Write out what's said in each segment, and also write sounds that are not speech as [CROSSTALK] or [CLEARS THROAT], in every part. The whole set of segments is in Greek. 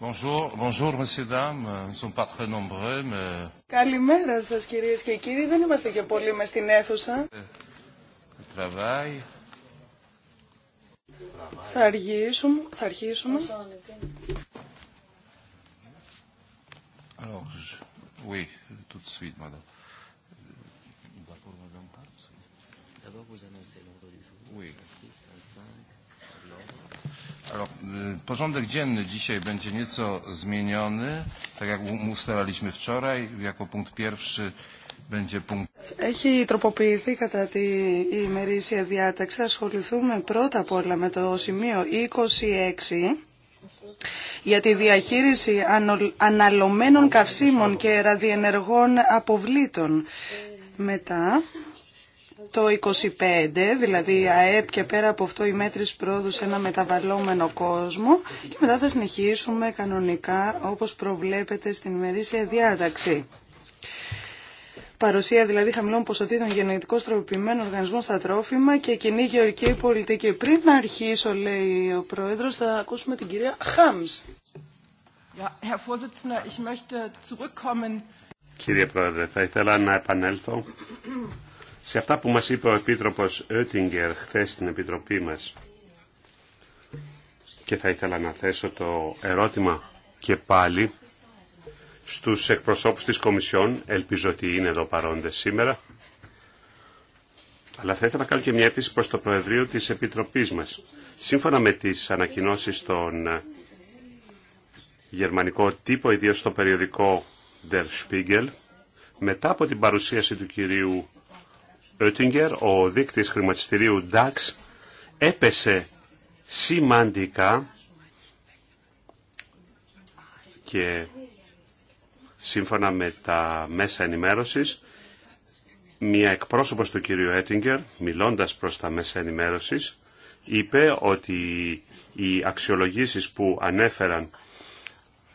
Bonjour, bonjour, monsieur, Nous Sont pas très nombreux, mais... Καλημέρα σα, κυρίε και κύριοι. Δεν είμαστε και πολύ με στην αίθουσα. Τραβάει. Θα αργήσουμε. Θα αρχίσουμε. Alors, oui, tout de suite, madame. D'abord, vous annoncez l'ordre du jour. Oui. 6 5. Porządek dzienny dzisiaj będzie nieco zmieniony, tak jak ustalaliśmy wczoraj, jako punkt pierwszy będzie punkt... Έχει τροποποιηθεί κατά τη ημερήσια διάταξη. Θα ασχοληθούμε πρώτα απ' όλα με το σημείο 26 για τη διαχείριση αναλωμένων καυσίμων και ραδιενεργών αποβλήτων. Μετά το 25, δηλαδή ΑΕΠ και πέρα από αυτό η μέτρηση πρόοδου σε ένα μεταβαλλόμενο κόσμο και μετά θα συνεχίσουμε κανονικά όπως προβλέπεται στην ημερήσια διάταξη. Παρουσία δηλαδή χαμηλών ποσοτήτων γενετικώ τροποποιημένων οργανισμών στα τρόφιμα και κοινή γεωργική πολιτική. Πριν να αρχίσω, λέει ο πρόεδρο, θα ακούσουμε την κυρία Χάμς. Κύριε Πρόεδρε, θα ήθελα να επανέλθω σε αυτά που μας είπε ο Επίτροπος Oettinger χθες στην Επιτροπή μας και θα ήθελα να θέσω το ερώτημα και πάλι στους εκπροσώπους της Κομισιόν, ελπίζω ότι είναι εδώ παρόντες σήμερα, αλλά θα ήθελα να κάνω και μια αίτηση προς το Προεδρείο της Επιτροπής μας. Σύμφωνα με τις ανακοινώσεις των γερμανικό τύπο, ιδίως στο περιοδικό Der Spiegel, μετά από την παρουσίαση του κυρίου ο δείκτης χρηματιστηρίου DAX έπεσε σημαντικά και σύμφωνα με τα μέσα ενημέρωσης μια εκπρόσωπος του κυρίου Έτιγκερ μιλώντας προς τα μέσα ενημέρωσης είπε ότι οι αξιολογήσεις που ανέφεραν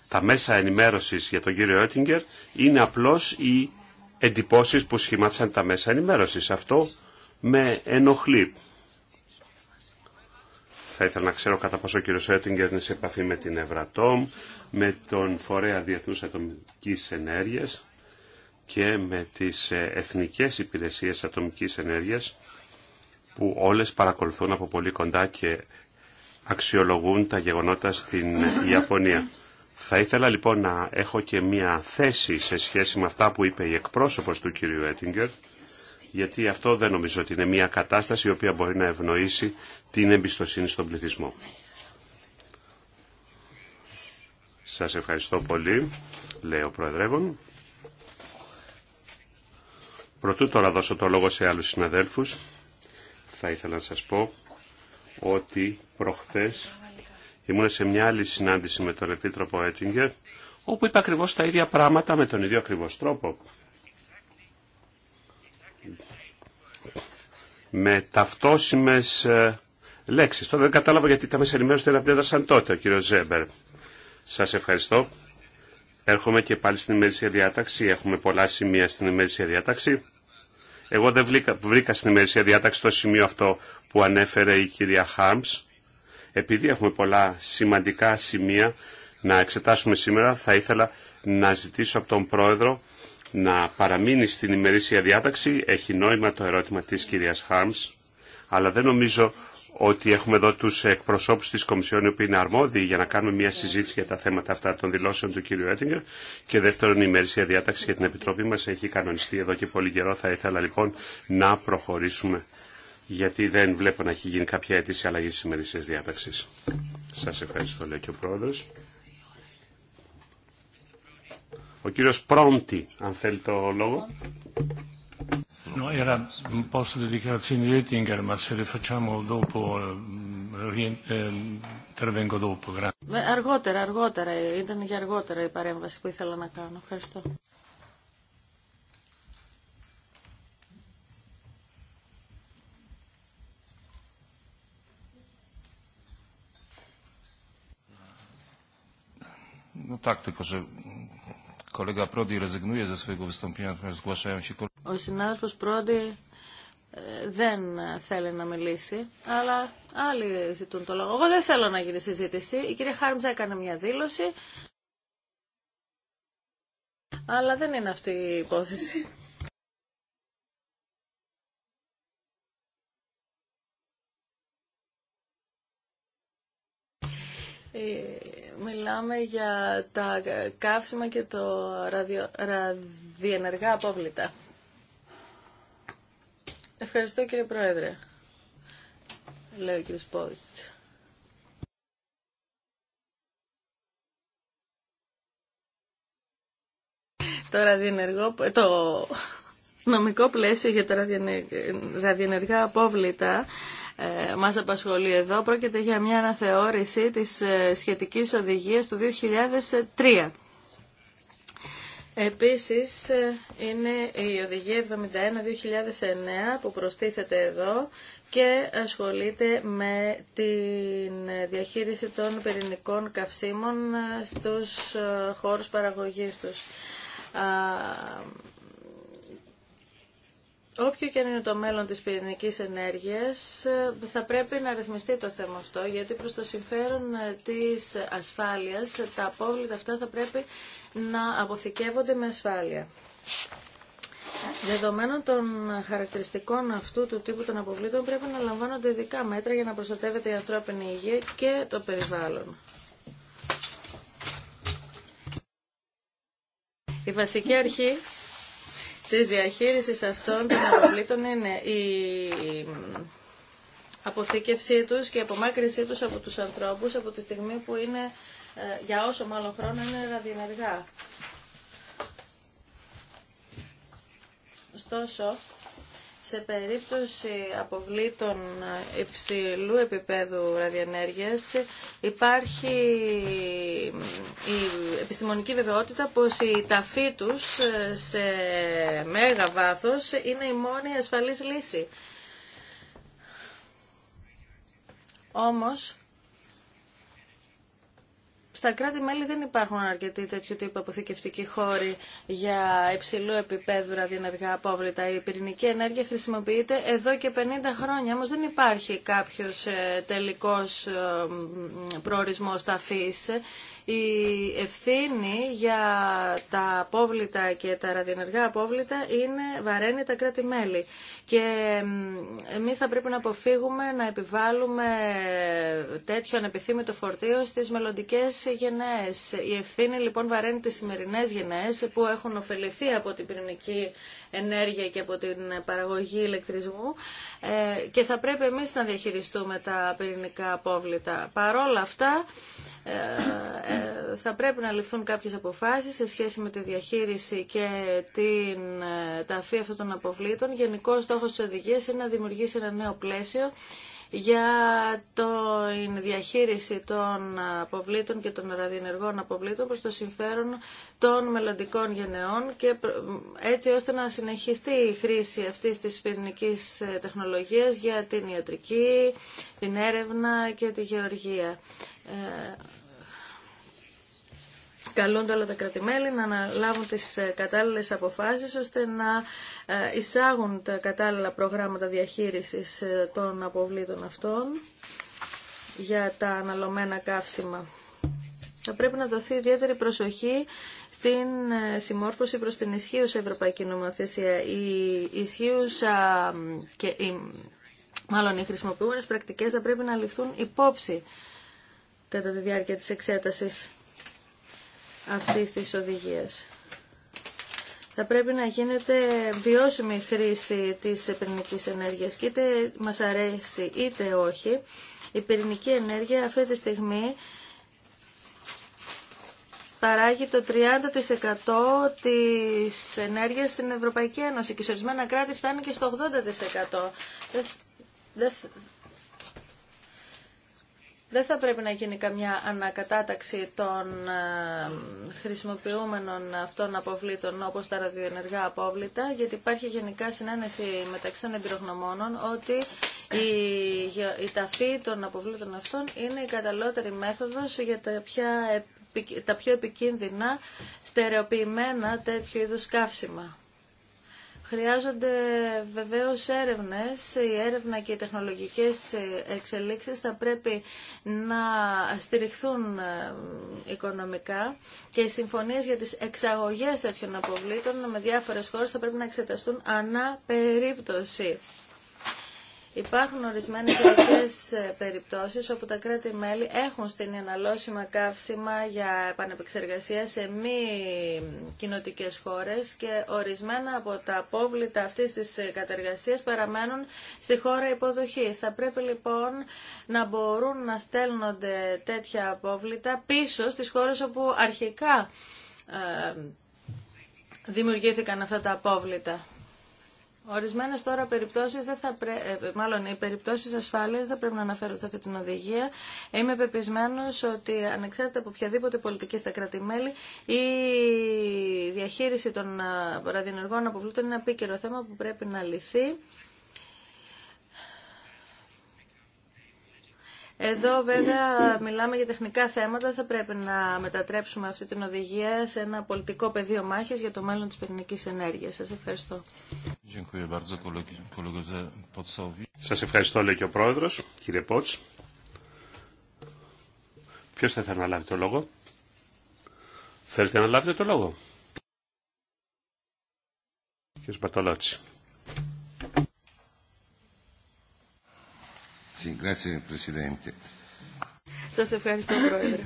τα μέσα ενημέρωσης για τον κύριο Έτιγκερ είναι απλώς η εντυπώσεις που σχημάτισαν τα μέσα ενημέρωσης. Αυτό με ενοχλεί. Θα ήθελα να ξέρω κατά πόσο ο κύριος Σέτιγκερ είναι σε επαφή με την Ευρατόμ, με τον Φορέα Διεθνούς Ατομικής Ενέργειας και με τις ε, Εθνικές Υπηρεσίες Ατομικής Ενέργειας που όλες παρακολουθούν από πολύ κοντά και αξιολογούν τα γεγονότα στην Ιαπωνία. Θα ήθελα λοιπόν να έχω και μία θέση σε σχέση με αυτά που είπε η εκπρόσωπος του κυρίου Έτιγκερ, γιατί αυτό δεν νομίζω ότι είναι μία κατάσταση η οποία μπορεί να ευνοήσει την εμπιστοσύνη στον πληθυσμό. Σας ευχαριστώ πολύ, λέει ο Προεδρεύων. Προτού τώρα δώσω το λόγο σε άλλους συναδέλφους, θα ήθελα να σας πω ότι προχθές Ήμουν σε μια άλλη συνάντηση με τον Επίτροπο Έτιγκερ, όπου είπα ακριβώς τα ίδια πράγματα με τον ίδιο ακριβώς τρόπο. Με ταυτόσιμες ε, λέξεις. Τώρα δεν κατάλαβα γιατί τα μέσα ενημέρωση δεν αντέδρασαν τότε, ο κύριος Ζέμπερ. Σας ευχαριστώ. Έρχομαι και πάλι στην ημερήσια διάταξη. Έχουμε πολλά σημεία στην ημερήσια διάταξη. Εγώ δεν βρήκα, βρήκα στην ημερήσια διάταξη το σημείο αυτό που ανέφερε η κυρία Χάμς επειδή έχουμε πολλά σημαντικά σημεία να εξετάσουμε σήμερα, θα ήθελα να ζητήσω από τον Πρόεδρο να παραμείνει στην ημερήσια διάταξη. Έχει νόημα το ερώτημα της κυρίας Χάρμς, αλλά δεν νομίζω ότι έχουμε εδώ τους εκπροσώπους της Κομισιόν, οι οποίοι είναι αρμόδιοι για να κάνουμε μια συζήτηση για τα θέματα αυτά των δηλώσεων του κύριου Έτιγκερ και δεύτερον η ημερήσια διάταξη για την Επιτροπή μας έχει κανονιστεί εδώ και πολύ καιρό. Θα ήθελα λοιπόν να προχωρήσουμε γιατί δεν βλέπω να έχει γίνει κάποια αίτηση αλλαγή τη ημερησία διάταξη. Σα ευχαριστώ, λέει και ο πρόεδρο. Ο κύριο Πρόντι, αν θέλει το λόγο. Αργότερα, αργότερα, ήταν για αργότερα η παρέμβαση που ήθελα να κάνω. Ευχαριστώ. No tak, tylko że Ο συνάδελφος Πρόντι δεν θέλει να μιλήσει, αλλά άλλοι ζητούν το λόγο. Εγώ δεν θέλω να γίνει συζήτηση. Η κυρία Χάρμζα έκανε μια δήλωση, αλλά δεν είναι αυτή η υπόθεση. Ε, μιλάμε για τα καύσιμα και το ραδιο, ραδιενεργά απόβλητα. Ευχαριστώ κύριε Πρόεδρε, Λέω κύριε Το ραδιενεργό, το νομικό πλαίσιο για τα ραδιενεργά απόβλητα ε, μας απασχολεί εδώ πρόκειται για μια αναθεώρηση της ε, σχετικής οδηγίας του 2003. Επίσης ε, είναι η οδηγία 71-2009 που προστίθεται εδώ και ασχολείται με τη διαχείριση των πυρηνικών καυσίμων στους χώρους παραγωγής τους. Όποιο και αν είναι το μέλλον της πυρηνικής ενέργειας, ε, θα πρέπει να ρυθμιστεί το θέμα αυτό, γιατί προς το συμφέρον ε, της ασφάλειας, ε, τα απόβλητα αυτά θα πρέπει να αποθηκεύονται με ασφάλεια. Δεδομένων των χαρακτηριστικών αυτού του τύπου των αποβλήτων, πρέπει να λαμβάνονται ειδικά μέτρα για να προστατεύεται η ανθρώπινη υγεία και το περιβάλλον. Η βασική αρχή Τη διαχείριση αυτών των αποβλήτων είναι η αποθήκευσή τους και η απομάκρυνσή τους από τους ανθρώπους από τη στιγμή που είναι, ε, για όσο μάλλον χρόνο, είναι ραδιενεργά. Ωστόσο, σε περίπτωση αποβλήτων υψηλού επίπεδου ραδιενέργειας υπάρχει η επιστημονική βεβαιότητα πως η ταφή τους σε μέγα βάθος είναι η μόνη ασφαλής λύση. Όμως, στα κράτη-μέλη δεν υπάρχουν αρκετοί τέτοιου τύπου αποθηκευτικοί χώροι για υψηλού επίπεδου ραδιενεργά απόβλητα. Η πυρηνική ενέργεια χρησιμοποιείται εδώ και 50 χρόνια, όμως δεν υπάρχει κάποιος ε, τελικός ε, προορισμός ταφής η ευθύνη για τα απόβλητα και τα ραδιενεργά απόβλητα είναι βαραίνει τα κράτη-μέλη. Και εμείς θα πρέπει να αποφύγουμε να επιβάλλουμε τέτοιο ανεπιθύμητο φορτίο στις μελλοντικέ γενναίες. Η ευθύνη λοιπόν βαραίνει τις σημερινές γενναίες που έχουν ωφεληθεί από την πυρηνική ενέργεια και από την παραγωγή ηλεκτρισμού ε, και θα πρέπει εμείς να διαχειριστούμε τα πυρηνικά απόβλητα. Παρόλα αυτά, ε, ε, θα πρέπει να ληφθούν κάποιες αποφάσεις σε σχέση με τη διαχείριση και την ε, ταφή αυτών των αποβλήτων. Γενικό στόχος της οδηγίας είναι να δημιουργήσει ένα νέο πλαίσιο για την διαχείριση των αποβλήτων και των ραδιενεργών αποβλήτων προς το συμφέρον των μελλοντικών γενεών και έτσι ώστε να συνεχιστεί η χρήση αυτής της πυρηνικής τεχνολογίας για την ιατρική, την έρευνα και τη γεωργία καλούνται όλα τα κρατημέλη να αναλάβουν τις ε, κατάλληλες αποφάσεις ώστε να ε, εισάγουν τα κατάλληλα προγράμματα διαχείρισης ε, των αποβλήτων αυτών για τα αναλωμένα καύσιμα. Θα πρέπει να δοθεί ιδιαίτερη προσοχή στην συμμόρφωση προς την ισχύουσα ευρωπαϊκή νομοθεσία. Η ισχύουσα και μάλλον οι χρησιμοποιούμενες πρακτικές θα πρέπει να ληφθούν υπόψη κατά τη διάρκεια της εξέτασης αυτής της οδηγίας. Θα πρέπει να γίνεται βιώσιμη χρήση της πυρηνικής ενέργειας και είτε μας αρέσει είτε όχι. Η πυρηνική ενέργεια αυτή τη στιγμή παράγει το 30% της ενέργειας στην Ευρωπαϊκή Ένωση και σε ορισμένα κράτη φτάνει και στο 80% δεν θα πρέπει να γίνει καμιά ανακατάταξη των ε, χρησιμοποιούμενων αυτών αποβλήτων όπως τα ραδιοενεργά απόβλητα γιατί υπάρχει γενικά συνένεση μεταξύ των εμπειρογνωμόνων ότι η, ταφή των αποβλήτων αυτών είναι η καταλότερη μέθοδος για τα τα πιο επικίνδυνα στερεοποιημένα τέτοιου είδους καύσιμα. Χρειάζονται βεβαίως έρευνες. Η έρευνα και οι τεχνολογικές εξελίξεις θα πρέπει να στηριχθούν ε, οικονομικά και οι συμφωνίες για τις εξαγωγές τέτοιων αποβλήτων με διάφορες χώρες θα πρέπει να εξεταστούν ανά περίπτωση. Υπάρχουν ορισμένε ειδικέ ε, περιπτώσεις όπου τα κράτη-μέλη έχουν στην αναλώσιμα καύσιμα για επανεπεξεργασία σε μη κοινοτικέ χώρε και ορισμένα από τα απόβλητα αυτής της κατεργασία παραμένουν στη χώρα υποδοχή. Θα πρέπει λοιπόν να μπορούν να στέλνονται τέτοια απόβλητα πίσω στις χώρες όπου αρχικά ε, δημιουργήθηκαν αυτά τα απόβλητα. Ορισμένε τώρα περιπτώσεις, ε, ε, μάλλον οι περιπτώσει ασφάλεια δεν πρέπει να αναφέρονται αυτή την οδηγία. Είμαι πεπισμένο ότι ανεξάρτητα από οποιαδήποτε πολιτική στα κράτη-μέλη, η διαχείριση των ε, ραδιενεργών αποβλήτων είναι ένα επίκαιρο θέμα που πρέπει να λυθεί. Εδώ βέβαια μιλάμε για τεχνικά θέματα, θα πρέπει να μετατρέψουμε αυτή την οδηγία σε ένα πολιτικό πεδίο μάχης για το μέλλον της πυρηνικής ενέργειας. Σας ευχαριστώ. Σας ευχαριστώ λέει και ο Πρόεδρος, κύριε Πότς. Ποιος θα θέλει να λάβει το λόγο. Θέλετε να λάβετε το λόγο. Κύριε Σπατολότσι. Σας ευχαριστώ, Πρόεδρε.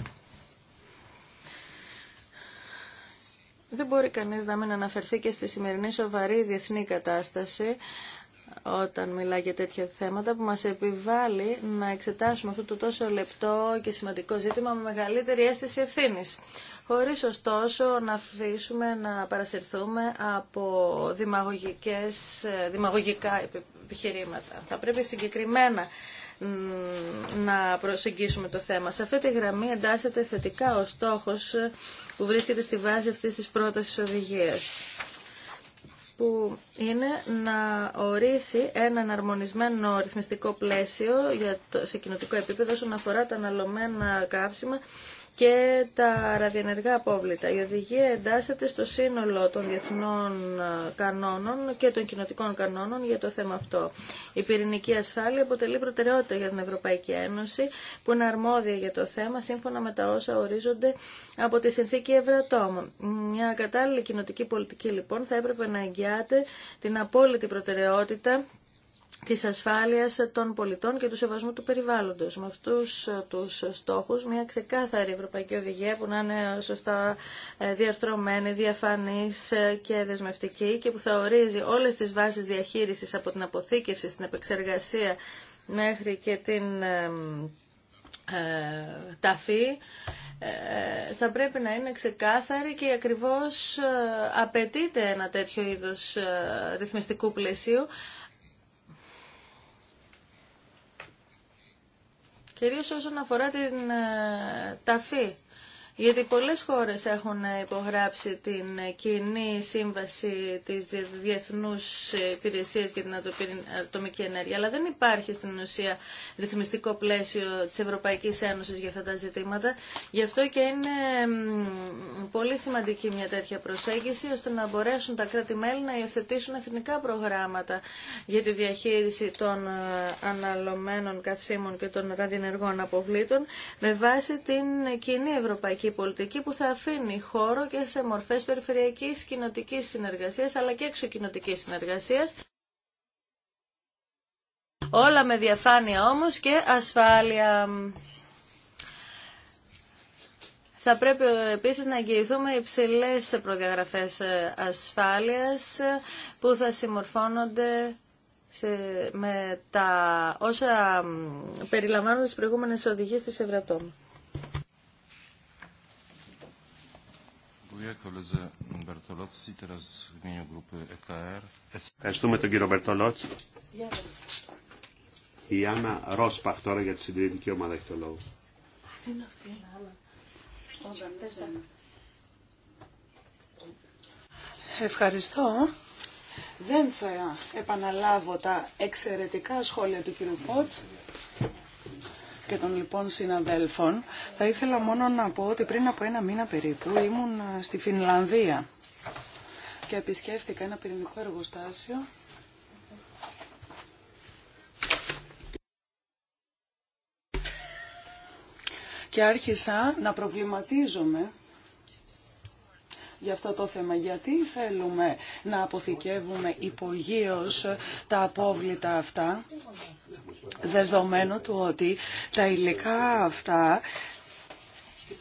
Δεν μπορεί κανείς να μην αναφερθεί και στη σημερινή σοβαρή διεθνή κατάσταση όταν μιλά για τέτοια θέματα που μας επιβάλλει να εξετάσουμε αυτό το τόσο λεπτό και σημαντικό ζήτημα με μεγαλύτερη αίσθηση ευθύνης. Χωρίς ωστόσο να αφήσουμε να παρασυρθούμε από δημαγωγικές, δημαγωγικά επιχειρήματα. Θα πρέπει συγκεκριμένα να προσεγγίσουμε το θέμα. Σε αυτή τη γραμμή εντάσσεται θετικά ο στόχος που βρίσκεται στη βάση αυτής της πρότασης οδηγίας που είναι να ορίσει έναν αρμονισμένο ρυθμιστικό πλαίσιο για το, σε κοινοτικό επίπεδο όσον αφορά τα αναλωμένα καύσιμα και τα ραδιενεργά απόβλητα. Η οδηγία εντάσσεται στο σύνολο των διεθνών ε, κανόνων και των κοινοτικών κανόνων για το θέμα αυτό. Η πυρηνική ασφάλεια αποτελεί προτεραιότητα για την Ευρωπαϊκή Ένωση, που είναι αρμόδια για το θέμα σύμφωνα με τα όσα ορίζονται από τη συνθήκη Ευρατόμ. Μια κατάλληλη κοινοτική πολιτική, λοιπόν, θα έπρεπε να εγγυάται την απόλυτη προτεραιότητα της ασφάλειας των πολιτών και του σεβασμού του περιβάλλοντος. Με αυτούς ε, τους στόχους, μια ξεκάθαρη ευρωπαϊκή οδηγία που να είναι σωστά ε, διαρθρωμένη, διαφανής ε, και δεσμευτική και που θα ορίζει όλες τις βάσεις διαχείρισης από την αποθήκευση στην επεξεργασία μέχρι και την ταφή θα πρέπει να είναι ξεκάθαρη και ακριβώς απαιτείται ένα τέτοιο είδος ρυθμιστικού πλαισίου κυρίως όσον αφορά την ε, ταφή γιατί πολλές χώρες έχουν υπογράψει την κοινή σύμβαση της Διεθνούς Υπηρεσίας για την Ατομική Ενέργεια, αλλά δεν υπάρχει στην ουσία ρυθμιστικό πλαίσιο της Ευρωπαϊκής Ένωσης για αυτά τα ζητήματα. Γι' αυτό και είναι πολύ σημαντική μια τέτοια προσέγγιση, ώστε να μπορέσουν τα κράτη-μέλη να υιοθετήσουν εθνικά προγράμματα για τη διαχείριση των ε, αναλωμένων καυσίμων και των ραδιενεργών αποβλήτων, με βάση την κοινή ευρωπαϊκή πολιτική που θα αφήνει χώρο και σε μορφές περιφερειακής κοινοτική συνεργασίας αλλά και εξωκοινοτικής συνεργασίας. Όλα με διαφάνεια όμως και ασφάλεια. Θα πρέπει επίσης να εγγυηθούμε υψηλές προδιαγραφές ασφάλειας που θα συμμορφώνονται με τα όσα περιλαμβάνονται στις προηγούμενες οδηγίες της Ευρατόμου. E Ευχαριστούμε τον κύριο Μπερτολότσι. Η Άννα Ρόσπαχ τώρα για τη συντηρητική ομάδα έχει το λόγο. Ευχαριστώ. Δεν θα επαναλάβω τα εξαιρετικά σχόλια του κύριου Πότς και των λοιπόν συναδέλφων. Θα ήθελα μόνο να πω ότι πριν από ένα μήνα περίπου ήμουν ε, στη Φινλανδία και επισκέφτηκα ένα πυρηνικό εργοστάσιο και άρχισα να προβληματίζομαι για αυτό το θέμα. Γιατί θέλουμε να αποθηκεύουμε υπογείως τα απόβλητα αυτά, δεδομένου του ότι τα υλικά αυτά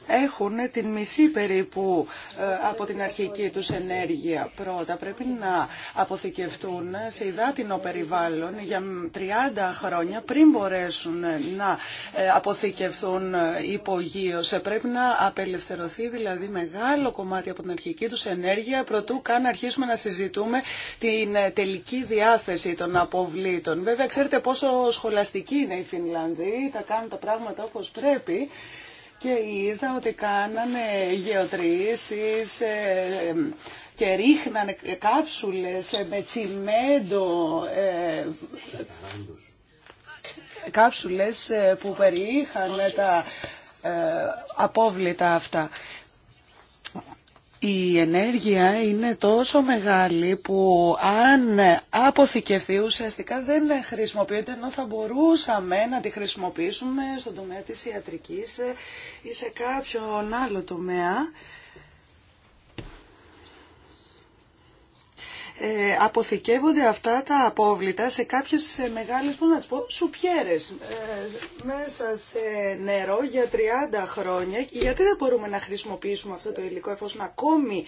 έχουν την μισή περίπου ε, από την αρχική τους ενέργεια. Πρώτα πρέπει να αποθηκευτούν σε υδάτινο περιβάλλον για 30 χρόνια πριν μπορέσουν να ε, αποθηκευθούν ε, υπογείως. Πρέπει να απελευθερωθεί δηλαδή μεγάλο κομμάτι από την αρχική τους ενέργεια προτού καν αρχίσουμε να συζητούμε την τελική διάθεση των αποβλήτων. Βέβαια ξέρετε πόσο σχολαστική είναι οι Φινλανδοί, τα κάνουν τα πράγματα όπως πρέπει και είδα ότι κάνανε γεωτρήσεις ε, και ρίχνανε κάψουλες ε, με τσιμέντο, ε, κάψουλες που περιείχαν τα απόβλητα αυτά. Η ενέργεια είναι τόσο μεγάλη που αν αποθηκευτεί ουσιαστικά δεν χρησιμοποιείται ενώ θα μπορούσαμε να τη χρησιμοποιήσουμε στον τομέα της ιατρικής ή σε κάποιον άλλο τομέα. Ε, αποθηκεύονται αυτά τα απόβλητα σε κάποιες μεγάλες, πώς να τις πω, σουπιέρες ε, μέσα σε νερό για 30 χρόνια. Γιατί δεν μπορούμε να χρησιμοποιήσουμε αυτό το υλικό εφόσον ακόμη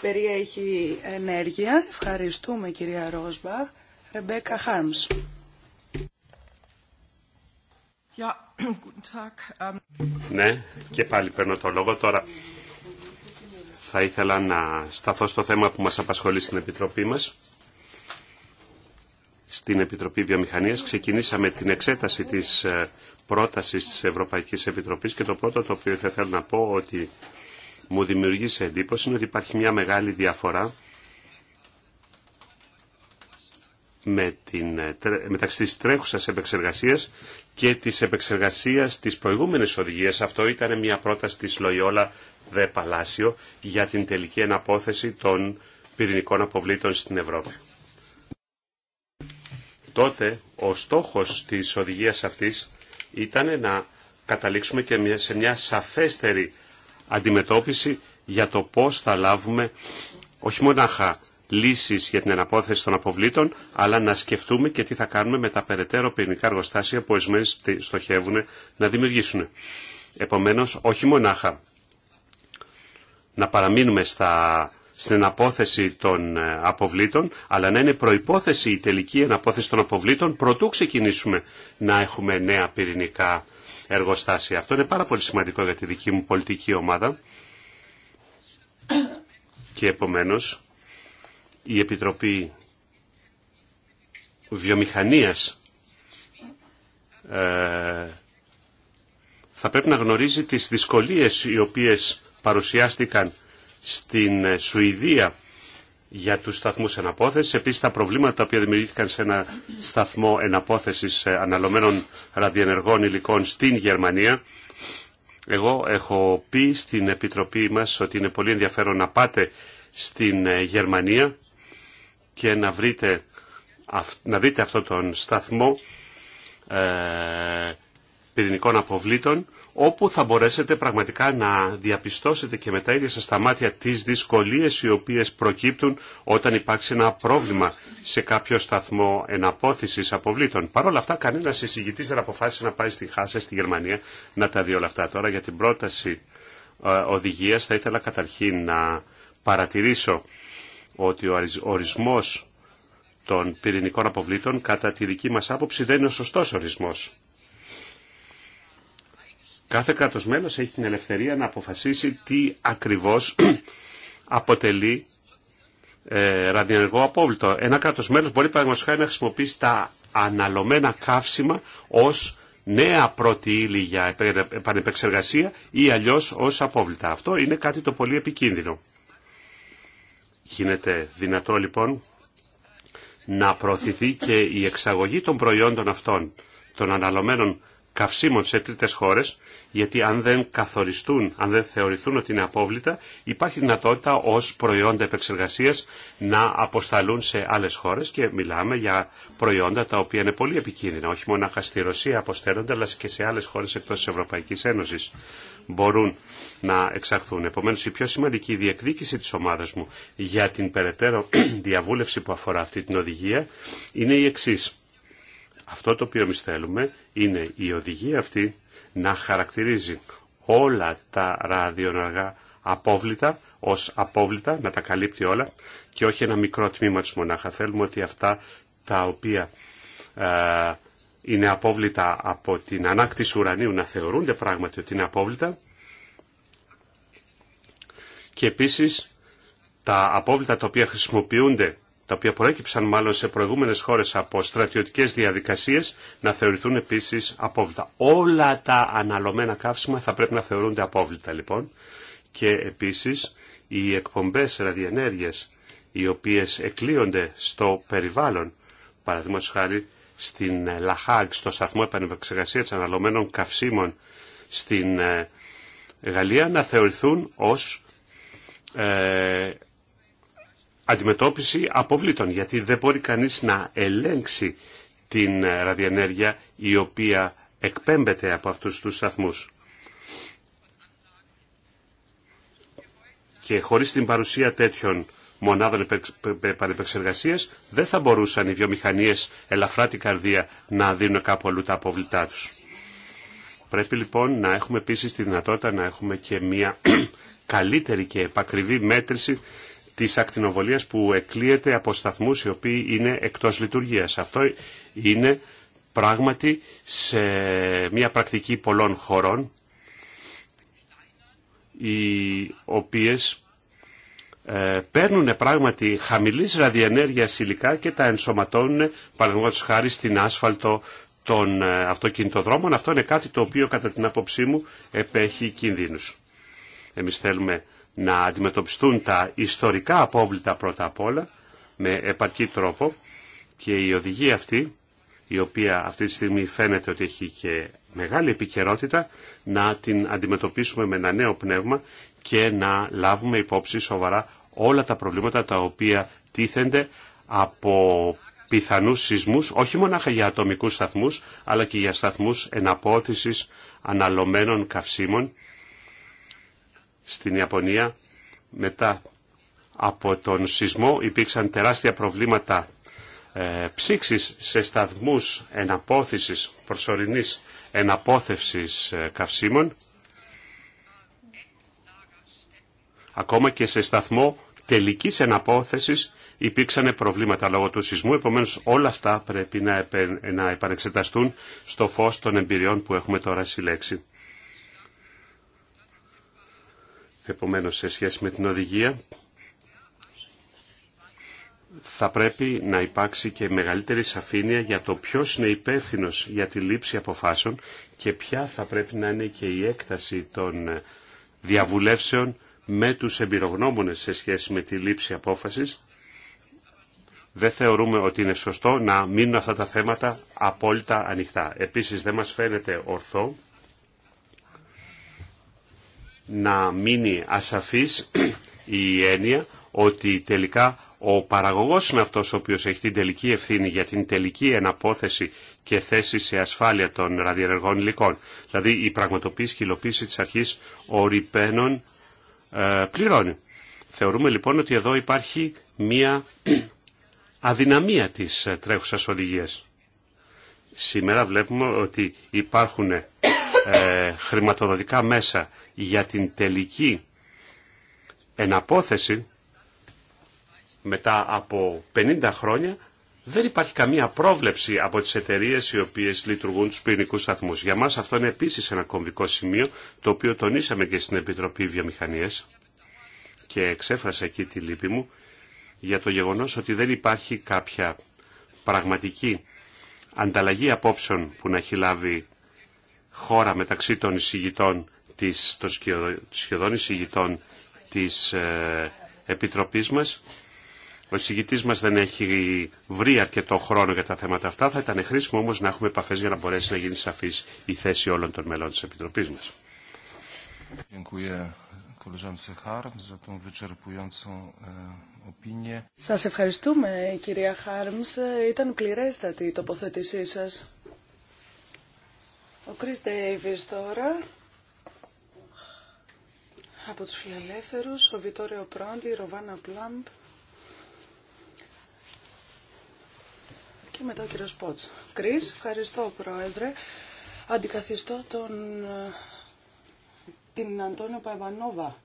περιέχει ενέργεια. Ευχαριστούμε κυρία Ροσμπα Ρεμπέκα Χάρμς. [CLEARS THROAT] Ähm, ναι, και πάλι παίρνω το λόγο τώρα θα ήθελα να σταθώ στο θέμα που μας απασχολεί στην Επιτροπή μας. Στην Επιτροπή Βιομηχανίας ξεκινήσαμε την εξέταση της ε, πρότασης της Ευρωπαϊκής Επιτροπής και το πρώτο το οποίο θα θέλω να πω ότι μου δημιουργήσε εντύπωση είναι ότι υπάρχει μια μεγάλη διαφορά με την, ε, μεταξύ της τρέχουσας επεξεργασίας και της επεξεργασίας της προηγούμενης οδηγίας. Αυτό ήταν μια πρόταση της Λοϊόλα για την τελική εναπόθεση των πυρηνικών αποβλήτων στην Ευρώπη. Τότε ο στόχος της οδηγίας αυτής ήταν να καταλήξουμε και σε μια σαφέστερη αντιμετώπιση για το πώς θα λάβουμε όχι μονάχα λύσεις για την εναπόθεση των αποβλήτων, αλλά να σκεφτούμε και τι θα κάνουμε με τα περαιτέρω πυρηνικά εργοστάσια που εσμένες στοχεύουν να δημιουργήσουν. Επομένως, όχι μονάχα να παραμείνουμε στα, στην απόθεση των ε, αποβλήτων, αλλά να είναι προϋπόθεση η τελική αναπόθεση των αποβλήτων προτού ξεκινήσουμε να έχουμε νέα πυρηνικά εργοστάσια. Αυτό είναι πάρα πολύ σημαντικό για τη δική μου πολιτική ομάδα και επομένως η Επιτροπή Βιομηχανίας ε, θα πρέπει να γνωρίζει τις δυσκολίες οι οποίες παρουσιάστηκαν στην ε, Σουηδία για τους σταθμούς εναπόθεσης. Επίσης τα προβλήματα τα οποία δημιουργήθηκαν σε ένα σταθμό εναπόθεσης ε, αναλωμένων ραδιενεργών υλικών στην Γερμανία. Εγώ έχω πει στην Επιτροπή μας ότι είναι πολύ ενδιαφέρον να πάτε στην ε, Γερμανία και να, βρείτε, δείτε αυτό τον σταθμό πυρηνικών αποβλήτων όπου θα μπορέσετε πραγματικά να διαπιστώσετε και με τα ίδια σας τα μάτια τις δυσκολίες οι οποίες προκύπτουν όταν υπάρξει ένα πρόβλημα σε κάποιο σταθμό εναπόθεσης αποβλήτων. Παρ' όλα αυτά κανένας εισηγητής δεν αποφάσισε να πάει στη Χάσα, στη Γερμανία, να τα δει όλα αυτά. Τώρα για την πρόταση ε, οδηγίας θα ήθελα καταρχήν να παρατηρήσω ότι ο ορισμός των πυρηνικών αποβλήτων κατά τη δική μας άποψη δεν είναι ο σωστός ορισμός. Κάθε κράτος μέλος έχει την ελευθερία να αποφασίσει τι ακριβώς [CLEARS THROAT] αποτελεί ε, ραδιενεργό απόβλητο. Ένα κράτος μέλος μπορεί παραδείγματος να χρησιμοποιήσει τα αναλωμένα καύσιμα ως νέα πρώτη ύλη για επανεπεξεργασία ή αλλιώς ως απόβλητα. Αυτό είναι κάτι το πολύ επικίνδυνο. Γίνεται δυνατό λοιπόν να προωθηθεί και η εξαγωγή των προϊόντων αυτών, των αναλωμένων καυσίμων σε τρίτες χώρες, γιατί αν δεν καθοριστούν, αν δεν θεωρηθούν ότι είναι απόβλητα, υπάρχει δυνατότητα ως προϊόντα επεξεργασίας να αποσταλούν σε άλλες χώρες και μιλάμε για προϊόντα τα οποία είναι πολύ επικίνδυνα, όχι μόνο στη Ρωσία αποστέλλονται, αλλά και σε άλλες χώρες εκτός της Ευρωπαϊκής Ένωσης μπορούν να εξαχθούν. Επομένως, η πιο σημαντική διεκδίκηση της ομάδας μου για την περαιτέρω [CLEARS THROAT] διαβούλευση που αφορά αυτή την οδηγία είναι η εξή. Αυτό το οποίο εμεί θέλουμε είναι η οδηγία αυτή να χαρακτηρίζει όλα τα ραδιοναργά απόβλητα ως απόβλητα, να τα καλύπτει όλα και όχι ένα μικρό τμήμα της μονάχα. Θέλουμε ότι αυτά τα οποία ε, είναι απόβλητα από την ανάκτηση ουρανίου να θεωρούνται πράγματι ότι είναι απόβλητα και επίσης τα απόβλητα τα οποία χρησιμοποιούνται τα οποία προέκυψαν μάλλον σε προηγούμενες χώρες από στρατιωτικές διαδικασίες, να θεωρηθούν επίσης απόβλητα. Όλα τα αναλωμένα καύσιμα θα πρέπει να θεωρούνται απόβλητα λοιπόν και επίσης οι εκπομπές ραδιενέργειας οι οποίες εκλείονται στο περιβάλλον, παραδείγματος χάρη στην ε, Λαχάγκ, στο σταθμό επανεπεξεργασίας αναλωμένων καυσίμων στην ε, Γαλλία, να θεωρηθούν ως ε, αντιμετώπιση αποβλήτων, γιατί δεν μπορεί κανείς να ελέγξει την ε, ραδιενέργεια η οποία εκπέμπεται από αυτούς τους σταθμούς. Και χωρίς την παρουσία τέτοιων μονάδων επανεπεξεργασίας δεν θα μπορούσαν οι βιομηχανίες ελαφρά την καρδία να δίνουν κάπου αλλού τα αποβλητά τους. Πρέπει λοιπόν να έχουμε επίσης τη δυνατότητα να έχουμε και μια [CLEARS THROAT] καλύτερη και επακριβή μέτρηση Τη ακτινοβολία που εκλείεται από σταθμού, οι οποίοι είναι εκτός λειτουργίας. Αυτό είναι πράγματι σε μια πρακτική πολλών χωρών οι οποίες ε, παίρνουν πράγματι χαμηλής ραδιενέργειας υλικά και τα ενσωματώνουν παραδείγματος χάρη στην άσφαλτο των ε, αυτοκινητοδρόμων. Αυτό είναι κάτι το οποίο κατά την άποψή μου επέχει κινδύνους. Εμείς θέλουμε να αντιμετωπιστούν τα ιστορικά απόβλητα πρώτα απ' όλα με επαρκή τρόπο και η οδηγία αυτή, η οποία αυτή τη στιγμή φαίνεται ότι έχει και μεγάλη επικαιρότητα, να την αντιμετωπίσουμε με ένα νέο πνεύμα και να λάβουμε υπόψη σοβαρά όλα τα προβλήματα τα οποία τίθενται από πιθανούς σεισμούς, όχι μονάχα για ατομικούς σταθμούς, αλλά και για σταθμούς εναπόθεσης αναλωμένων καυσίμων στην Ιαπωνία μετά από τον σεισμό υπήρξαν τεράστια προβλήματα ε, σε σταθμούς εναπόθεσης, προσωρινής εναπόθεσης ε, καυσίμων, ακόμα και σε σταθμό τελικής εναπόθεσης υπήρξαν προβλήματα λόγω του σεισμού, επομένως όλα αυτά πρέπει να, να επανεξεταστούν στο φως των εμπειριών που έχουμε τώρα συλλέξει. Επομένως, σε σχέση με την οδηγία, θα πρέπει να υπάρξει και μεγαλύτερη σαφήνεια για το ποιος είναι υπεύθυνο για τη λήψη αποφάσεων και ποια θα πρέπει να είναι και η έκταση των διαβουλεύσεων με τους εμπειρογνώμονες σε σχέση με τη λήψη απόφασης. Δεν θεωρούμε ότι είναι σωστό να μείνουν αυτά τα θέματα απόλυτα ανοιχτά. Επίσης δεν μας φαίνεται ορθό να μείνει ασαφής η έννοια ότι τελικά ο παραγωγός είναι αυτός ο οποίος έχει την τελική ευθύνη για την τελική εναπόθεση και θέση σε ασφάλεια των ραδιενεργών υλικών. Δηλαδή η πραγματοποίηση και η υλοποίηση της αρχής ορυπαίνων ε, πληρώνει. Θεωρούμε λοιπόν ότι εδώ υπάρχει μία αδυναμία της ε, τρέχουσας οδηγίας. Σήμερα βλέπουμε ότι υπάρχουν ε, χρηματοδοτικά μέσα για την τελική εναπόθεση μετά από 50 χρόνια δεν υπάρχει καμία πρόβλεψη από τις εταιρείες οι οποίες λειτουργούν τους πυρηνικού σταθμούς. Για μας αυτό είναι επίσης ένα κομβικό σημείο το οποίο τονίσαμε και στην Επιτροπή Βιομηχανίας και εξέφρασα εκεί τη λύπη μου για το γεγονός ότι δεν υπάρχει κάποια πραγματική ανταλλαγή απόψεων που να έχει λάβει χώρα μεταξύ των εισηγητών της, των σχεδόν εισηγητών της ε, Επιτροπής μας. Ο εισηγητή μας δεν έχει βρει αρκετό χρόνο για τα θέματα αυτά. Θα ήταν χρήσιμο όμως να έχουμε επαφέ για να μπορέσει να γίνει σαφής η θέση όλων των μελών της Επιτροπής μας. E, σας ευχαριστούμε κυρία Χάρμς. Ήταν πληρέστατη η τοποθέτησή σας. Ο Chris Davis τώρα από τους φιλελεύθερους, ο Βιτόριο Πρόντι, η Ροβάνα Πλάμπ και μετά ο κύριος Πότς. Κρίς, ευχαριστώ πρόεδρε. Αντικαθιστώ τον, ε, την Αντώνιο Παϊβανόβα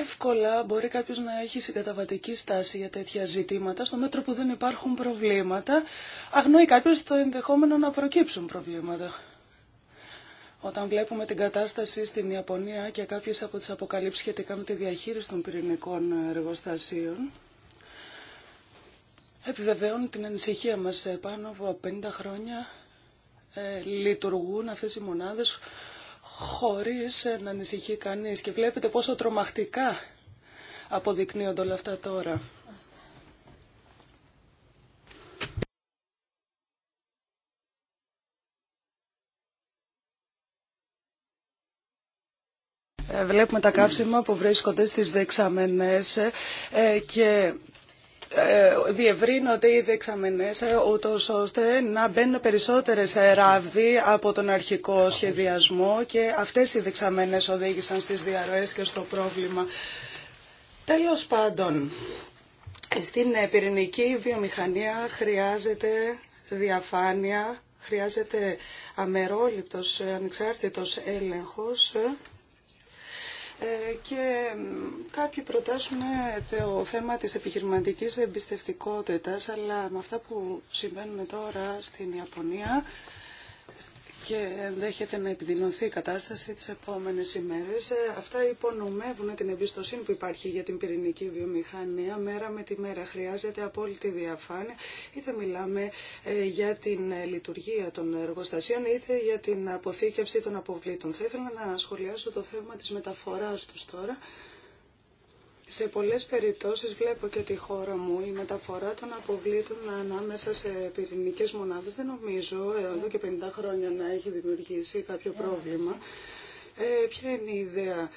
Εύκολα μπορεί κάποιος να έχει συγκαταβατική στάση για τέτοια ζητήματα, στο μέτρο που δεν υπάρχουν προβλήματα, αγνοεί κάποιος το ενδεχόμενο να προκύψουν προβλήματα. Όταν βλέπουμε την κατάσταση στην Ιαπωνία και κάποιες από τις αποκαλύψεις σχετικά με τη διαχείριση των πυρηνικών εργοστασίων, επιβεβαιώνουν την ανησυχία μας πάνω από 50 χρόνια ε, λειτουργούν αυτές οι μονάδες χωρίς ε, να ανησυχεί κανείς και βλέπετε πόσο τρομακτικά αποδεικνύονται όλα αυτά τώρα. Ε, βλέπουμε τα κάψιμα που βρίσκονται στις δεξαμενές ε, και ε, διευρύνονται οι δεξαμενές ε, ούτως ώστε να μπαίνουν περισσότερες ε, ράβδοι από τον αρχικό σχεδιασμό και αυτές οι δεξαμενές οδήγησαν στις διαρροές και στο πρόβλημα. Τέλος πάντων, στην πυρηνική βιομηχανία χρειάζεται διαφάνεια, χρειάζεται αμερόληπτος ανεξάρτητος έλεγχος ε, και κάποιοι προτάσουν ε, το θέμα της επιχειρηματικής εμπιστευτικότητας, αλλά με αυτά που συμβαίνουν τώρα στην Ιαπωνία και ενδέχεται να επιδεινωθεί η κατάσταση τις επόμενες ημέρες. Ε, αυτά υπονομεύουν την εμπιστοσύνη που υπάρχει για την πυρηνική βιομηχανία μέρα με τη μέρα. Χρειάζεται απόλυτη διαφάνεια, είτε μιλάμε ε, για την ε, λειτουργία των εργοστασίων, είτε για την αποθήκευση των αποβλήτων. Θα ήθελα να σχολιάσω το θέμα της μεταφοράς τους τώρα. Σε πολλές περιπτώσεις βλέπω και τη χώρα μου η μεταφορά των αποβλήτων ανάμεσα σε πυρηνικές μονάδες δεν νομίζω ε, εδώ και 50 χρόνια να έχει δημιουργήσει κάποιο ναι. πρόβλημα. Ε, ποια είναι η ιδέα,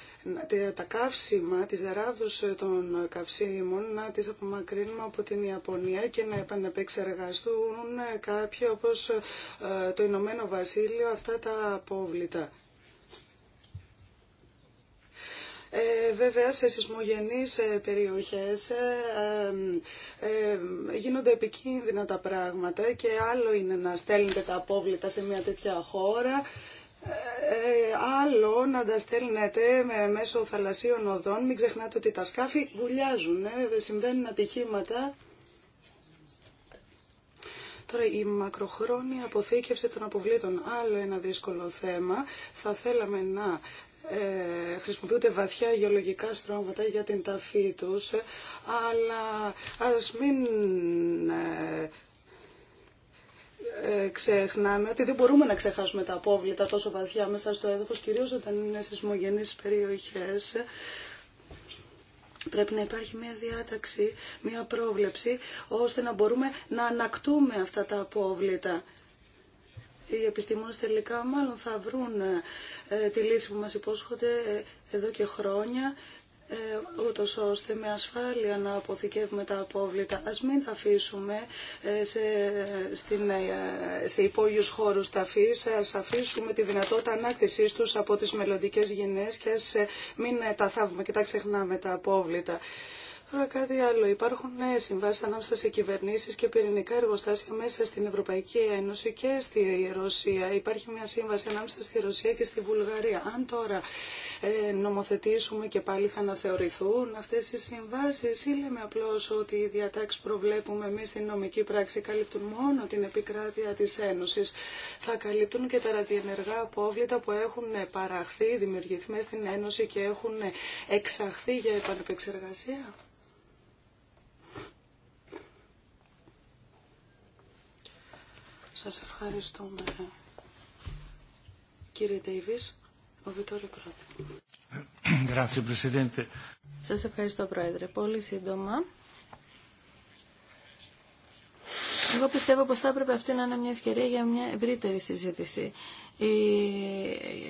τα καύσιμα, τις δεράδους ε, των καυσίμων να τις απομακρύνουμε από την Ιαπωνία και να επανεπεξεργαστούν ε, κάποιοι όπως το Ηνωμένο Βασίλειο αυτά τα απόβλητα. Ε, βέβαια σε σεισμογενείς ε, περιοχές ε, γίνονται επικίνδυνα τα πράγματα και άλλο είναι να στέλνετε τα απόβλητα σε μια τέτοια χώρα άλλο να τα στέλνετε μέσω θαλασσίων οδών. Μην ξεχνάτε ότι τα σκάφη βουλιάζουν, συμβαίνουν ατυχήματα. Τώρα, η μακροχρόνια αποθήκευση των αποβλήτων, άλλο ένα δύσκολο θέμα. Θα θέλαμε να ε, χρησιμοποιούνται βαθιά γεωλογικά στρώματα για την ταφή τους, αλλά ας μην ε, ε, ξεχνάμε ότι δεν μπορούμε να ξεχάσουμε τα απόβλητα τόσο βαθιά μέσα στο έδαφος, κυρίως όταν είναι σεισμογενείς περιοχές. Πρέπει να υπάρχει μια διάταξη, μια πρόβλεψη, ώστε να μπορούμε να ανακτούμε αυτά τα απόβλητα οι επιστήμονες τελικά μάλλον θα βρουν ε, ε, τη λύση που μας υπόσχονται ε, εδώ και χρόνια ούτω ώστε με ασφάλεια να αποθηκεύουμε τα απόβλητα. Ας μην τα αφήσουμε σε, στην, σε υπόγειους χώρους ταφής, ας αφήσουμε τη δυνατότητα ανάκτησής τους από τις μελλοντικέ γενιές και ας μην τα θάβουμε και τα ξεχνάμε τα απόβλητα. Τώρα κάτι άλλο. Υπάρχουν συμβάσει ανάμεσα σε κυβερνήσει και πυρηνικά εργοστάσια μέσα στην Ευρωπαϊκή Ένωση και στη Ρωσία. Υπάρχει μια σύμβαση ανάμεσα στη Ρωσία και στη Βουλγαρία. Αν τώρα ε, νομοθετήσουμε και πάλι θα αναθεωρηθούν αυτές οι συμβάσεις ή λέμε απλώς ότι οι διατάξεις προβλέπουμε εμείς στην νομική πράξη καλύπτουν μόνο την επικράτεια της Ένωσης. Θα καλύπτουν και τα ραδιενεργά απόβλητα που έχουν παραχθεί, δημιουργηθεί μέσα στην Ένωση και έχουν εξαχθεί για επανεπεξεργασία. Σας ευχαριστούμε κύριε Ντέιβις. Σας ευχαριστώ Πρόεδρε. Πολύ σύντομα. Εγώ πιστεύω πως θα έπρεπε αυτή να είναι μια ευκαιρία για μια ευρύτερη συζήτηση. Η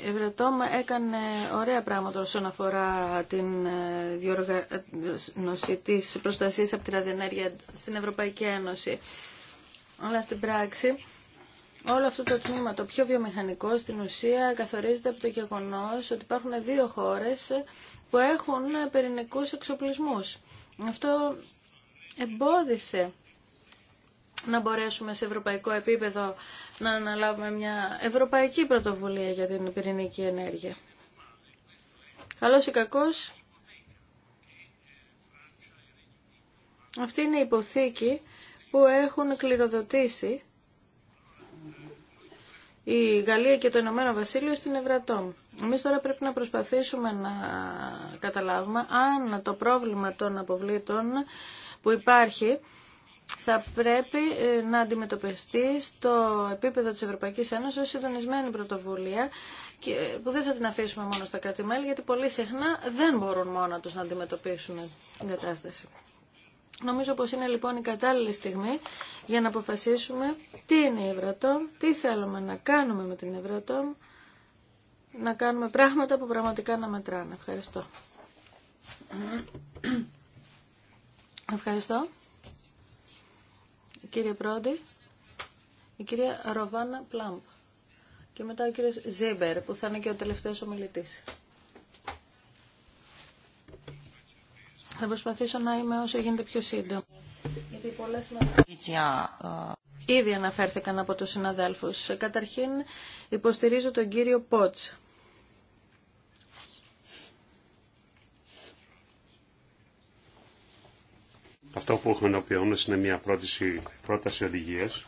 Ευρωτόμα έκανε ωραία πράγματα όσον αφορά την ε, διοργάνωση της προστασίας από την αδενέργεια στην Ευρωπαϊκή Ένωση. Αλλά στην πράξη όλο αυτό το τμήμα, το πιο βιομηχανικό, στην ουσία καθορίζεται από το γεγονός ότι υπάρχουν δύο χώρες που έχουν πυρηνικούς εξοπλισμούς. Αυτό εμπόδισε να μπορέσουμε σε ευρωπαϊκό επίπεδο να αναλάβουμε μια ευρωπαϊκή πρωτοβουλία για την πυρηνική ενέργεια. Καλός ή κακός, αυτή είναι η υποθήκη που έχουν κληροδοτήσει η Γαλλία και το Ηνωμένο Βασίλειο στην Ευρατόμ. Εμείς τώρα πρέπει να προσπαθήσουμε να καταλάβουμε αν το πρόβλημα των αποβλήτων που υπάρχει θα πρέπει ε, να αντιμετωπιστεί στο επίπεδο της Ευρωπαϊκής Ένωσης ως συντονισμένη πρωτοβουλία ε, που δεν θα την αφήσουμε μόνο στα κράτη-μέλη γιατί πολύ συχνά δεν μπορούν μόνο τους να αντιμετωπίσουν την κατάσταση. Νομίζω πως είναι λοιπόν η κατάλληλη στιγμή για να αποφασίσουμε τι είναι η Ευρατόμ, τι θέλουμε να κάνουμε με την Ευρατόμ, να κάνουμε πράγματα που πραγματικά να μετράνε. Ευχαριστώ. Ευχαριστώ. Κύριε Πρόντι, η κυρία Ροβάνα Πλάμπ και μετά ο κύριος Ζίμπερ που θα είναι και ο τελευταίος ομιλητής. Θα προσπαθήσω να είμαι όσο γίνεται πιο σύντομο. Γιατί πολλά ε, Ήδη αναφέρθηκαν από τους συναδέλφους. Καταρχήν υποστηρίζω τον κύριο Πότς. Αυτό που έχουμε όμως είναι μια πρόταση, πρόταση οδηγίας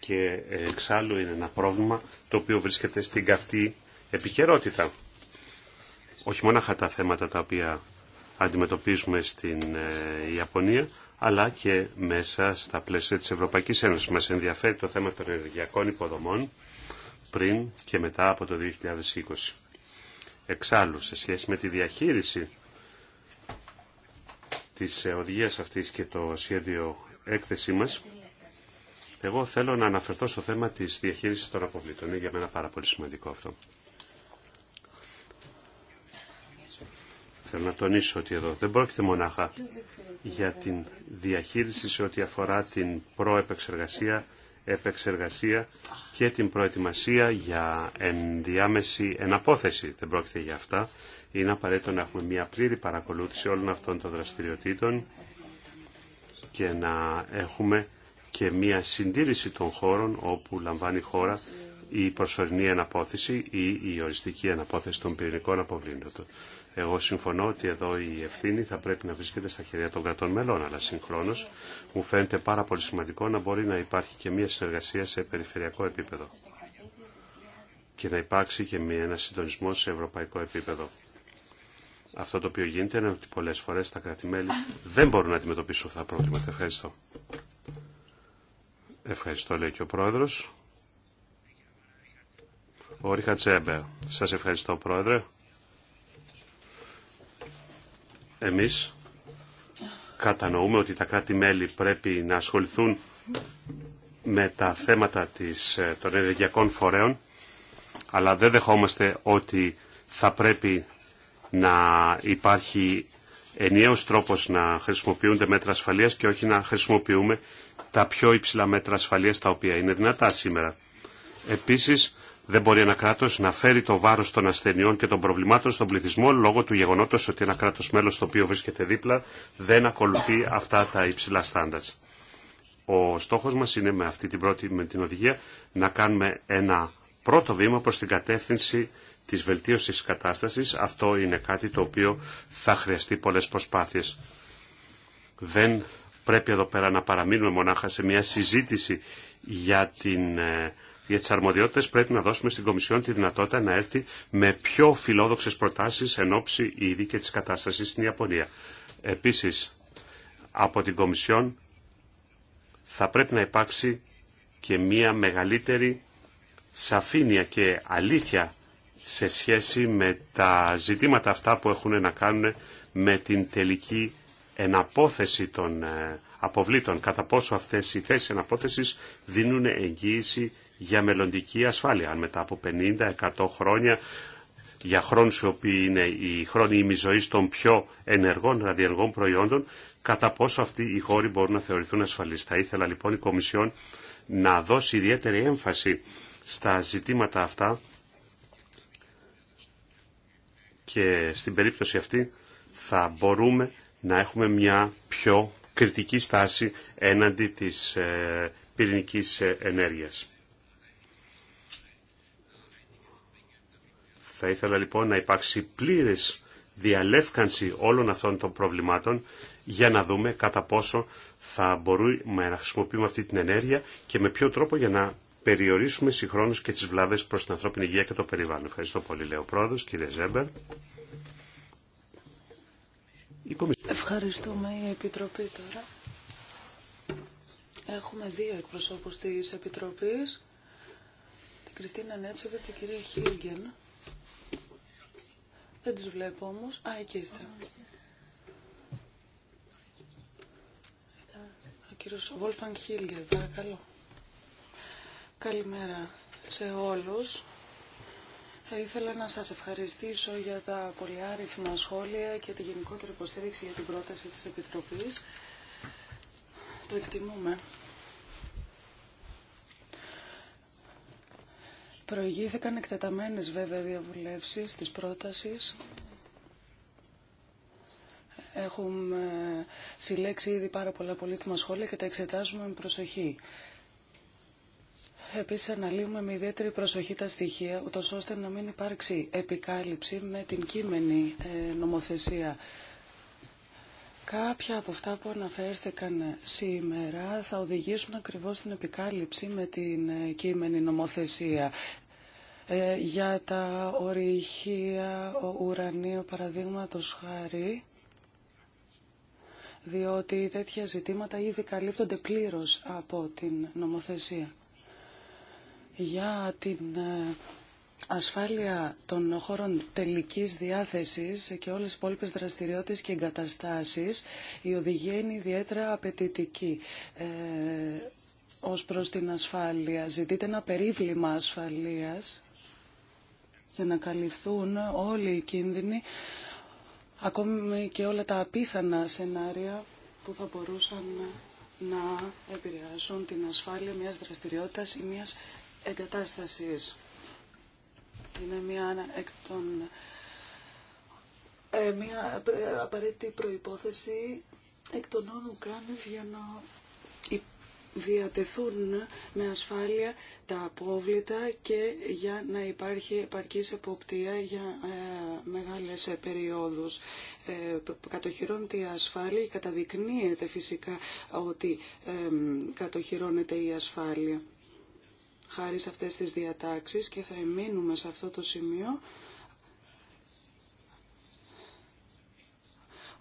και εξάλλου είναι ένα πρόβλημα το οποίο βρίσκεται στην καυτή επικαιρότητα. Όχι μόνο τα θέματα τα οποία αντιμετωπίζουμε στην ε, Ιαπωνία, αλλά και μέσα στα πλαίσια της Ευρωπαϊκής Ένωσης. Μας ενδιαφέρει το θέμα των ενεργειακών υποδομών πριν και μετά από το 2020. Εξάλλου, σε σχέση με τη διαχείριση της οδηγίας αυτής και το σχέδιο έκθεσή μας, εγώ θέλω να αναφερθώ στο θέμα της διαχείρισης των αποβλήτων. Είναι για μένα πάρα πολύ σημαντικό αυτό. Θέλω να τονίσω ότι εδώ δεν πρόκειται μονάχα για την διαχείριση σε ό,τι αφορά την προεπεξεργασία, επεξεργασία και την προετοιμασία για ενδιάμεση εναπόθεση. Δεν πρόκειται για αυτά. Είναι απαραίτητο να έχουμε μια πλήρη παρακολούθηση όλων αυτών των δραστηριοτήτων και να έχουμε και μια συντήρηση των χώρων όπου λαμβάνει η χώρα η προσωρινή αναπόθεση ή η οριστική αναπόθεση των πυρηνικών αποβλήτων. Εγώ συμφωνώ ότι εδώ η ευθύνη θα πρέπει να βρίσκεται στα χέρια των κρατών μελών, αλλά συγχρόνω μου φαίνεται πάρα πολύ σημαντικό να μπορεί να υπάρχει και μια συνεργασία σε περιφερειακό επίπεδο και να υπάρξει και ένα συντονισμό σε ευρωπαϊκό επίπεδο. Αυτό το οποίο γίνεται είναι ότι πολλέ φορέ τα κράτη-μέλη δεν μπορούν να αντιμετωπίσουν αυτά τα προβλήματα. Ευχαριστώ. Ευχαριστώ, λέει και ο πρόεδρο. Ο Ρίχα Τσέμπερ. Σα ευχαριστώ, πρόεδρε. Εμείς κατανοούμε ότι τα κράτη-μέλη πρέπει να ασχοληθούν με τα θέματα της, ε, των ενεργειακών φορέων, αλλά δεν δεχόμαστε ότι θα πρέπει να υπάρχει ενιαίος τρόπος να χρησιμοποιούνται μέτρα ασφαλείας και όχι να χρησιμοποιούμε τα πιο υψηλά μέτρα ασφαλείας τα οποία είναι δυνατά σήμερα. Επίσης, δεν μπορεί ένα κράτο να φέρει το βάρο των ασθενειών και των προβλημάτων στον πληθυσμό λόγω του γεγονότο ότι ένα κράτο μέλο το οποίο βρίσκεται δίπλα δεν ακολουθεί αυτά τα υψηλά στάνταρτ. Ο στόχο μα είναι με αυτή την πρώτη με την οδηγία να κάνουμε ένα πρώτο βήμα προ την κατεύθυνση τη βελτίωση τη κατάσταση. Αυτό είναι κάτι το οποίο θα χρειαστεί πολλέ προσπάθειε. Δεν πρέπει εδώ πέρα να παραμείνουμε μονάχα σε μια συζήτηση για την ε, για τι αρμοδιότητε πρέπει να δώσουμε στην Κομισιόν τη δυνατότητα να έρθει με πιο φιλόδοξες προτάσεις εν ώψη ήδη και της κατάστασης στην Ιαπωνία. Επίσης, από την Κομισιόν θα πρέπει να υπάρξει και μία μεγαλύτερη σαφήνεια και αλήθεια σε σχέση με τα ζητήματα αυτά που έχουν να κάνουν με την τελική εναπόθεση των ε, αποβλήτων, κατά πόσο αυτές οι θέσεις εναπόθεσης δίνουν εγγύηση για μελλοντική ασφάλεια. Αν μετά από 50-100 χρόνια, για χρόνους οι οποίοι είναι οι χρόνοι ημιζωής των πιο ενεργών ραδιεργών προϊόντων, κατά πόσο αυτοί οι χώροι μπορούν να θεωρηθούν ασφαλείς. Θα ήθελα λοιπόν η Κομισιόν να δώσει ιδιαίτερη έμφαση στα ζητήματα αυτά και στην περίπτωση αυτή θα μπορούμε να έχουμε μια πιο κριτική στάση έναντι της ε, πυρηνικής ε, ενέργειας. Θα ήθελα λοιπόν να υπάρξει πλήρης διαλεύκανση όλων αυτών των προβλημάτων για να δούμε κατά πόσο θα μπορούμε να χρησιμοποιούμε αυτή την ενέργεια και με ποιο τρόπο για να περιορίσουμε συγχρόνω και τις βλάβες προς την ανθρώπινη υγεία και το περιβάλλον. Ευχαριστώ πολύ, λέω πρόεδρος, κύριε Ζέμπερ. Ευχαριστούμε η Επιτροπή τώρα. Έχουμε δύο εκπροσώπους της Επιτροπής, την Κριστίνα Νέτσο και την κυρία Χίργεν. Δεν τους βλέπω όμως. Α, εκεί είστε. Ο κύριος Βόλφαν Χίλγερ, παρακαλώ. Καλημέρα σε όλους. Θα ήθελα να σας ευχαριστήσω για τα πολυάριθμα σχόλια και τη γενικότερη υποστήριξη για την πρόταση της Επιτροπής. Το εκτιμούμε. Προηγήθηκαν εκτεταμένες βέβαια διαβουλεύσεις της πρότασης. Έχουμε συλλέξει ήδη πάρα πολλά πολύτιμα σχόλια και τα εξετάζουμε με προσοχή. Επίσης αναλύουμε με ιδιαίτερη προσοχή τα στοιχεία, ούτως ώστε να μην υπάρξει επικάλυψη με την κείμενη ε, νομοθεσία. Κάποια από αυτά που αναφέρθηκαν σήμερα θα οδηγήσουν ακριβώς στην επικάλυψη με την ε, κείμενη νομοθεσία. Ε, για τα ορυχεία ουρανίου παραδείγματος χάρη διότι τέτοια ζητήματα ήδη καλύπτονται πλήρως από την νομοθεσία. Για την ε, ασφάλεια των χώρων τελικής διάθεσης και όλες τις υπόλοιπε δραστηριότητες και εγκαταστάσεις, η οδηγία είναι ιδιαίτερα απαιτητική. Ε, ως προς την ασφάλεια, ζητείται ένα περίβλημα ασφαλείας για να καλυφθούν όλοι οι κίνδυνοι, ακόμη και όλα τα απίθανα σενάρια που θα μπορούσαν να επηρεάσουν την ασφάλεια μιας δραστηριότητας ή μιας εγκατάστασης. Είναι μια εκ των... Ε, μια απαραίτητη προϋπόθεση εκ των όνου για να διατεθούν με ασφάλεια τα απόβλητα και για να υπάρχει επαρκής εποπτεία για ε, μεγάλες περιόδους. Ε, κατοχυρώνεται η ασφάλεια, καταδεικνύεται φυσικά ότι ε, κατοχυρώνεται η ασφάλεια χάρη σε αυτές τις διατάξεις και θα εμείνουμε σε αυτό το σημείο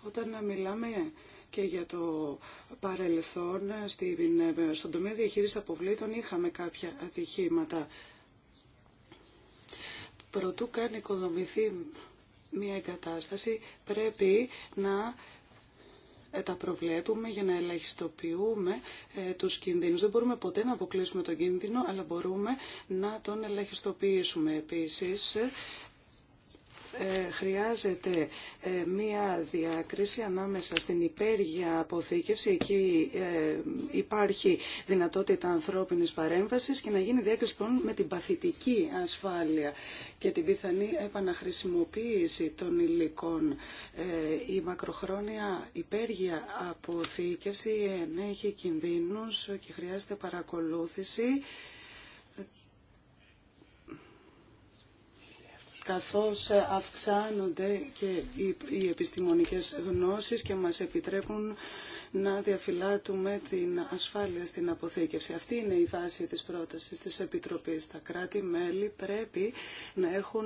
όταν να μιλάμε και για το παρελθόν στην, ε, στον τομέα διαχείρισης αποβλήτων είχαμε κάποια ατυχήματα. Προτού καν οικοδομηθεί μια εγκατάσταση πρέπει να ε, τα προβλέπουμε για να ελαχιστοποιούμε ε, τους κινδύνους. Δεν μπορούμε ποτέ να αποκλείσουμε τον κίνδυνο, αλλά μπορούμε να τον ελαχιστοποιήσουμε. Επίσης, ε, χρειάζεται ε, μία διάκριση ανάμεσα στην υπέργεια αποθήκευση. Εκεί ε, υπάρχει δυνατότητα ανθρώπινης παρέμβασης και να γίνει διάκριση λοιπόν με την παθητική ασφάλεια και την πιθανή επαναχρησιμοποίηση των υλικών. Η μακροχρόνια υπέργεια αποθήκευση ενέχει κινδύνους και χρειάζεται παρακολούθηση καθώς αυξάνονται και οι επιστημονικές γνώσεις και μας επιτρέπουν να διαφυλάτουμε την ασφάλεια στην αποθήκευση. Αυτή είναι η βάση της πρότασης της Επιτροπής. Τα κράτη-μέλη πρέπει να έχουν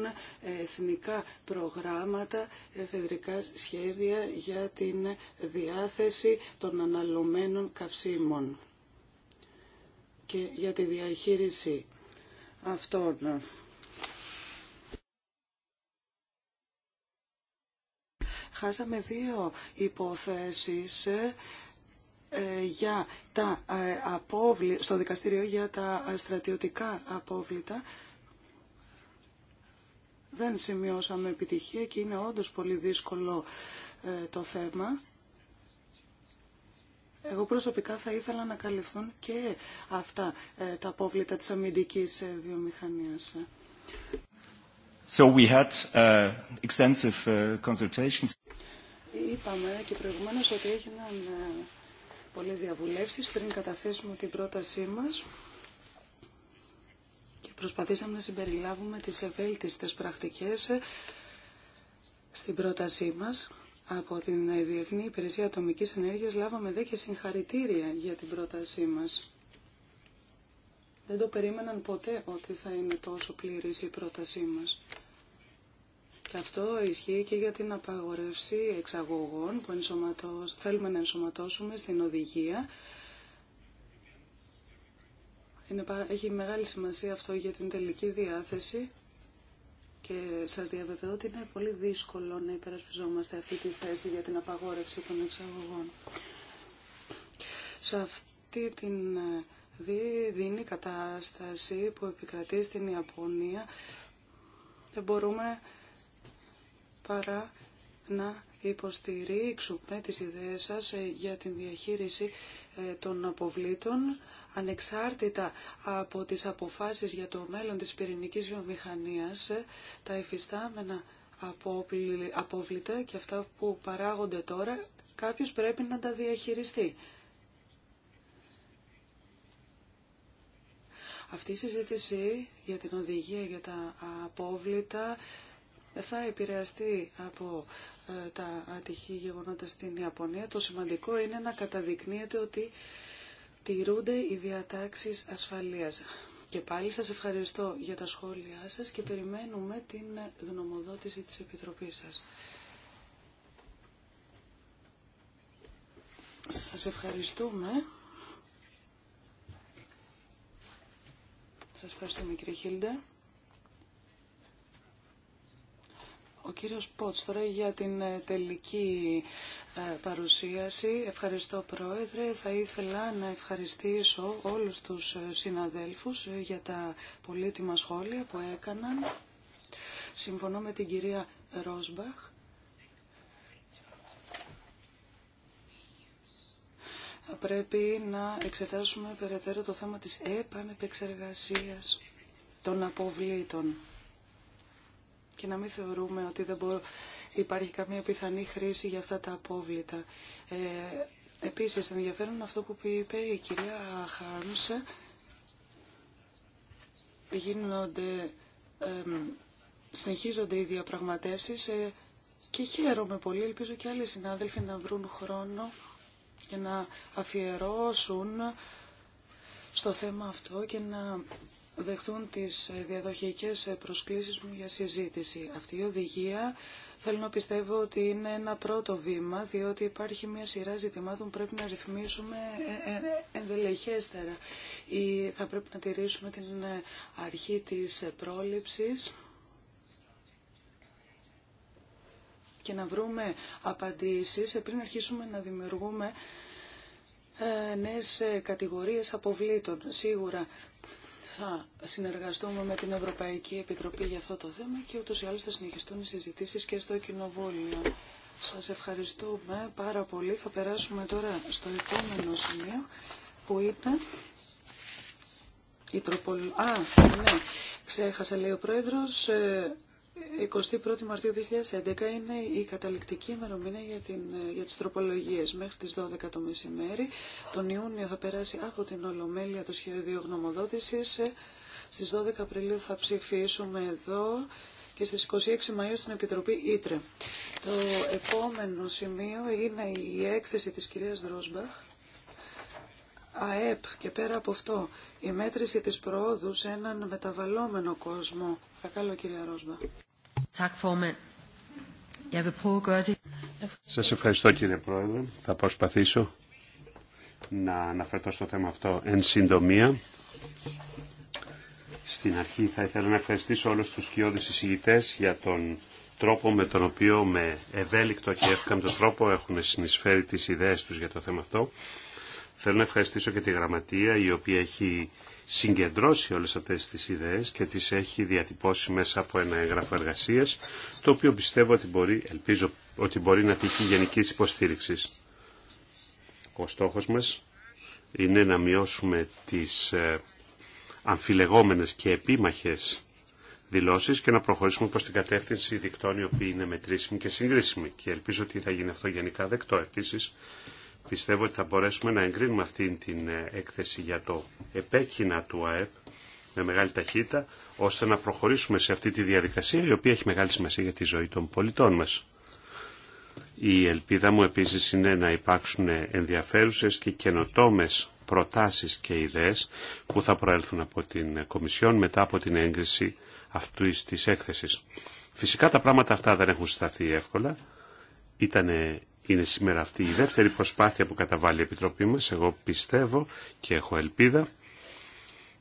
εθνικά προγράμματα, εφεδρικά σχέδια για την διάθεση των αναλωμένων καυσίμων και για τη διαχείριση αυτών. Χάσαμε δύο υποθέσεις ε, ε, για τα ε, απόβλη στο δικαστήριο για τα στρατιωτικά απόβλητα. Δεν σημειώσαμε επιτυχία και είναι όντως πολύ δύσκολο το θέμα. Εγώ προσωπικά θα ήθελα να καλυφθούν και αυτά τα απόβλητα της αμυντικής βιομηχανίας. So uh, uh, Είπαμε και προηγουμένως ότι έγιναν ε, πολλές διαβουλεύσεις πριν καταθέσουμε την πρότασή μας και προσπαθήσαμε να συμπεριλάβουμε τις ευέλτιστες πρακτικές ε, στην πρότασή μας. Από την Διεθνή Υπηρεσία Ατομικής Ενέργειας λάβαμε δέκα συγχαρητήρια για την πρότασή μας. Δεν το περίμεναν ποτέ ότι θα είναι τόσο πλήρης η πρότασή μας. Και αυτό ισχύει και για την απαγορεύση εξαγωγών που θέλουμε να ενσωματώσουμε στην οδηγία. Είναι, έχει μεγάλη σημασία αυτό για την τελική διάθεση και σας διαβεβαιώ ότι είναι πολύ δύσκολο να υπερασπιζόμαστε αυτή τη θέση για την απαγόρευση των εξαγωγών. Σε αυτή την ε, δίνει κατάσταση που επικρατεί στην Ιαπωνία. Δεν μπορούμε παρά να υποστηρίξουμε τις ιδέες σας ε, για την διαχείριση ε, των αποβλήτων ανεξάρτητα από τις αποφάσεις για το μέλλον της πυρηνικής βιομηχανίας, ε, τα υφιστάμενα απόβλητα και αυτά που παράγονται τώρα, κάποιος πρέπει να τα διαχειριστεί. Αυτή η συζήτηση για την οδηγία για τα απόβλητα θα επηρεαστεί από ε, τα ατυχή γεγονότα στην Ιαπωνία. Το σημαντικό είναι να καταδεικνύεται ότι τηρούνται οι διατάξεις ασφαλείας. Και πάλι σας ευχαριστώ για τα σχόλιά σας και περιμένουμε την γνωμοδότηση της Επιτροπής σας. Σας ευχαριστούμε. Σας ευχαριστούμε κύριε Χίλντε. Ο κύριος Πότς για την ε, τελική ε, παρουσίαση. Ευχαριστώ Πρόεδρε. Θα ήθελα να ευχαριστήσω όλους τους ε, συναδέλφους για τα πολύτιμα σχόλια που έκαναν. Συμφωνώ με την κυρία Ρόσμπαχ θα πρέπει να εξετάσουμε περαιτέρω το θέμα της επανεπεξεργασίας των αποβλήτων και να μην θεωρούμε ότι δεν μπορώ, υπάρχει καμία πιθανή χρήση για αυτά τα απόβλητα. Ε, επίσης, ενδιαφέρον αυτό που είπε η κυρία Χάρμς, γίνονται, ε, συνεχίζονται οι διαπραγματεύσεις ε, και χαίρομαι πολύ, ελπίζω και άλλοι συνάδελφοι να βρουν χρόνο και να αφιερώσουν στο θέμα αυτό και να δεχθούν τις διαδοχικές προσκλήσεις μου για συζήτηση. Αυτή η οδηγία θέλω να πιστεύω ότι είναι ένα πρώτο βήμα, διότι υπάρχει μια σειρά ζητημάτων που πρέπει να ρυθμίσουμε ε, ε, ενδελεχέστερα. Ή θα πρέπει να τηρήσουμε την αρχή της πρόληψης και να βρούμε απαντήσεις ε, πριν αρχίσουμε να δημιουργούμε ε, νέες ε, κατηγορίες αποβλήτων. Σίγουρα θα συνεργαστούμε με την Ευρωπαϊκή Επιτροπή για αυτό το θέμα και ούτως ή άλλως θα συνεχιστούν οι συζητήσεις και στο Κοινοβούλιο. Σας ευχαριστούμε πάρα πολύ. Θα περάσουμε τώρα στο επόμενο σημείο που είναι η Α, ναι, ξέχασα λέει ο Πρόεδρος, 21η Μαρτίου 2011 είναι η καταληκτική ημερομηνία για, την, για τις τροπολογίες μέχρι τις 12 το μεσημέρι. Τον Ιούνιο θα περάσει από την Ολομέλεια το σχέδιο γνωμοδότησης. Στις 12 Απριλίου θα ψηφίσουμε εδώ και στις 26 Μαΐου στην Επιτροπή Ήτρε. Το επόμενο σημείο είναι η έκθεση της κυρίας Δρόσμπαχ. ΑΕΠ και πέρα από αυτό η μέτρηση της προόδου σε έναν μεταβαλλόμενο κόσμο. Παρακαλώ κυρία Ρόσμπα. Σας ευχαριστώ κύριε Πρόεδρε. Θα προσπαθήσω να αναφερθώ στο θέμα αυτό εν συντομία. Στην αρχή θα ήθελα να ευχαριστήσω όλους τους κοιόδους εισηγητές για τον τρόπο με τον οποίο με ευέλικτο και εύκαμπτο τρόπο έχουν συνεισφέρει τις ιδέες τους για το θέμα αυτό. Θέλω να ευχαριστήσω και τη Γραμματεία η οποία έχει συγκεντρώσει όλες αυτές τις ιδέες και τις έχει διατυπώσει μέσα από ένα έγγραφο εργασίας, το οποίο πιστεύω ότι μπορεί, ελπίζω ότι μπορεί να τύχει γενική υποστήριξη. Ο στόχος μας είναι να μειώσουμε τις ε, αμφιλεγόμενες και επίμαχες δηλώσεις και να προχωρήσουμε προς την κατεύθυνση δικτών οι οποίοι είναι μετρήσιμοι και συγκρίσιμοι. Και ελπίζω ότι θα γίνει αυτό γενικά δεκτό. Επίσης, Πιστεύω ότι θα μπορέσουμε να εγκρίνουμε αυτή την ε, έκθεση για το επέκεινα του ΑΕΠ με μεγάλη ταχύτητα, ώστε να προχωρήσουμε σε αυτή τη διαδικασία η οποία έχει μεγάλη σημασία για τη ζωή των πολιτών μας. Η ελπίδα μου επίσης είναι να υπάρξουν ενδιαφέρουσες και καινοτόμες προτάσεις και ιδέες που θα προέλθουν από την Κομισιόν μετά από την έγκριση αυτής της έκθεσης. Φυσικά τα πράγματα αυτά δεν έχουν σταθεί εύκολα. Ήταν είναι σήμερα αυτή η δεύτερη προσπάθεια που καταβάλει η Επιτροπή μας. Εγώ πιστεύω και έχω ελπίδα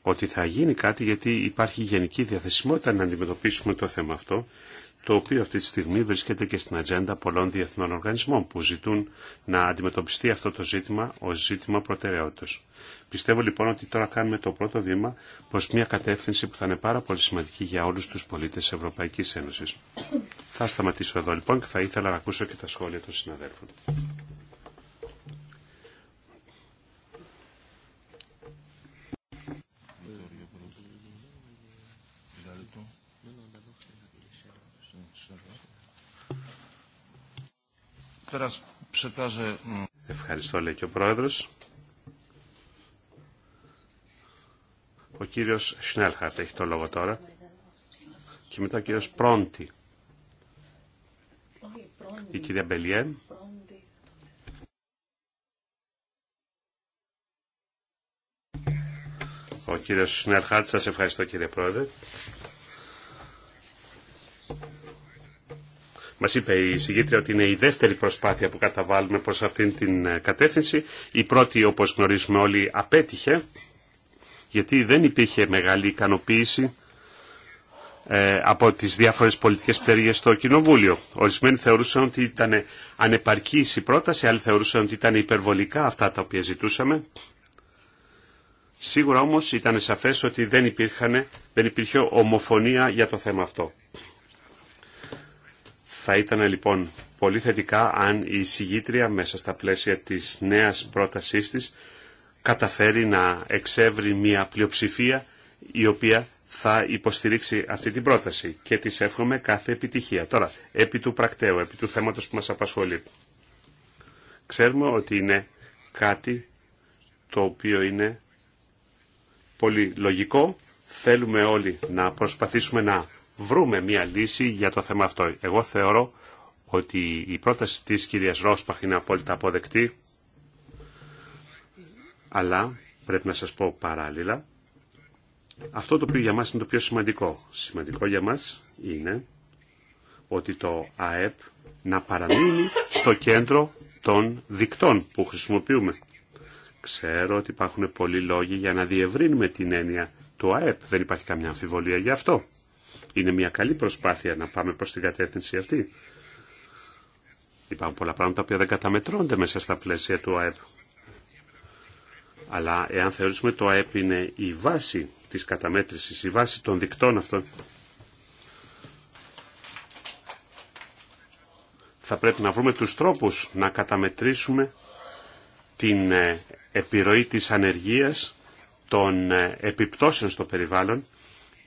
ότι θα γίνει κάτι γιατί υπάρχει γενική διαθεσιμότητα να αντιμετωπίσουμε το θέμα αυτό, το οποίο αυτή τη στιγμή βρίσκεται και στην ατζέντα πολλών διεθνών οργανισμών που ζητούν να αντιμετωπιστεί αυτό το ζήτημα ως ζήτημα προτεραιότητας. Πιστεύω λοιπόν ότι τώρα κάνουμε το πρώτο βήμα προ μια κατεύθυνση που θα είναι πάρα πολύ σημαντική για όλους τους πολίτες της Ευρωπαϊκής Ένωσης. Θα σταματήσω εδώ λοιπόν και θα ήθελα να ακούσω και τα σχόλια των συναδέλφων. Ευχαριστώ λέει και ο Πρόεδρος. Ο κύριος Σνέλχαρτ έχει το λόγο τώρα. Και μετά ο κύριος Πρόντι. Η κυρία Μπελιέ. Ο κύριος Σνέλχαρτ, σας ευχαριστώ κύριε Πρόεδρε. Μα είπε η συγγήτρια ότι είναι η δεύτερη προσπάθεια που καταβάλουμε προς αυτήν την κατεύθυνση. Η πρώτη, όπως γνωρίζουμε όλοι, απέτυχε γιατί δεν υπήρχε μεγάλη ικανοποίηση ε, από τις διάφορες πολιτικές πτέρυγες στο Κοινοβούλιο. Ορισμένοι θεωρούσαν ότι ήταν ανεπαρκής η πρόταση, άλλοι θεωρούσαν ότι ήταν υπερβολικά αυτά τα οποία ζητούσαμε. Σίγουρα όμως ήταν σαφές ότι δεν, υπήρχαν, δεν υπήρχε ομοφωνία για το θέμα αυτό. Θα ήταν λοιπόν πολύ θετικά αν η συγγήτρια μέσα στα πλαίσια της νέας πρότασής της καταφέρει να εξεύρει μια πλειοψηφία η οποία θα υποστηρίξει αυτή την πρόταση και της εύχομαι κάθε επιτυχία. Τώρα, επί του πρακτέου, επί του θέματος που μας απασχολεί. Ξέρουμε ότι είναι κάτι το οποίο είναι πολύ λογικό. Θέλουμε όλοι να προσπαθήσουμε να βρούμε μια λύση για το θέμα αυτό. Εγώ θεωρώ ότι η πρόταση της κυρίας Ρόσπαχ είναι απόλυτα αποδεκτή αλλά πρέπει να σας πω παράλληλα, αυτό το οποίο για μας είναι το πιο σημαντικό. Σημαντικό για μας είναι ότι το ΑΕΠ να παραμείνει στο κέντρο των δικτών που χρησιμοποιούμε. Ξέρω ότι υπάρχουν πολλοί λόγοι για να διευρύνουμε την έννοια του ΑΕΠ. Δεν υπάρχει καμιά αμφιβολία για αυτό. Είναι μια καλή προσπάθεια να πάμε προς την κατεύθυνση αυτή. Υπάρχουν πολλά πράγματα που δεν καταμετρώνται μέσα στα πλαίσια του ΑΕΠ. Αλλά εάν θεωρήσουμε το ΑΕΠ είναι η βάση της καταμέτρησης, η βάση των δικτών αυτών, θα πρέπει να βρούμε τους τρόπους να καταμετρήσουμε την ε, επιρροή της ανεργίας, των ε, επιπτώσεων στο περιβάλλον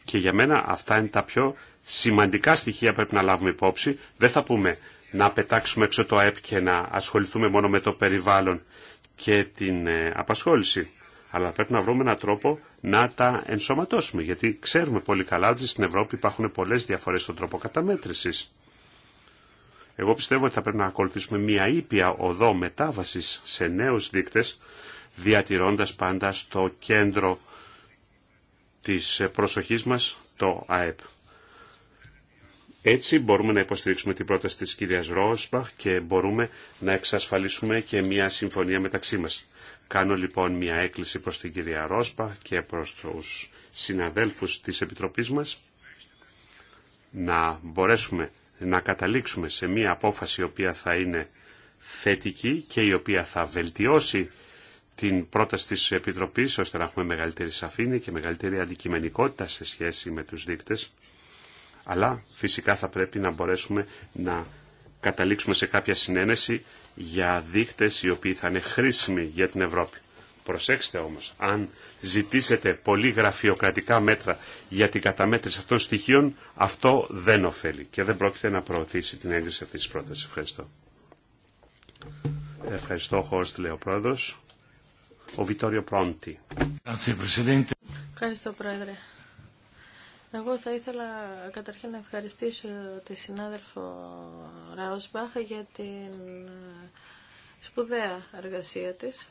και για μένα αυτά είναι τα πιο σημαντικά στοιχεία που πρέπει να λάβουμε υπόψη. Δεν θα πούμε να πετάξουμε έξω το ΑΕΠ και να ασχοληθούμε μόνο με το περιβάλλον και την ε, απασχόληση. Αλλά πρέπει να βρούμε έναν τρόπο να τα ενσωματώσουμε, γιατί ξέρουμε πολύ καλά ότι στην Ευρώπη υπάρχουν πολλές διαφορές στον τρόπο καταμέτρησης. Εγώ πιστεύω ότι θα πρέπει να ακολουθήσουμε μια ήπια οδό μετάβασης σε νέους δείκτες, διατηρώντας πάντα στο κέντρο της ε, προσοχής μας το ΑΕΠ. Έτσι μπορούμε να υποστηρίξουμε την πρόταση της κυρίας Ρόσπαχ και μπορούμε να εξασφαλίσουμε και μια συμφωνία μεταξύ μας. Κάνω λοιπόν μια έκκληση προς την κυρία Ρόσπα και προς τους συναδέλφους της Επιτροπής μας να μπορέσουμε να καταλήξουμε σε μια απόφαση η οποία θα είναι θετική και η οποία θα βελτιώσει την πρόταση της Επιτροπής ώστε να έχουμε μεγαλύτερη σαφήνεια και μεγαλύτερη αντικειμενικότητα σε σχέση με τους δείκτες αλλά φυσικά θα πρέπει να μπορέσουμε να καταλήξουμε σε κάποια συνένεση για δείχτες οι οποίοι θα είναι χρήσιμοι για την Ευρώπη. Προσέξτε όμως, αν ζητήσετε πολύ γραφειοκρατικά μέτρα για την καταμέτρηση αυτών των στοιχείων, αυτό δεν ωφέλει και δεν πρόκειται να προωθήσει την έγκριση αυτής της πρότασης. Ευχαριστώ. Ευχαριστώ, Χώρος λέει Ο Βιτόριο Πρόντι. Ευχαριστώ, Πρόεδρε. Εγώ θα ήθελα καταρχήν να ευχαριστήσω τη συνάδελφο Ράουσμπαχ για την ε, σπουδαία εργασία της.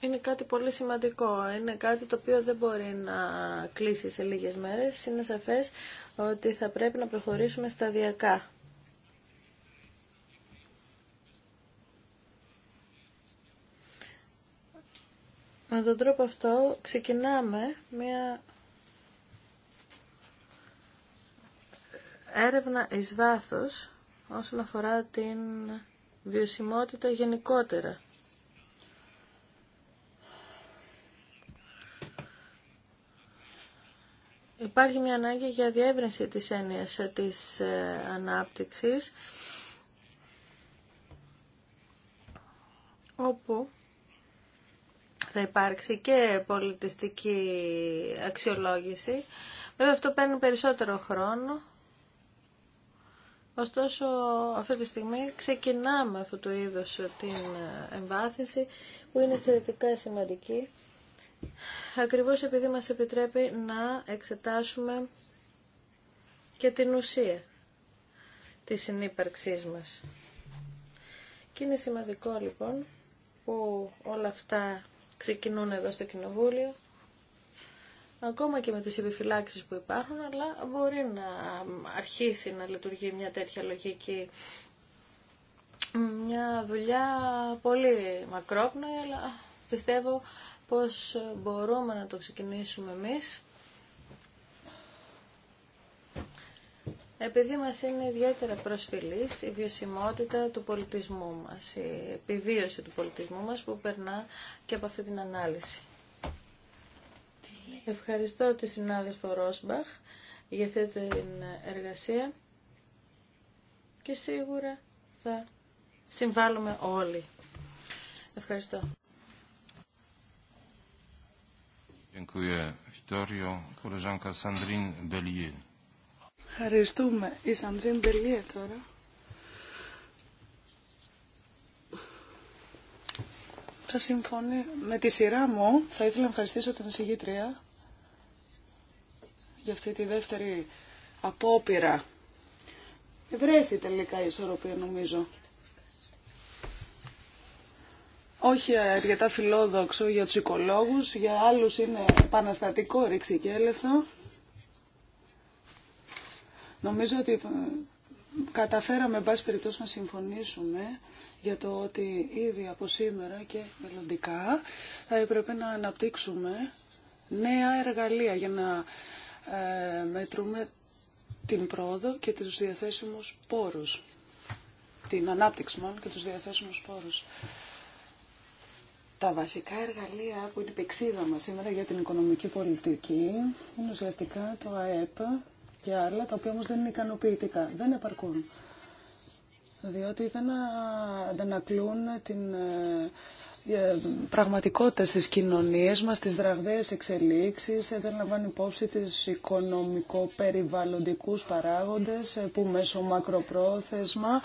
Είναι κάτι πολύ σημαντικό. Είναι κάτι το οποίο δεν μπορεί να κλείσει σε λίγες μέρες. Είναι σαφές ότι θα πρέπει να προχωρήσουμε σταδιακά. Με τον τρόπο αυτό ξεκινάμε μια έρευνα εις βάθος όσον αφορά την βιωσιμότητα γενικότερα. Υπάρχει μια ανάγκη για διεύρυνση της έννοιας της ε, ανάπτυξης όπου θα υπάρξει και πολιτιστική αξιολόγηση. Βέβαια αυτό παίρνει περισσότερο χρόνο. Ωστόσο, αυτή τη στιγμή ξεκινάμε αυτού του είδους την εμβάθυνση που είναι εξαιρετικά σημαντική. Ακριβώς επειδή μας επιτρέπει να εξετάσουμε και την ουσία της συνύπαρξής μας. Και είναι σημαντικό λοιπόν που όλα αυτά ξεκινούν εδώ στο Κοινοβούλιο, ακόμα και με τις επιφυλάξεις που υπάρχουν, αλλά μπορεί να αρχίσει να λειτουργεί μια τέτοια λογική. Μια δουλειά πολύ μακρόπνοη, αλλά πιστεύω πως μπορούμε να το ξεκινήσουμε εμείς επειδή μας είναι ιδιαίτερα προσφυλής η βιωσιμότητα του πολιτισμού μας, η επιβίωση του πολιτισμού μας που περνά και από αυτή την ανάλυση. Ευχαριστώ τη συνάδελφο Ρόσμπαχ για αυτή την εργασία και σίγουρα θα συμβάλλουμε όλοι. Ευχαριστώ. Dziękuję Χιτοριο Koleżanka Sandrine Bellier. Ευχαριστούμε. Η Σαντρίν Μπελιέ τώρα. Θα συμφωνεί Με τη σειρά μου θα ήθελα να ευχαριστήσω την συγγήτρια για αυτή τη δεύτερη απόπειρα. Βρέθη τελικά η ισορροπία νομίζω. Όχι αρκετά φιλόδοξο για τους οικολόγους, για άλλους είναι επαναστατικό ρήξη Νομίζω ότι ε, καταφέραμε, εν πάση περιπτώσει, να συμφωνήσουμε για το ότι ήδη από σήμερα και μελλοντικά θα έπρεπε να αναπτύξουμε νέα εργαλεία για να ε, μετρούμε την πρόοδο και τους διαθέσιμους πόρους. Την ανάπτυξη μάλλον και τους διαθέσιμους πόρους. Τα βασικά εργαλεία που είναι η πηξίδα μας σήμερα για την οικονομική πολιτική είναι ουσιαστικά το ΑΕΠ, και άλλα τα οποία όμως δεν είναι ικανοποιητικά, δεν επαρκούν. Διότι δεν αντανακλούν την ε, ε, πραγματικότητα στις κοινωνίες μας, τις δραγδαίες εξελίξεις, ε, δεν λαμβάνει υπόψη τις οικονομικο-περιβαλλοντικούς παράγοντες που μέσω μακροπρόθεσμα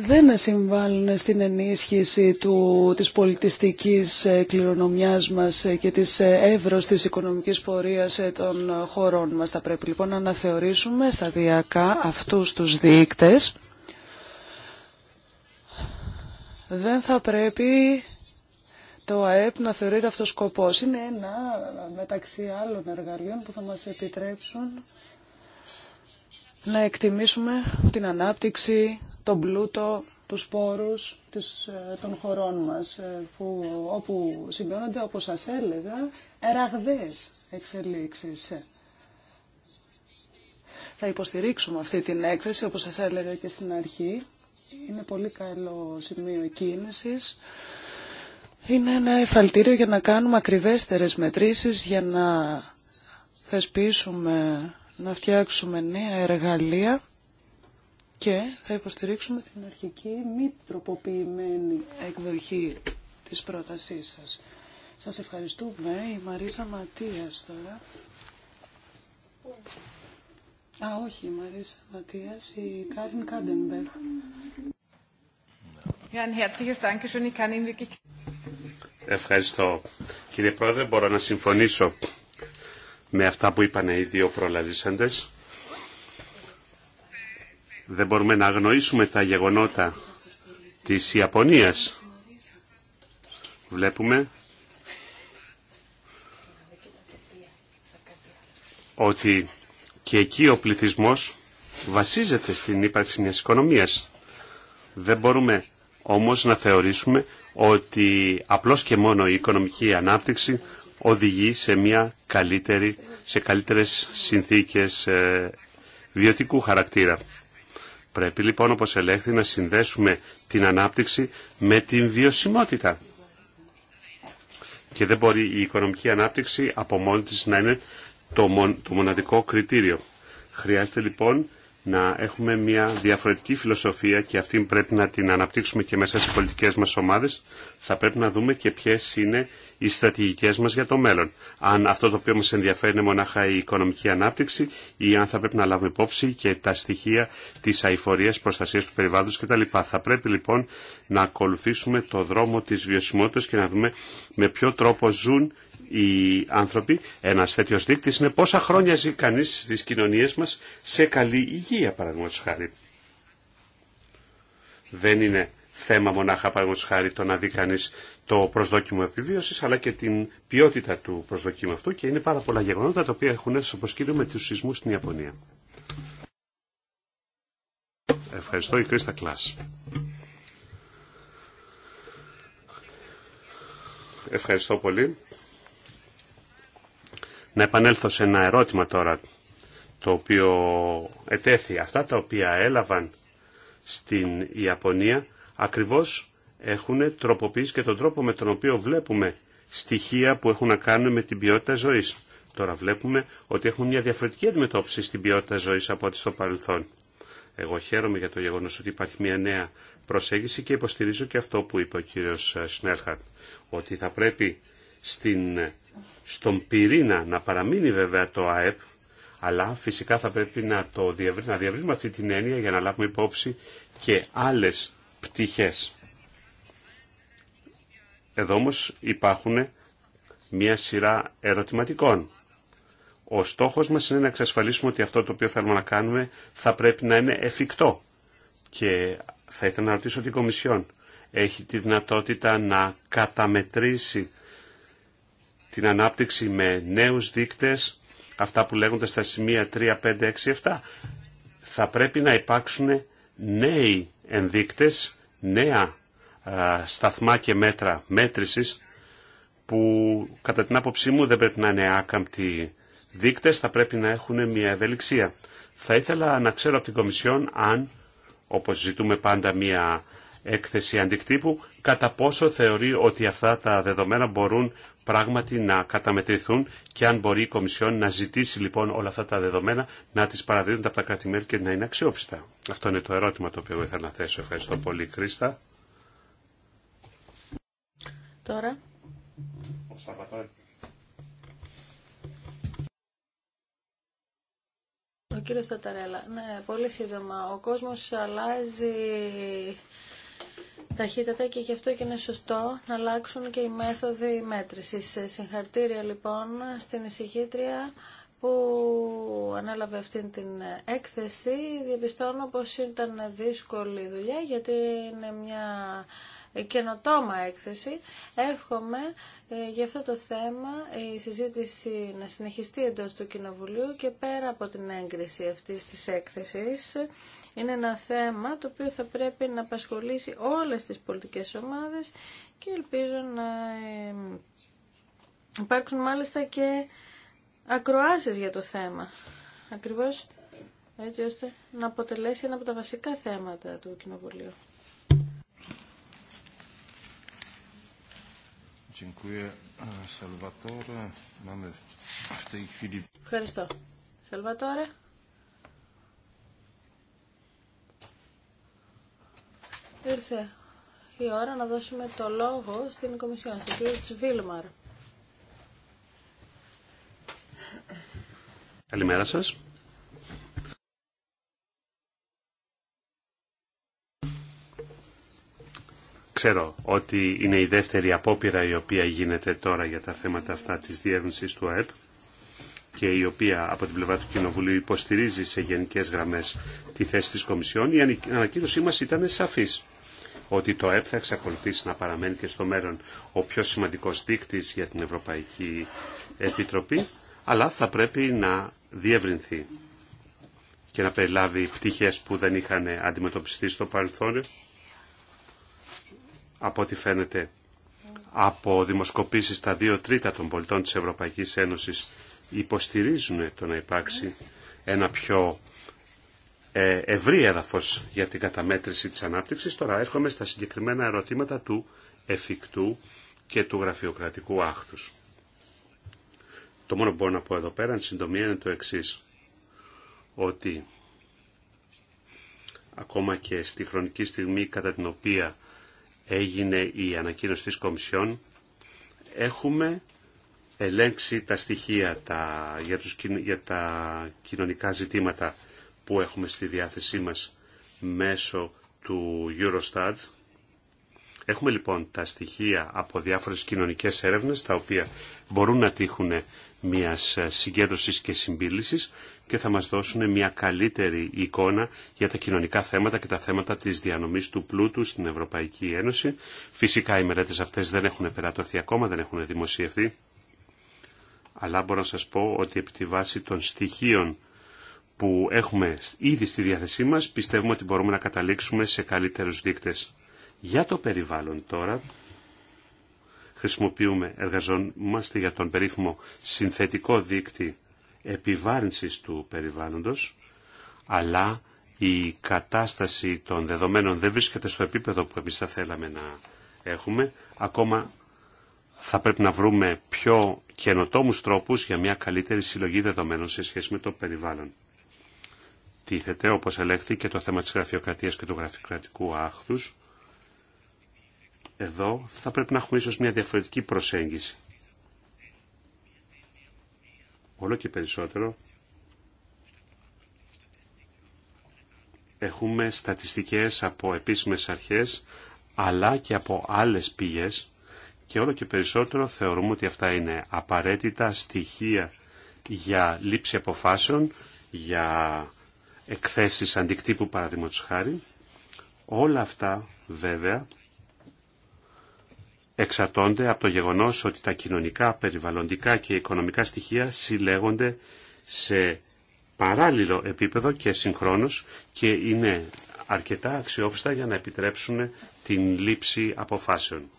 δεν συμβάλλουν στην ενίσχυση του, της πολιτιστικής ε, κληρονομιάς μας ε, και της ε, εύρωσης της οικονομικής πορείας των χωρών μας. Θα πρέπει λοιπόν να αναθεωρήσουμε σταδιακά αυτούς τους δείκτες. Δεν θα πρέπει το ΑΕΠ να θεωρείται αυτός σκοπός. Είναι ένα μεταξύ άλλων εργαλείων που θα μας επιτρέψουν να εκτιμήσουμε την ανάπτυξη τον πλούτο, τους πόρους ε, των χωρών μας, ε, που, όπου σημειώνονται, όπως σας έλεγα, ραγδαίες εξελίξεις. Θα υποστηρίξουμε αυτή την έκθεση, όπως σας έλεγα και στην αρχή. Είναι πολύ καλό σημείο κίνησης. Είναι ένα εφαλτήριο για να κάνουμε ακριβέστερες μετρήσεις, για να θεσπίσουμε, να φτιάξουμε νέα εργαλεία και θα υποστηρίξουμε την αρχική μη τροποποιημένη εκδοχή της πρότασής σας. Σας ευχαριστούμε. Η Μαρίσα Ματίας τώρα. Α, όχι, η Μαρίσα Ματίας, η Κάριν Κάντεμπεχ. Ευχαριστώ. Κύριε Πρόεδρε, μπορώ να συμφωνήσω με αυτά που είπαν οι δύο προλαλήσαντες. Δεν μπορούμε να αγνοήσουμε τα γεγονότα της Ιαπωνίας. Βλέπουμε ότι και εκεί ο πληθυσμός βασίζεται στην ύπαρξη μιας οικονομίας. Δεν μπορούμε όμως να θεωρήσουμε ότι απλώς και μόνο η οικονομική ανάπτυξη οδηγεί σε, μια καλύτερη, σε καλύτερες συνθήκες ε, βιωτικού χαρακτήρα. Πρέπει λοιπόν όπως ελέγχθη να συνδέσουμε την ανάπτυξη με την βιωσιμότητα. Και δεν μπορεί η οικονομική ανάπτυξη από μόνη της να είναι το, το μοναδικό κριτήριο. Χρειάζεται λοιπόν να έχουμε μια διαφορετική φιλοσοφία και αυτή πρέπει να την αναπτύξουμε και μέσα στις πολιτικές μας ομάδες. Θα πρέπει να δούμε και ποιες είναι οι στρατηγικές μας για το μέλλον. Αν αυτό το οποίο μας ενδιαφέρει είναι μονάχα η οικονομική ανάπτυξη ή αν θα πρέπει να λάβουμε υπόψη και τα στοιχεία της αηφορίας, προστασίας του περιβάλλοντος κτλ. Θα πρέπει λοιπόν να ακολουθήσουμε το δρόμο της βιωσιμότητας και να δούμε με ποιο τρόπο ζουν οι άνθρωποι. Ένα τέτοιο δείκτη είναι πόσα χρόνια ζει κανεί στι κοινωνίε μα σε καλή υγεία, παραδείγματο χάρη. Δεν είναι θέμα μονάχα, παραδείγματο χάρη, το να δει κανεί το προσδόκιμο επιβίωση, αλλά και την ποιότητα του προσδοκίμου αυτού και είναι πάρα πολλά γεγονότα τα οποία έχουν έρθει στο προσκήνιο με του σεισμού στην Ιαπωνία. Ευχαριστώ, η Κρίστα Κλάς. Ευχαριστώ πολύ. Να επανέλθω σε ένα ερώτημα τώρα, το οποίο ετέθη. Αυτά τα οποία έλαβαν στην Ιαπωνία ακριβώς έχουν τροποποιήσει και τον τρόπο με τον οποίο βλέπουμε στοιχεία που έχουν να κάνουν με την ποιότητα ζωής. Τώρα βλέπουμε ότι έχουν μια διαφορετική αντιμετώπιση στην ποιότητα ζωής από ό,τι στο παρελθόν. Εγώ χαίρομαι για το γεγονός ότι υπάρχει μια νέα προσέγγιση και υποστηρίζω και αυτό που είπε ο κύριος Σνέλχαρτ, ότι θα πρέπει στην στον πυρήνα να παραμείνει βέβαια το ΑΕΠ, αλλά φυσικά θα πρέπει να το να αυτή την έννοια για να λάβουμε υπόψη και άλλες πτυχές. Εδώ όμως υπάρχουν μια σειρά ερωτηματικών. Ο στόχος μας είναι να εξασφαλίσουμε ότι αυτό το οποίο θέλουμε να κάνουμε θα πρέπει να είναι εφικτό. Και θα ήθελα να ρωτήσω την Κομισιόν. Έχει τη δυνατότητα να καταμετρήσει την ανάπτυξη με νέους δείκτες, αυτά που λέγονται στα σημεία 3, 5, 6, 7. Θα πρέπει να υπάρξουν νέοι ενδείκτες, νέα α, σταθμά και μέτρα μέτρησης, που κατά την άποψή μου δεν πρέπει να είναι άκαμπτοι δείκτες, θα πρέπει να έχουν μια ευελιξία. Θα ήθελα να ξέρω από την Κομισιόν αν, όπως ζητούμε πάντα μια έκθεση αντικτύπου, κατά πόσο θεωρεί ότι αυτά τα δεδομένα μπορούν πράγματι να καταμετρηθούν και αν μπορεί η Κομισιόν να ζητήσει λοιπόν όλα αυτά τα δεδομένα να τις παραδίδουν από τα κράτη-μέλη και να είναι αξιόπιστα. Αυτό είναι το ερώτημα το οποίο ήθελα να θέσω. Ευχαριστώ πολύ Κρίστα. Τώρα. Ο κύριος Ταταρέλα. Ναι, πολύ σύντομα. Ο κόσμος αλλάζει ταχύτατα και γι' αυτό και είναι σωστό να αλλάξουν και οι μέθοδοι μέτρησης. Ε, Συγχαρτήρια λοιπόν στην εισηγήτρια που ανέλαβε αυτήν την έκθεση. Διαπιστώνω πως ήταν δύσκολη η δουλειά γιατί είναι μια καινοτόμα έκθεση. Εύχομαι ε, γι' αυτό το θέμα η συζήτηση να συνεχιστεί εντός του Κοινοβουλίου και πέρα από την έγκριση αυτής της έκθεσης είναι ένα θέμα το οποίο θα πρέπει να απασχολήσει όλες τις πολιτικές ομάδες και ελπίζω να υπάρξουν μάλιστα και ακροάσεις για το θέμα. Ακριβώς έτσι ώστε να αποτελέσει ένα από τα βασικά θέματα του Κοινοβουλίου. Ευχαριστώ. Σαλβατόρε. Ήρθε η ώρα να δώσουμε το λόγο στην Κομισιόν, στον κύριο Τσβίλμαρ. Καλημέρα σας. Ξέρω ότι είναι η δεύτερη απόπειρα η οποία γίνεται τώρα για τα θέματα αυτά της διεύρυνσης του ΑΕΠ και η οποία από την πλευρά του Κοινοβουλίου υποστηρίζει σε γενικές γραμμές τη θέση της Κομισιόν, η ανακοίνωσή μας ήταν σαφής ότι το ΕΠ θα εξακολουθήσει να παραμένει και στο μέλλον ο πιο σημαντικός δείκτης για την Ευρωπαϊκή Επιτροπή, αλλά θα πρέπει να διευρυνθεί και να περιλάβει πτυχές που δεν είχαν αντιμετωπιστεί στο παρελθόν. Από ό,τι φαίνεται, από δημοσκοπήσεις τα δύο τρίτα των πολιτών της Ευρωπαϊκής Ένωσης υποστηρίζουν το να υπάρξει ένα πιο ε, ευρύ έδαφος για την καταμέτρηση της ανάπτυξης. Τώρα έρχομαι στα συγκεκριμένα ερωτήματα του εφικτού και του γραφειοκρατικού άχτους. Το μόνο που μπορώ να πω εδώ πέρα, εν συντομία, είναι το εξής, ότι ακόμα και στη χρονική στιγμή κατά την οποία έγινε η ανακοίνωση της Κομισιόν, έχουμε ελέγξει τα στοιχεία για, τους, για τα κοινωνικά ζητήματα που έχουμε στη διάθεσή μας μέσω του Eurostat. Έχουμε λοιπόν τα στοιχεία από διάφορες κοινωνικές έρευνες τα οποία μπορούν να τύχουν μιας συγκέντρωσης και συμπίλησης και θα μας δώσουν μια καλύτερη εικόνα για τα κοινωνικά θέματα και τα θέματα της διανομής του πλούτου στην Ευρωπαϊκή Ένωση. Φυσικά οι μελέτες αυτές δεν έχουν περατωθεί ακόμα, δεν έχουν δημοσιευθεί αλλά μπορώ να σας πω ότι επί τη βάση των στοιχείων που έχουμε ήδη στη διάθεσή μας, πιστεύουμε ότι μπορούμε να καταλήξουμε σε καλύτερους δείκτες. Για το περιβάλλον τώρα, χρησιμοποιούμε, εργαζόμαστε για τον περίφημο συνθετικό δείκτη επιβάρυνσης του περιβάλλοντος, αλλά η κατάσταση των δεδομένων δεν βρίσκεται στο επίπεδο που εμείς θα θέλαμε να έχουμε. Ακόμα θα πρέπει να βρούμε πιο καινοτόμου τρόπους για μια καλύτερη συλλογή δεδομένων σε σχέση με το περιβάλλον. Τίθεται, όπως ελέγχθη, και το θέμα της γραφειοκρατίας και του γραφειοκρατικού άχθους. Εδώ θα πρέπει να έχουμε ίσως μια διαφορετική προσέγγιση. Όλο και περισσότερο έχουμε στατιστικές από επίσημες αρχές, αλλά και από άλλες πηγές, και όλο και περισσότερο θεωρούμε ότι αυτά είναι απαραίτητα στοιχεία για λήψη αποφάσεων, για εκθέσεις αντικτύπου παραδείγματος χάρη. Όλα αυτά βέβαια εξαρτώνται από το γεγονός ότι τα κοινωνικά, περιβαλλοντικά και οικονομικά στοιχεία συλλέγονται σε παράλληλο επίπεδο και συγχρόνως και είναι αρκετά αξιόπιστα για να επιτρέψουν την λήψη αποφάσεων.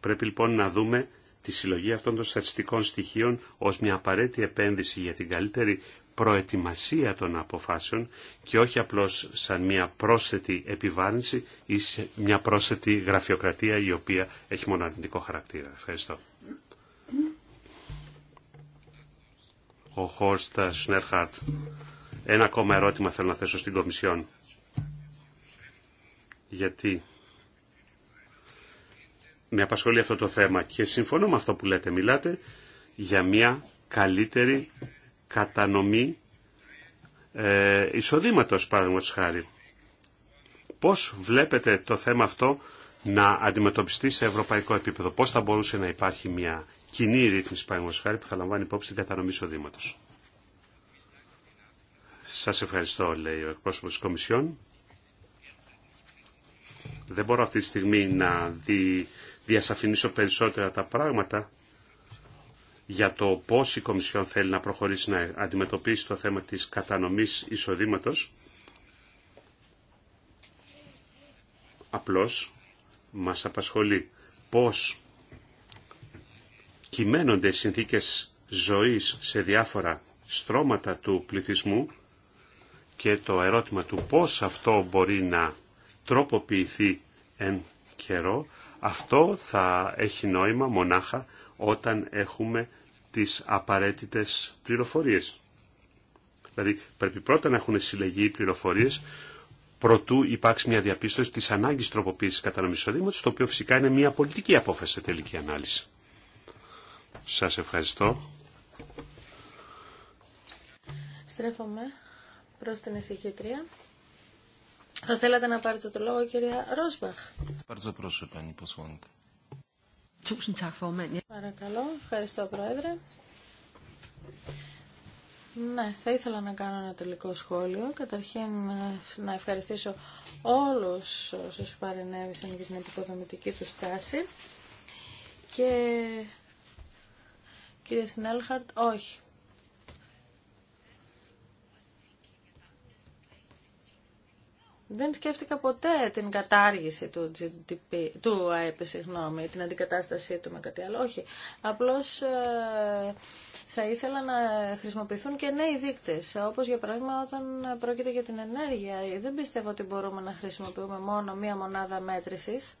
Πρέπει λοιπόν να δούμε τη συλλογή αυτών των στατιστικών στοιχείων ως μια απαραίτητη επένδυση για την καλύτερη προετοιμασία των αποφάσεων και όχι απλώς σαν μια πρόσθετη επιβάρυνση ή μια πρόσθετη γραφειοκρατία η οποία έχει μόνο εχει μοναδικο χαρακτηρα Ευχαριστώ. Ο Χώρστα Σνέρχαρτ. Ένα ακόμα ερώτημα θέλω να θέσω στην Κομισιόν. Γιατί με απασχολεί αυτό το θέμα και συμφωνώ με αυτό που λέτε. Μιλάτε για μια καλύτερη κατανομή ε, εισοδήματος, παραδείγματος χάρη. Πώς βλέπετε το θέμα αυτό να αντιμετωπιστεί σε ευρωπαϊκό επίπεδο. Πώς θα μπορούσε να υπάρχει μια κοινή ρύθμιση, παραδείγματος χάρη, που θα λαμβάνει υπόψη την κατανομή εισοδήματος. Σας ευχαριστώ, λέει ο εκπρόσωπος της Κομισιόν. Δεν μπορώ αυτή τη στιγμή να δει διασαφηνίσω περισσότερα τα πράγματα για το πώς η Κομισιόν θέλει να προχωρήσει να αντιμετωπίσει το θέμα της κατανομής εισοδήματος. Απλώς μας απασχολεί πώς κυμαίνονται συνθήκες ζωής σε διάφορα στρώματα του πληθυσμού και το ερώτημα του πώς αυτό μπορεί να τροποποιηθεί εν καιρό αυτό θα έχει νόημα μονάχα όταν έχουμε τις απαραίτητες πληροφορίες. Δηλαδή πρέπει πρώτα να έχουν συλλεγεί οι πληροφορίες προτού υπάρξει μια διαπίστωση της ανάγκης τροποποίησης κατανομής εισοδήματος, το οποίο φυσικά είναι μια πολιτική απόφαση σε τελική ανάλυση. Σας ευχαριστώ. Στρέφομαι προς την εισηγήτρια. Θα θέλατε να πάρετε το λόγο, κυρία Ρόσμπαχ. Παρακαλώ, ευχαριστώ, Πρόεδρε. Ναι, θα ήθελα να κάνω ένα τελικό σχόλιο. Καταρχήν να ευχαριστήσω όλους όσους παρενέβησαν για την επικοδομητική του στάση. Και κύριε Σινέλχαρτ, όχι, Δεν σκέφτηκα ποτέ την κατάργηση του, GDP, του ΑΕΠ, συγγνώμη, την αντικατάστασή του με κάτι άλλο. Όχι. Απλώς ε, θα ήθελα να χρησιμοποιηθούν και νέοι δείκτες, όπως για παράδειγμα όταν πρόκειται για την ενέργεια. Δεν πιστεύω ότι μπορούμε να χρησιμοποιούμε μόνο μία μονάδα μέτρησης.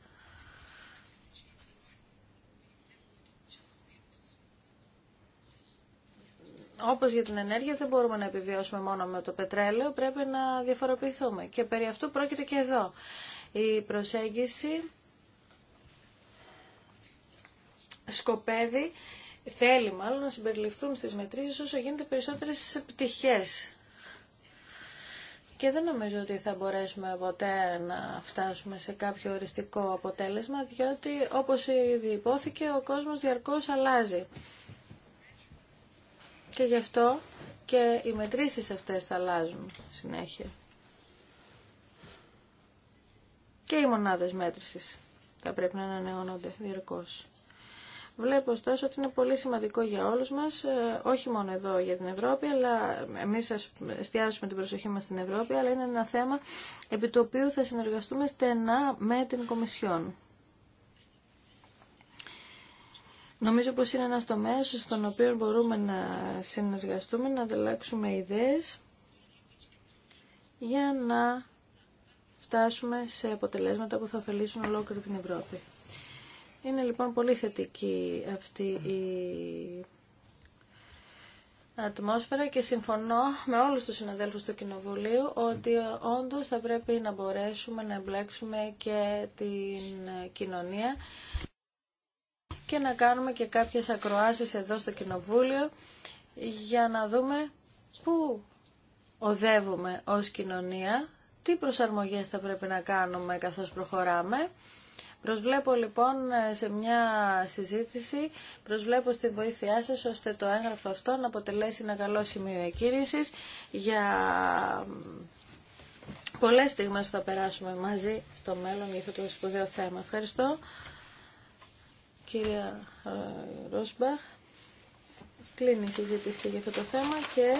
όπως για την ενέργεια δεν μπορούμε να επιβιώσουμε μόνο με το πετρέλαιο, πρέπει να διαφοροποιηθούμε. Και περί αυτού πρόκειται και εδώ. Η προσέγγιση σκοπεύει, θέλει μάλλον να συμπεριληφθούν στις μετρήσεις όσο γίνεται περισσότερες πτυχές. Και δεν νομίζω ότι θα μπορέσουμε ποτέ να φτάσουμε σε κάποιο οριστικό αποτέλεσμα, διότι όπως ήδη υπόθηκε ο κόσμος διαρκώς αλλάζει και γι' αυτό και οι μετρήσεις αυτές θα αλλάζουν συνέχεια. Και οι μονάδες μέτρησης θα πρέπει να ανανεώνονται διαρκώς. Βλέπω ωστόσο ότι είναι πολύ σημαντικό για όλους μας, ε, όχι μόνο εδώ για την Ευρώπη, αλλά εμείς εστιάζουμε την προσοχή μας στην Ευρώπη, αλλά είναι ένα θέμα επί το οποίο θα συνεργαστούμε στενά με την Κομισιόν. Νομίζω πως είναι ένας τομέας στον οποίο μπορούμε να συνεργαστούμε, να ανταλλάξουμε ιδέες για να φτάσουμε σε αποτελέσματα που θα ωφελήσουν ολόκληρη την Ευρώπη. Είναι λοιπόν πολύ θετική αυτή η ατμόσφαιρα και συμφωνώ με όλους τους συναδέλφους του Κοινοβουλίου ότι όντως θα πρέπει να μπορέσουμε να εμπλέξουμε και την κοινωνία και να κάνουμε και κάποιες ακροάσεις εδώ στο Κοινοβούλιο για να δούμε πού οδεύουμε ως κοινωνία, τι προσαρμογές θα πρέπει να κάνουμε καθώς προχωράμε. Προσβλέπω λοιπόν σε μια συζήτηση, προσβλέπω στη βοήθειά σας ώστε το έγγραφο αυτό να αποτελέσει ένα καλό σημείο εκκίνησης για πολλές στιγμές που θα περάσουμε μαζί στο μέλλον για αυτό το σπουδαίο θέμα. Ευχαριστώ κυρία ε, Ρόσμπαχ. Κλείνει η συζήτηση για αυτό το θέμα και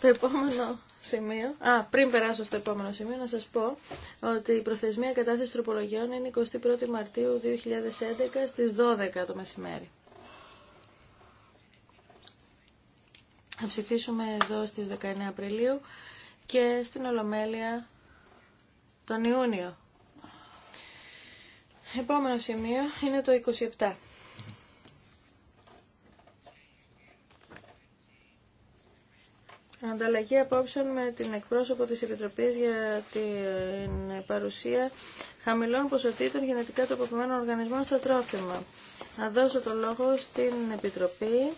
το επόμενο σημείο, α, πριν περάσω στο επόμενο σημείο, να σας πω ότι η προθεσμία κατάθεση τροπολογιών είναι 21η Μαρτίου 2011 στις 12 το μεσημέρι. Θα ψηφίσουμε εδώ στις 19 Απριλίου και στην Ολομέλεια τον Ιούνιο. Επόμενο σημείο είναι το 27. Ανταλλαγή απόψεων με την εκπρόσωπο της Επιτροπής για την παρουσία χαμηλών ποσοτήτων γενετικά τροποποιημένων οργανισμών στο τρόφιμα. Να δώσω το λόγο στην Επιτροπή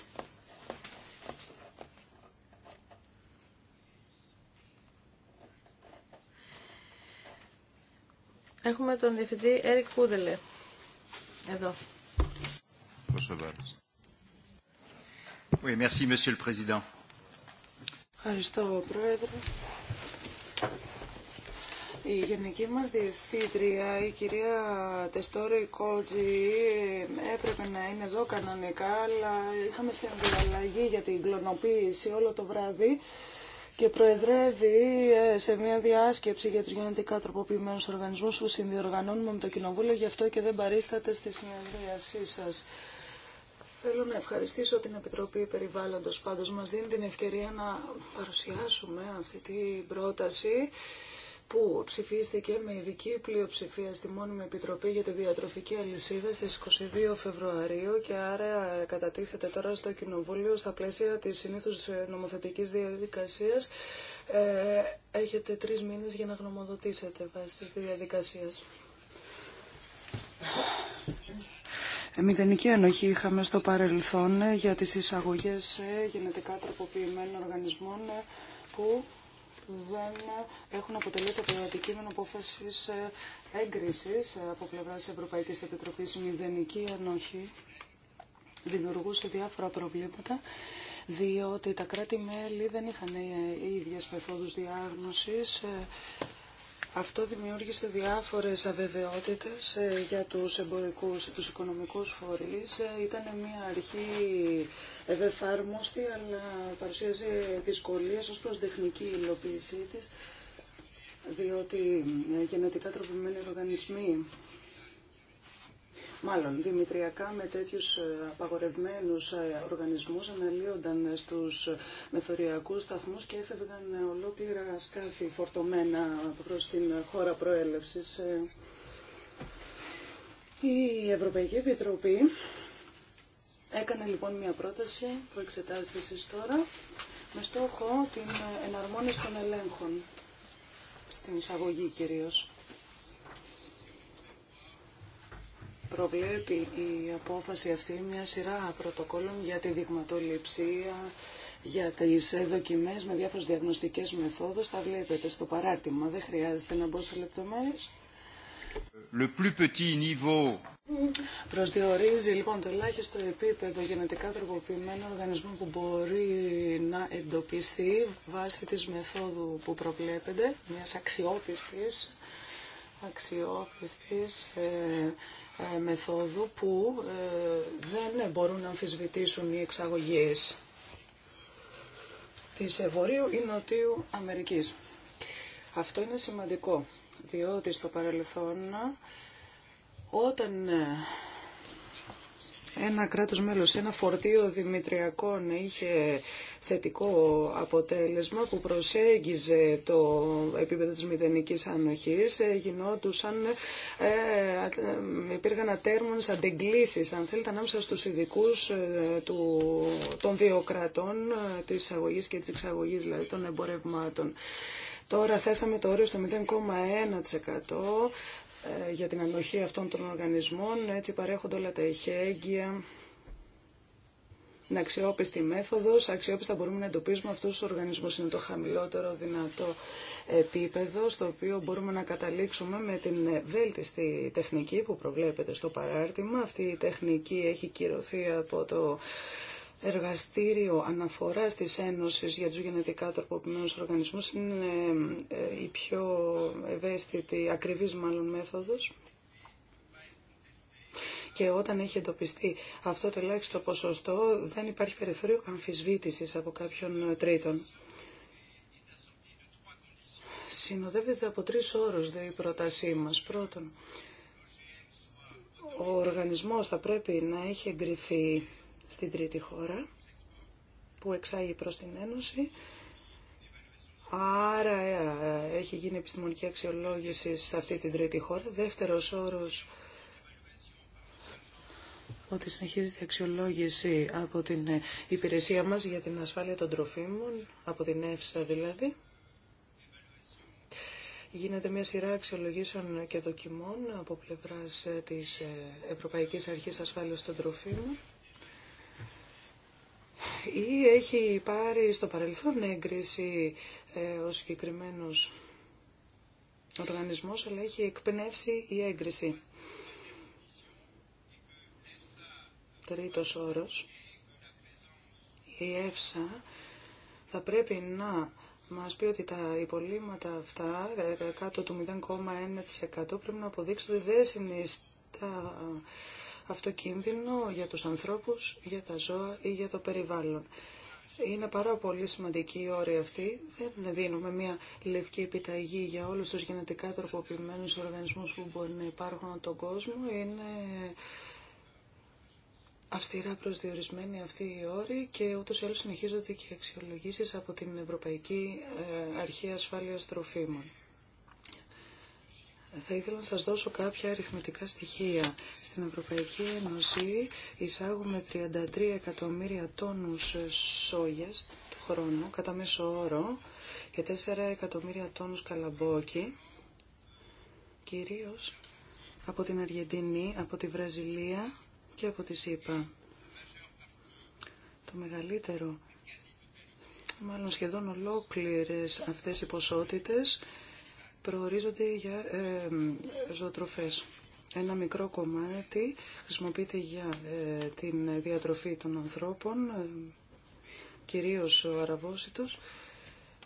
Έχουμε τον διευθυντή Έρικ Κούδελε. Εδώ. Ευχαριστώ, Πρόεδρε. Η γενική μας διευθύντρια, η κυρία Τεστόρη Κότζη, έπρεπε να είναι εδώ κανονικά, αλλά είχαμε συμβουλαλλαγή για την κλωνοποίηση όλο το βράδυ και προεδρεύει ε, σε μια διάσκεψη για του γενετικά τροποποιημένου οργανισμού που συνδιοργανώνουμε με το Κοινοβούλιο, γι' αυτό και δεν παρίσταται στη συνεδρίασή σας. Θέλω να ευχαριστήσω την Επιτροπή Περιβάλλοντος, πάντως μας δίνει την ευκαιρία να παρουσιάσουμε αυτή την πρόταση που ψηφίστηκε με ειδική πλειοψηφία στη Μόνιμη Επιτροπή για τη Διατροφική Αλυσίδα στις 22 Φεβρουαρίου και άρα κατατίθεται τώρα στο Κοινοβούλιο στα πλαίσια της συνήθους νομοθετικής διαδικασίας. Ε, έχετε τρεις μήνες για να γνωμοδοτήσετε βάσει της διαδικασίας. Ε, μηδενική ενοχή είχαμε στο παρελθόν ε, για τις εισαγωγές γενετικά τροποποιημένων οργανισμών που δεν έχουν αποτελέσει το αντικείμενο απόφαση ε, έγκριση ε, από πλευρά τη Ευρωπαϊκή Επιτροπή. μηδενική ανοχή δημιουργούσε διάφορα προβλήματα διότι τα κράτη-μέλη δεν είχαν ε, ίδιες μεθόδους διάγνωσης αυτό δημιούργησε διάφορες αβεβαιότητες ε, για τους εμπορικούς, τους οικονομικούς φορείς. Ε, ήταν μια αρχή ε, ευεφάρμοστη, αλλά παρουσίαζε δυσκολίες ως προς τεχνική υλοποίησή της, διότι γενετικά τροπημένοι οργανισμοί μάλλον δημητριακά με τέτοιους ε, απαγορευμένους ε, οργανισμούς αναλύονταν στους μεθοριακούς σταθμούς και έφευγαν ολόκληρα σκάφη φορτωμένα προς την χώρα προέλευσης. Ε, η Ευρωπαϊκή Επιτροπή έκανε λοιπόν μια πρόταση που εξετάζεται τώρα με στόχο την εναρμόνιση των ελέγχων στην εισαγωγή κυρίως. προβλέπει η απόφαση αυτή μια σειρά πρωτοκόλων για τη δειγματοληψία, για τις δοκιμές με διάφορες διαγνωστικές μεθόδους. Τα βλέπετε στο παράρτημα, δεν χρειάζεται να μπω σε λεπτομέρειες. Le plus petit Προσδιορίζει λοιπόν το ελάχιστο επίπεδο γενετικά τροποποιημένων οργανισμών που μπορεί να εντοπιστεί βάσει της μεθόδου που προβλέπεται, μιας αξιόπιστης, αξιόπιστης ε, ε, μεθόδου που ε, δεν μπορούν να αμφισβητήσουν οι εξαγωγές της Βορείου ή Νοτιού Αμερικής. Αυτό είναι σημαντικό, διότι στο παρελθόν όταν ε, ένα κράτος μέλος, ένα φορτίο δημητριακών είχε θετικό αποτέλεσμα που προσέγγιζε το επίπεδο της μηδενικής ανοχής, ε, γινόντουσαν, ε, ε, υπήρχαν ατέρμονες αντεγκλήσεις, αν θέλετε, ανάμεσα στους ειδικού ε, του, των δύο κρατών, της εισαγωγής και της εξαγωγής, δηλαδή των εμπορευμάτων. Τώρα θέσαμε το όριο στο 0,1% ε, για την ανοχή αυτών των οργανισμών. Έτσι παρέχονται όλα τα ηχέγγυα, είναι αξιόπιστη μέθοδος, αξιόπιστα μπορούμε να εντοπίσουμε αυτούς τους οργανισμούς. Είναι το χαμηλότερο δυνατό επίπεδο στο οποίο μπορούμε να καταλήξουμε με την βέλτιστη τεχνική που προβλέπεται στο παράρτημα. Αυτή η τεχνική έχει κυρωθεί από το εργαστήριο αναφοράς της Ένωσης για τους γενετικά τροποποιημένους οργανισμούς είναι ε, ε, η πιο ευαίσθητη, ακριβής μάλλον μέθοδος. Και όταν έχει εντοπιστεί αυτό το ελάχιστο ποσοστό δεν υπάρχει περιθώριο αμφισβήτησης από κάποιον τρίτον. Συνοδεύεται από τρεις όρους δε η πρότασή μας. Πρώτον, ο οργανισμός θα πρέπει να έχει εγκριθεί στην τρίτη χώρα που εξάγει προς την Ένωση. Άρα ε, έχει γίνει επιστημονική αξιολόγηση σε αυτή την τρίτη χώρα. Δεύτερος όρος ότι συνεχίζεται η αξιολόγηση από την ε, υπηρεσία μας για την ασφάλεια των τροφίμων, από την ΕΦΣΑ δηλαδή. Γίνεται μια σειρά αξιολογήσεων και δοκιμών από πλευράς ε, της Ευρωπαϊκής Αρχής Ασφάλειας των Τροφίμων ή έχει πάρει στο παρελθόν έγκριση ε, ο συγκεκριμένος οργανισμός, αλλά έχει εκπνεύσει η έγκριση. Τρίτος όρος, η ΕΦΣΑ θα πρέπει να μας πει ότι τα υπολείμματα αυτά, ε, ε, κάτω του 0,1% πρέπει να αποδείξουν ότι δεν συνιστά αυτό κίνδυνο για τους ανθρώπους, για τα ζώα ή για το περιβάλλον. Είναι πάρα πολύ σημαντική η όρη αυτή. Δεν δίνουμε μια λευκή επιταγή για όλους τους γενετικά τροποποιημένους οργανισμούς που μπορεί να υπάρχουν από τον κόσμο. Είναι αυστηρά προσδιορισμένη αυτή η όρη και ούτως ή άλλως συνεχίζονται και αξιολογήσεις από την Ευρωπαϊκή ε, Αρχή Ασφάλειας Τροφίμων. Θα ήθελα να σας δώσω κάποια αριθμητικά στοιχεία. Στην Ευρωπαϊκή Ένωση εισάγουμε 33 εκατομμύρια τόνους σόγιας του χρόνου κατά μέσο όρο, και 4 εκατομμύρια τόνους καλαμπόκι, κυρίως από την Αργεντινή, από τη Βραζιλία και από τη ΣΥΠΑ. Το μεγαλύτερο, μάλλον σχεδόν ολόκληρες αυτές οι ποσότητες, προορίζονται για ε, ζωοτροφές. Ένα μικρό κομμάτι χρησιμοποιείται για ε, την διατροφή των ανθρώπων, ε, κυρίως ο αραβόσιτος,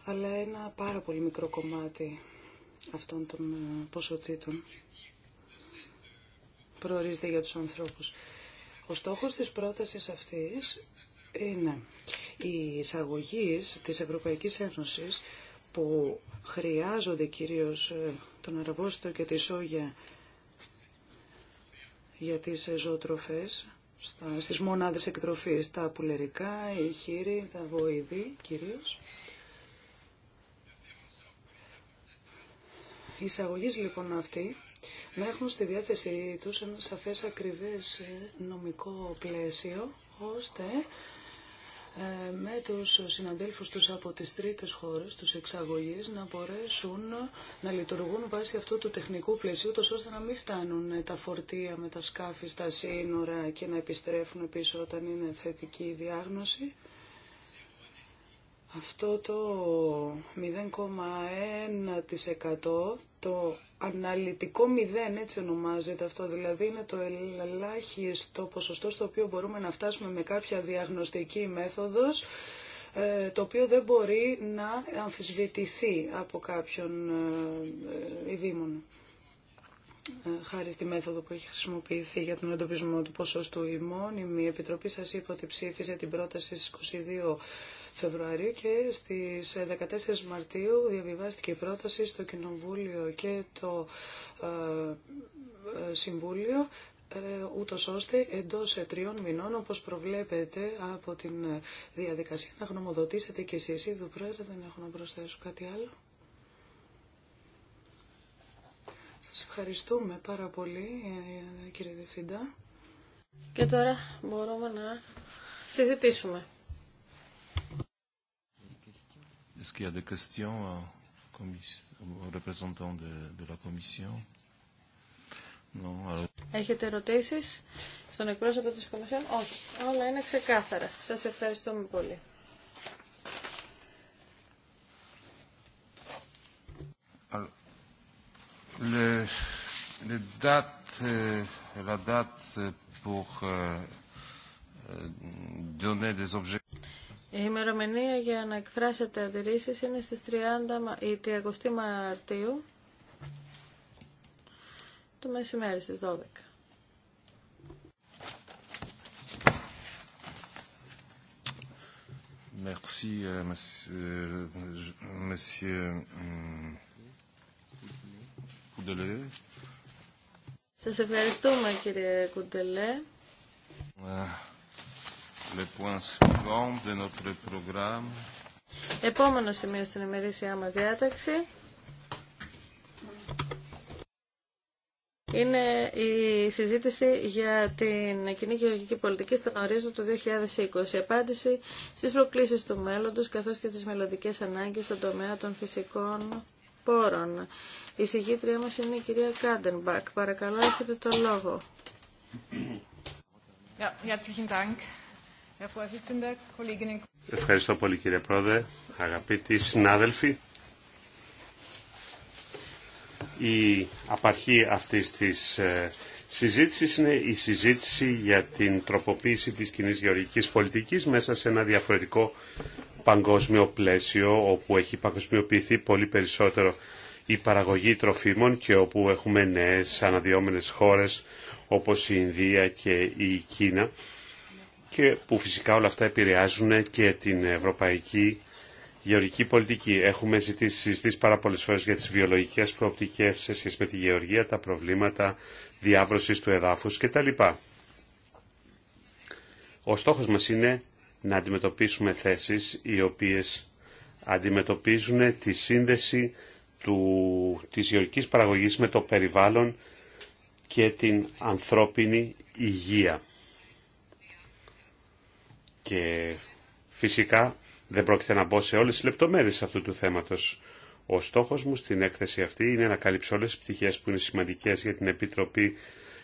αλλά ένα πάρα πολύ μικρό κομμάτι αυτών των ε, ποσοτήτων προορίζεται για τους ανθρώπους. Ο στόχος της πρότασης αυτής είναι η εισαγωγή της Ευρωπαϊκής Ένωσης που χρειάζονται κυρίως ε, τον αραβόστο και τη σόγια για τις ζωοτροφές, στα, στις μονάδες εκτροφής, τα πουλερικά, η χείρη, τα βοηδή κυρίως. Οι εισαγωγείς λοιπόν αυτοί να έχουν στη διάθεσή τους ένα σαφές ακριβές ε, νομικό πλαίσιο, ώστε ε, με τους συναδέλφους τους από τις τρίτες χώρες, τους εξαγωγείς, να μπορέσουν να λειτουργούν βάσει αυτού του τεχνικού πλαισίου, τόσο ώστε να μην φτάνουν τα φορτία με τα σκάφη στα σύνορα και να επιστρέφουν πίσω όταν είναι θετική η διάγνωση. Αυτό το 0,1% το αναλυτικό μηδέν, έτσι ονομάζεται αυτό, δηλαδή είναι το ελάχιστο ποσοστό στο οποίο μπορούμε να φτάσουμε με κάποια διαγνωστική μέθοδος, ε, το οποίο δεν μπορεί να αμφισβητηθεί από κάποιον ε, ε, ειδήμονο. χάρη στη μέθοδο που έχει χρησιμοποιηθεί για τον εντοπισμό του ποσοστού. Η επιτροπή σας είπε ότι ψήφισε την πρόταση στις 22 Φεβρουαρίου και στις 14 ε, Μαρτίου διαβιβάστηκε η πρόταση στο Κοινοβούλιο και το ε, ε, Συμβούλιο ούτως ώστε εντό τριών μηνών, όπως προβλέπετε από την διαδικασία, να γνωμοδοτήσετε και εσείς. πρόεδρε, δεν έχω να προσθέσω κάτι άλλο. Σας ευχαριστούμε πάρα πολύ, κύριε Διευθυντά. Και τώρα μπορούμε να συζητήσουμε. Est-ce qu'il y a des questions au représentant de, de la Commission Έχετε ερωτήσεις στον εκπρόσωπο της Κομισιόν. Όχι. Όλα είναι ξεκάθαρα. Σας ευχαριστούμε πολύ. Le, le date, la date pour donner des η ημερομηνία για να εκφράσετε αντιρρήσει είναι στις 30, η 30 Μαρτίου το μεσημέρι στις 12. Merci, euh, euh, monsieur, Σας ευχαριστούμε, κύριε Κουντελέ. Επόμενο σημείο στην ημερήσια μας διάταξη είναι η συζήτηση για την κοινή γεωργική πολιτική στον ορίζοντα του 2020. Απάντηση στις προκλήσεις του μέλλοντος καθώς και τις μελλοντικέ ανάγκες στον τομέα των φυσικών πόρων. Η συγγήτρια μας είναι η κυρία Κάντενμπακ. Παρακαλώ, έχετε το λόγο. Ja, herzlichen Dank. Ευχαριστώ πολύ κύριε Πρόεδρε, αγαπητοί συνάδελφοι. Η απαρχή αυτής της ε, συζήτησης είναι η συζήτηση για την τροποποίηση της κοινή γεωργικής πολιτικής μέσα σε ένα διαφορετικό παγκόσμιο πλαίσιο όπου έχει παγκοσμιοποιηθεί πολύ περισσότερο η παραγωγή τροφίμων και όπου έχουμε νέες αναδυόμενες χώρες όπως η Ινδία και η Κίνα και που φυσικά όλα αυτά επηρεάζουν και την ευρωπαϊκή γεωργική πολιτική. Έχουμε ζητήσει συζητήσει πάρα πολλέ φορέ για τι βιολογικέ προοπτικέ σε σχέση με τη γεωργία, τα προβλήματα διάβρωση του εδάφου κτλ. Ο στόχο μα είναι να αντιμετωπίσουμε θέσεις οι οποίες αντιμετωπίζουν τη σύνδεση του, της γεωργικής παραγωγής με το περιβάλλον και την ανθρώπινη υγεία. Και φυσικά δεν πρόκειται να μπω σε όλες τις λεπτομέρειες αυτού του θέματος. Ο στόχος μου στην έκθεση αυτή είναι να καλύψω όλες τις πτυχές που είναι σημαντικές για την Επιτροπή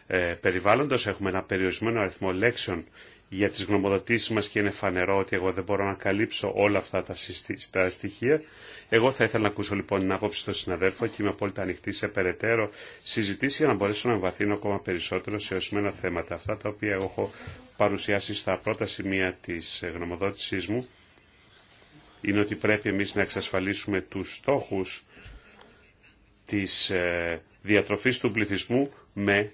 περιβάλλοντο. Περιβάλλοντος. Έχουμε ένα περιορισμένο αριθμό λέξεων για τις γνωμοδοτήσεις μας και είναι φανερό ότι εγώ δεν μπορώ να καλύψω όλα αυτά τα, στοιχεία. Εγώ θα ήθελα να ακούσω λοιπόν την άποψη των συναδέλφων και είμαι απόλυτα ανοιχτή σε περαιτέρω συζητήσει για να μπορέσω να εμβαθύνω ακόμα περισσότερο σε ορισμένα θέματα. Αυτά τα οποία εγώ έχω παρουσιάσει στα πρώτα σημεία της γνωμοδότησής μου είναι ότι πρέπει εμείς να εξασφαλίσουμε τους στόχους της ε, διατροφής του πληθυσμού με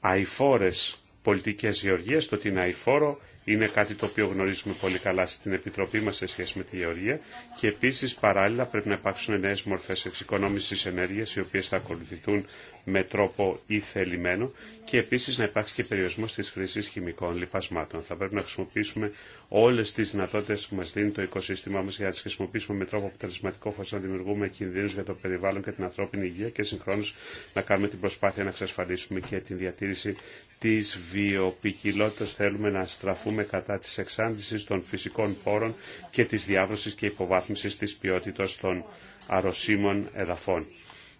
αηφόρες πολιτικές γεωργίες, το ότι είναι αηφόρο, είναι κάτι το οποίο γνωρίζουμε πολύ καλά στην Επιτροπή μας σε σχέση με τη γεωργία και επίσης παράλληλα πρέπει να υπάρξουν νέες μορφές εξοικονόμησης ενέργειας οι οποίες θα ακολουθηθούν με τρόπο ή θελημένο και επίσης να υπάρξει και περιορισμός της χρήσης χημικών λιπασμάτων. Θα πρέπει να χρησιμοποιήσουμε όλες τις δυνατότητες που μας δίνει το οικοσύστημά μας για να τις χρησιμοποιήσουμε με τρόπο αποτελεσματικό χωρίς να δημιουργούμε κινδύνους για το περιβάλλον και την ανθρώπινη υγεία και συγχρόνως να κάνουμε την προσπάθεια να εξασφαλίσουμε και την διατήρηση της βιοπικιλότητας. Θέλουμε να στραφούμε κατά της εξάντησης των φυσικών πόρων και τη διάβρωσης και υποβάθμισης τη ποιότητα των αρρωσίμων εδαφών.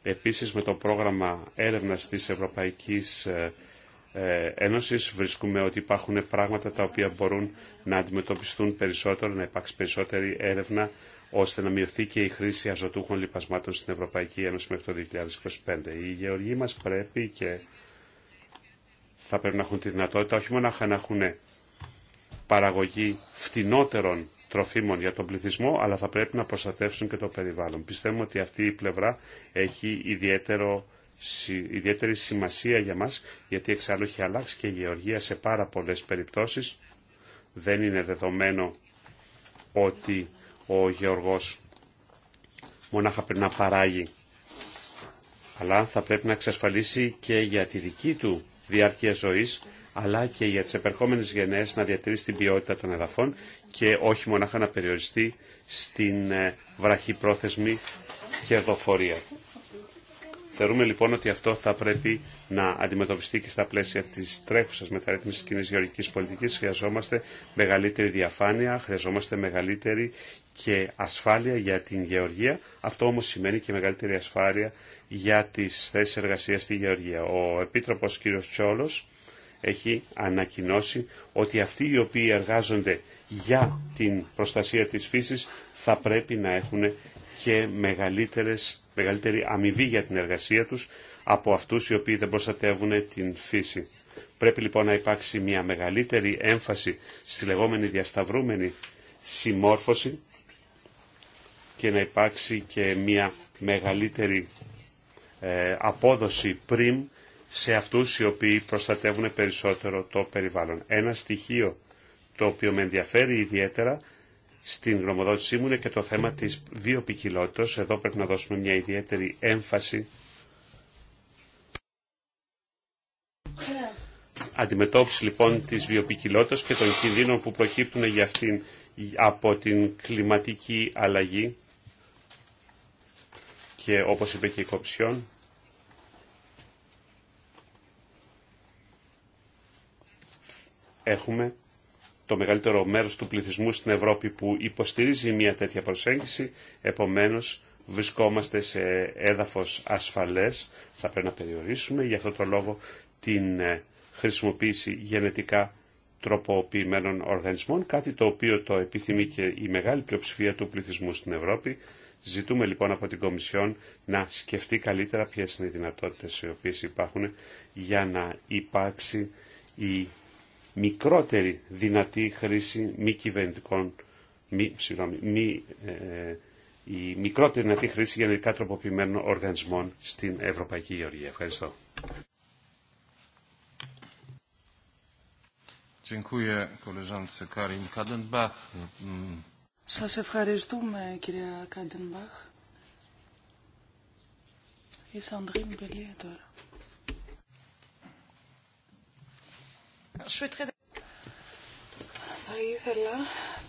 Επίσης με το πρόγραμμα έρευνας της Ευρωπαϊκής ε, ε, Ένωσης βρίσκουμε ότι υπάρχουν πράγματα τα οποία μπορούν να αντιμετωπιστούν περισσότερο, να υπάρξει περισσότερη έρευνα ώστε να μειωθεί και η χρήση αζωτούχων λιπασμάτων στην Ευρωπαϊκή Ένωση μέχρι το 2025. Οι γεωργοί μας πρέπει και θα πρέπει να έχουν τη δυνατότητα όχι μόνο να έχουν παραγωγή φτηνότερων τροφίμων για τον πληθυσμό, αλλά θα πρέπει να προστατεύσουν και το περιβάλλον. Πιστεύουμε ότι αυτή η πλευρά έχει ιδιαίτερο, ιδιαίτερη σημασία για μας, γιατί εξάλλου έχει αλλάξει και η γεωργία σε πάρα πολλές περιπτώσεις. Δεν είναι δεδομένο ότι ο γεωργός μονάχα πρέπει να παράγει, αλλά θα πρέπει να εξασφαλίσει και για τη δική του διάρκεια ζωής αλλά και για τις επερχόμενες γενναίες να διατηρήσει την ποιότητα των εδαφών και όχι μονάχα να περιοριστεί στην ε, βραχυπρόθεσμη κερδοφορία. Θεωρούμε λοιπόν ότι αυτό θα πρέπει να αντιμετωπιστεί και στα πλαίσια τη τρέχουσα μεταρρύθμιση τη κοινή γεωργική πολιτική. Χρειαζόμαστε μεγαλύτερη διαφάνεια, χρειαζόμαστε μεγαλύτερη και ασφάλεια για την γεωργία. Αυτό όμω σημαίνει και μεγαλύτερη ασφάλεια για τι θέσει εργασία στη γεωργία. Ο Επίτροπο κ. Τσόλο έχει ανακοινώσει ότι αυτοί οι οποίοι εργάζονται για την προστασία της φύσης θα πρέπει να έχουν και μεγαλύτερη αμοιβή για την εργασία τους από αυτούς οι οποίοι δεν προστατεύουν την φύση. Πρέπει λοιπόν να υπάρξει μια μεγαλύτερη έμφαση στη λεγόμενη διασταυρούμενη συμμόρφωση και να υπάρξει και μια μεγαλύτερη ε, απόδοση πριν σε αυτούς οι οποίοι προστατεύουν περισσότερο το περιβάλλον. Ένα στοιχείο το οποίο με ενδιαφέρει ιδιαίτερα στην γνωμοδότησή μου είναι και το θέμα της βιοπικιλότητας. Εδώ πρέπει να δώσουμε μια ιδιαίτερη έμφαση. Αντιμετώπιση λοιπόν της βιοπικιλότητας και των κινδύνων που προκύπτουν για αυτήν από την κλιματική αλλαγή και όπως είπε και η Κοψιόν έχουμε το μεγαλύτερο μέρος του πληθυσμού στην Ευρώπη που υποστηρίζει μια τέτοια προσέγγιση, επομένως βρισκόμαστε σε έδαφος ασφαλές, θα πρέπει να περιορίσουμε για αυτό το λόγο την ε, χρησιμοποίηση γενετικά τροποποιημένων οργανισμών, κάτι το οποίο το επιθυμεί και η μεγάλη πλειοψηφία του πληθυσμού στην Ευρώπη. Ζητούμε λοιπόν από την Κομισιόν να σκεφτεί καλύτερα ποιες είναι οι δυνατότητες οι οποίες υπάρχουν για να υπάρξει η μικρότερη δυνατή χρήση μη κυβερνητικών, μη, συγγνώμη, μη, ε, η μικρότερη δυνατή χρήση γενικά τροποποιημένων οργανισμών στην Ευρωπαϊκή Γεωργία. Ευχαριστώ. Mm. Σας ευχαριστούμε κυρία Κάντενμπαχ. Η Σαντρίν Μπελίε τώρα. Θα ήθελα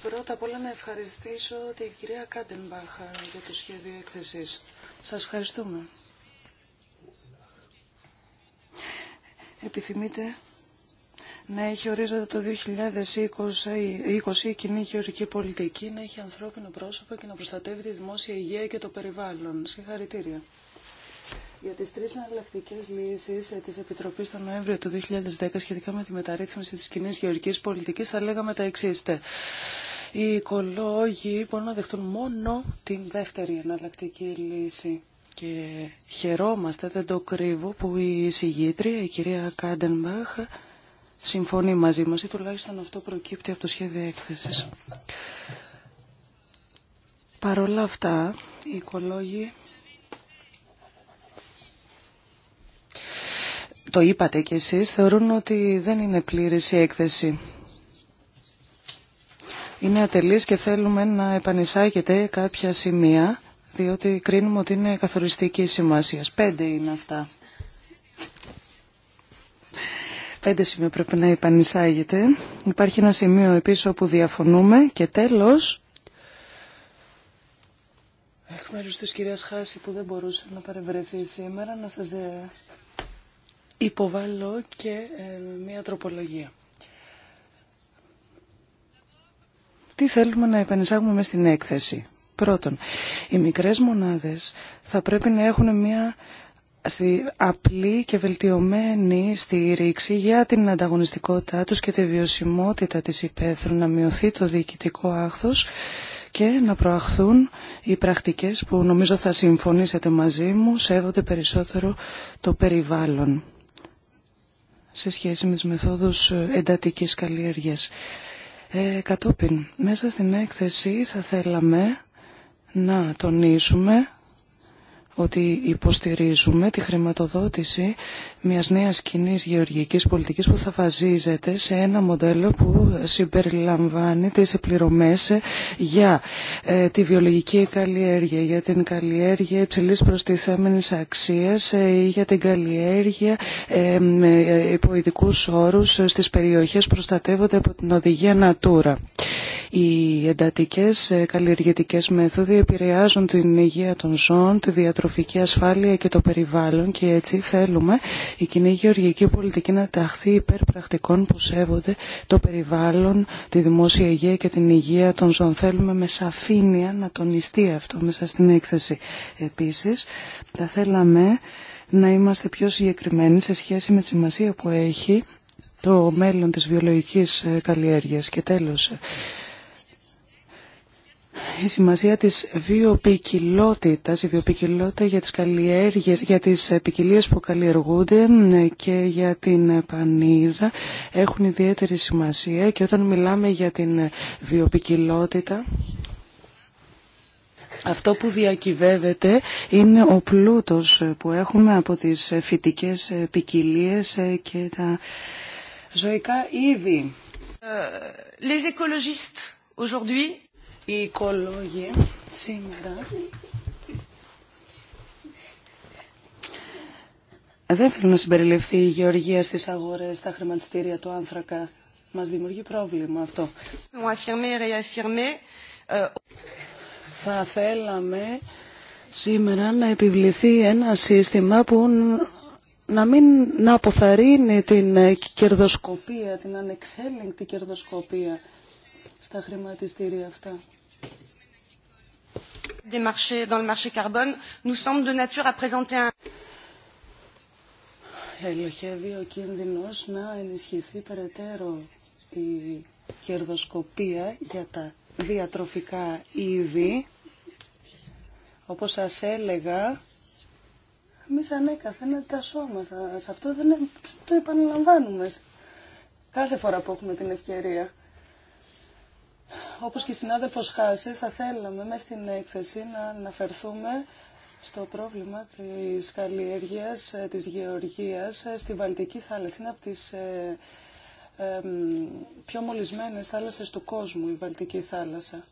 πρώτα απ' όλα να ευχαριστήσω την κυρία Κάντεμπαχ για το σχέδιο έκθεσης. Σας ευχαριστούμε. Επιθυμείτε να έχει ορίζοντα το 2020 η κοινή γεωρική πολιτική, να έχει ανθρώπινο πρόσωπο και να προστατεύει τη δημόσια υγεία και το περιβάλλον. Συγχαρητήρια για τις τρεις εναλλακτικέ λύσει ε, της Επιτροπής τον Νοέμβριο του 2010 σχετικά με τη μεταρρύθμιση της κοινή γεωργικής πολιτικής θα λέγαμε τα εξής. Οι οικολόγοι μπορούν να δεχτούν μόνο την δεύτερη εναλλακτική λύση και χαιρόμαστε, δεν το κρύβω, που η συγγήτρια, η κυρία Κάντενμπαχ, συμφωνεί μαζί μας ή τουλάχιστον αυτό προκύπτει από το σχέδιο έκθεσης. Παρ' όλα αυτά, οι οικολόγοι το είπατε κι εσείς, θεωρούν ότι δεν είναι πλήρης η έκθεση. Είναι ατελής και θέλουμε να επανεισάγεται κάποια σημεία, διότι κρίνουμε ότι είναι καθοριστική σημασία. Πέντε είναι αυτά. Πέντε σημεία πρέπει να επανεισάγεται. Υπάρχει ένα σημείο επίσης όπου διαφωνούμε και τέλος... Εκ μέρους της κυρίας Χάση που δεν μπορούσε να παρευρεθεί σήμερα, να σας υποβάλλω και ε, μία τροπολογία. Τι θέλουμε να επανεισάγουμε με στην έκθεση. Πρώτον, οι μικρές μονάδες θα πρέπει να έχουν μία απλή και βελτιωμένη στήριξη για την ανταγωνιστικότητά τους και τη βιωσιμότητα της υπαίθρου, να μειωθεί το διοικητικό άχθος και να προαχθούν οι πρακτικές που νομίζω θα συμφωνήσετε μαζί μου, σέβονται περισσότερο το περιβάλλον σε σχέση με τις μεθόδους ε, εντατικής καλλιέργειας. Ε, κατόπιν, μέσα στην έκθεση θα θέλαμε να τονίσουμε ότι υποστηρίζουμε τη χρηματοδότηση μιας νέας κοινή γεωργικής πολιτικής που θα βασίζεται σε ένα μοντέλο που συμπεριλαμβάνει τις πληρωμές για ε, τη βιολογική καλλιέργεια, για την καλλιέργεια υψηλής προστιθέμενης αξίας ε, ή για την καλλιέργεια ε, υπό ειδικού όρους στις περιοχές προστατεύονται από την οδηγία Natura. Οι εντατικές ε, καλλιεργητικές μέθοδοι επηρεάζουν την υγεία των ζώων, τη διατροφική ασφάλεια και το περιβάλλον και έτσι θέλουμε η κοινή γεωργική πολιτική να ταχθεί υπέρ πρακτικών που σέβονται το περιβάλλον, τη δημόσια υγεία και την υγεία των ζώων. Θέλουμε με σαφήνεια να τονιστεί αυτό μέσα στην έκθεση. Επίσης, θα θέλαμε να είμαστε πιο συγκεκριμένοι σε σχέση με τη σημασία που έχει το μέλλον της βιολογικής ε, καλλιέργειας. Και τέλος, η σημασία της βιοποικιλότητας, η βιοποικιλότητα για τις καλλιέργειες, για τις ποικιλίε που καλλιεργούνται ε, και για την πανίδα έχουν ιδιαίτερη σημασία και όταν μιλάμε για την βιοποικιλότητα αυτό που διακυβεύεται είναι ο πλούτος που έχουμε από τις φυτικές ποικιλίε ε, και τα ζωικά είδη. Ε, les écologistes aujourd'hui η οικολόγια σήμερα δεν θέλουν να συμπεριληφθεί η γεωργία στις αγορές, στα χρηματιστήρια του άνθρακα. Μας δημιουργεί πρόβλημα αυτό. Ε, θα θέλαμε σήμερα να επιβληθεί ένα σύστημα που να μην να αποθαρρύνει την ε, κερδοσκοπία, την ανεξέλεγκτη κερδοσκοπία στα χρηματιστήρια αυτά des marchés dans le marché ο κίνδυνο να ενισχυθεί περαιτέρω η κερδοσκοπία για τα διατροφικά είδη. Όπως σας έλεγα, εμεί ανέκαθεν εντασσόμαστε. Σε αυτό δεν το επαναλαμβάνουμε κάθε φορά που έχουμε την ευκαιρία. Όπως και η συνάδελφος Χάση, θα θέλαμε μέσα στην έκθεση να αναφερθούμε στο πρόβλημα της καλλιεργίας ε, της γεωργίας ε, στη Βαλτική θάλασσα. Είναι από τις ε, πιο μολυσμένες θάλασσες του κόσμου η Βαλτική θάλασσα.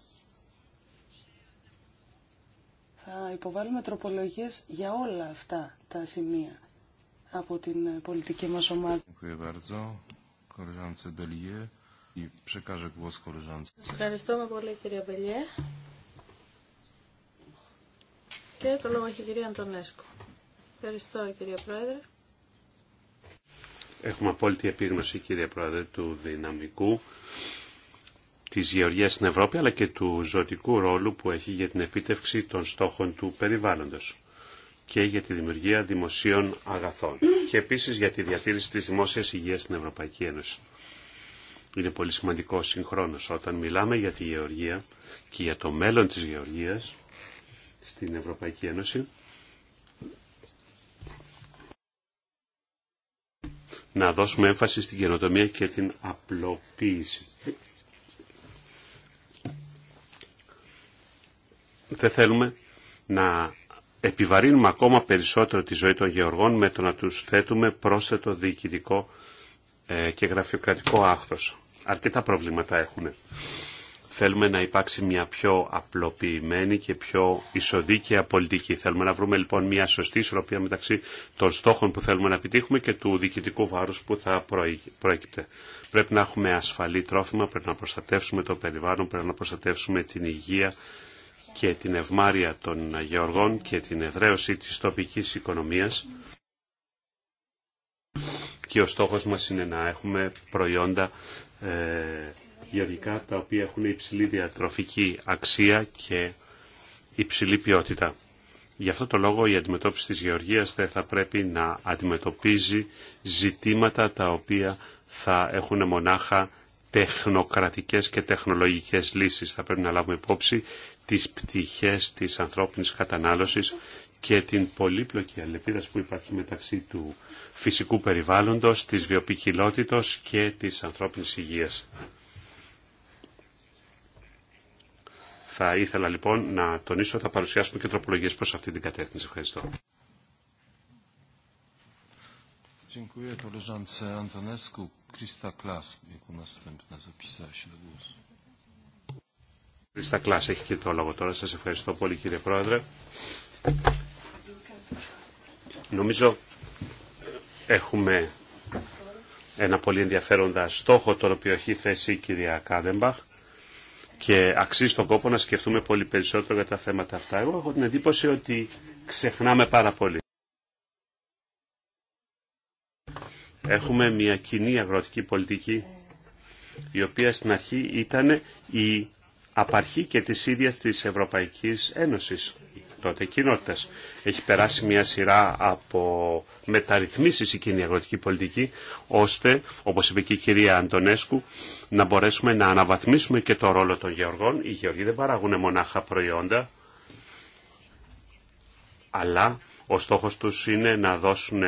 Θα υποβάλουμε τροπολογίες για όλα αυτά τα σημεία από την πολιτική μας ομάδα. Ευχαριστούμε πολύ κυρία Μπελιέ. Και το λόγο έχει η κυρία Αντωνέσκο. Ευχαριστώ κύριε Πρόεδρε. Έχουμε απόλυτη επίγνωση κύριε Πρόεδρε του δυναμικού της γεωργίας στην Ευρώπη αλλά και του ζωτικού ρόλου που έχει για την επίτευξη των στόχων του περιβάλλοντος και για τη δημιουργία δημοσίων αγαθών και επίσης για τη διατήρηση της δημόσιας υγείας στην Ευρωπαϊκή Ένωση είναι πολύ σημαντικό συγχρόνως. Όταν μιλάμε για τη γεωργία και για το μέλλον της γεωργίας στην Ευρωπαϊκή Ένωση, να δώσουμε έμφαση στην καινοτομία και την απλοποίηση. Δεν θέλουμε να επιβαρύνουμε ακόμα περισσότερο τη ζωή των γεωργών με το να τους θέτουμε πρόσθετο διοικητικό ε, και γραφειοκρατικό άχθος αρκετά προβλήματα έχουν. Θέλουμε να υπάρξει μια πιο απλοποιημένη και πιο ισοδίκαια πολιτική. Θέλουμε να βρούμε λοιπόν μια σωστή ισορροπία μεταξύ των στόχων που θέλουμε να επιτύχουμε και του διοικητικού βάρους που θα πρόκειται. Πρέπει να έχουμε ασφαλή τρόφιμα, πρέπει να προστατεύσουμε το περιβάλλον, πρέπει να προστατεύσουμε την υγεία και την ευμάρεια των γεωργών και την εδραίωση της τοπικής οικονομίας. Και ο στόχος μας είναι να έχουμε προϊόντα ε, γεωργικά τα οποία έχουν υψηλή διατροφική αξία και υψηλή ποιότητα. Γι' αυτό το λόγο η αντιμετώπιση της γεωργίας δεν θα πρέπει να αντιμετωπίζει ζητήματα τα οποία θα έχουν μονάχα τεχνοκρατικές και τεχνολογικές λύσεις. Θα πρέπει να λάβουμε υπόψη τις πτυχές της ανθρώπινης κατανάλωσης και την πολύπλοκη αλληλεπίδραση που υπάρχει μεταξύ του φυσικού περιβάλλοντος, της βιοποικιλότητος και της ανθρώπινης υγείας. Θα ήθελα λοιπόν να τονίσω, θα παρουσιάσουμε και τροπολογίες προς αυτή την κατεύθυνση. Ευχαριστώ. Κρίστα Κλάς έχει και το λόγο τώρα. Σας ευχαριστώ πολύ κύριε Πρόεδρε. Νομίζω Έχουμε ένα πολύ ενδιαφέροντα στόχο το οποίο έχει θέσει η κυρία Κάδεμπαχ και αξίζει τον κόπο να σκεφτούμε πολύ περισσότερο για τα θέματα αυτά. Εγώ έχω την εντύπωση ότι ξεχνάμε πάρα πολύ. Έχουμε μια κοινή αγροτική πολιτική η οποία στην αρχή ήταν η απαρχή και της ίδιας της Ευρωπαϊκής Ένωσης τότε κοινότητα. Έχει περάσει μια σειρά από μεταρρυθμίσεις η κοινή αγροτική πολιτική, ώστε, όπως είπε και η κυρία Αντωνέσκου, να μπορέσουμε να αναβαθμίσουμε και το ρόλο των γεωργών. Οι γεωργοί δεν παράγουν μονάχα προϊόντα, αλλά ο στόχος τους είναι να δώσουν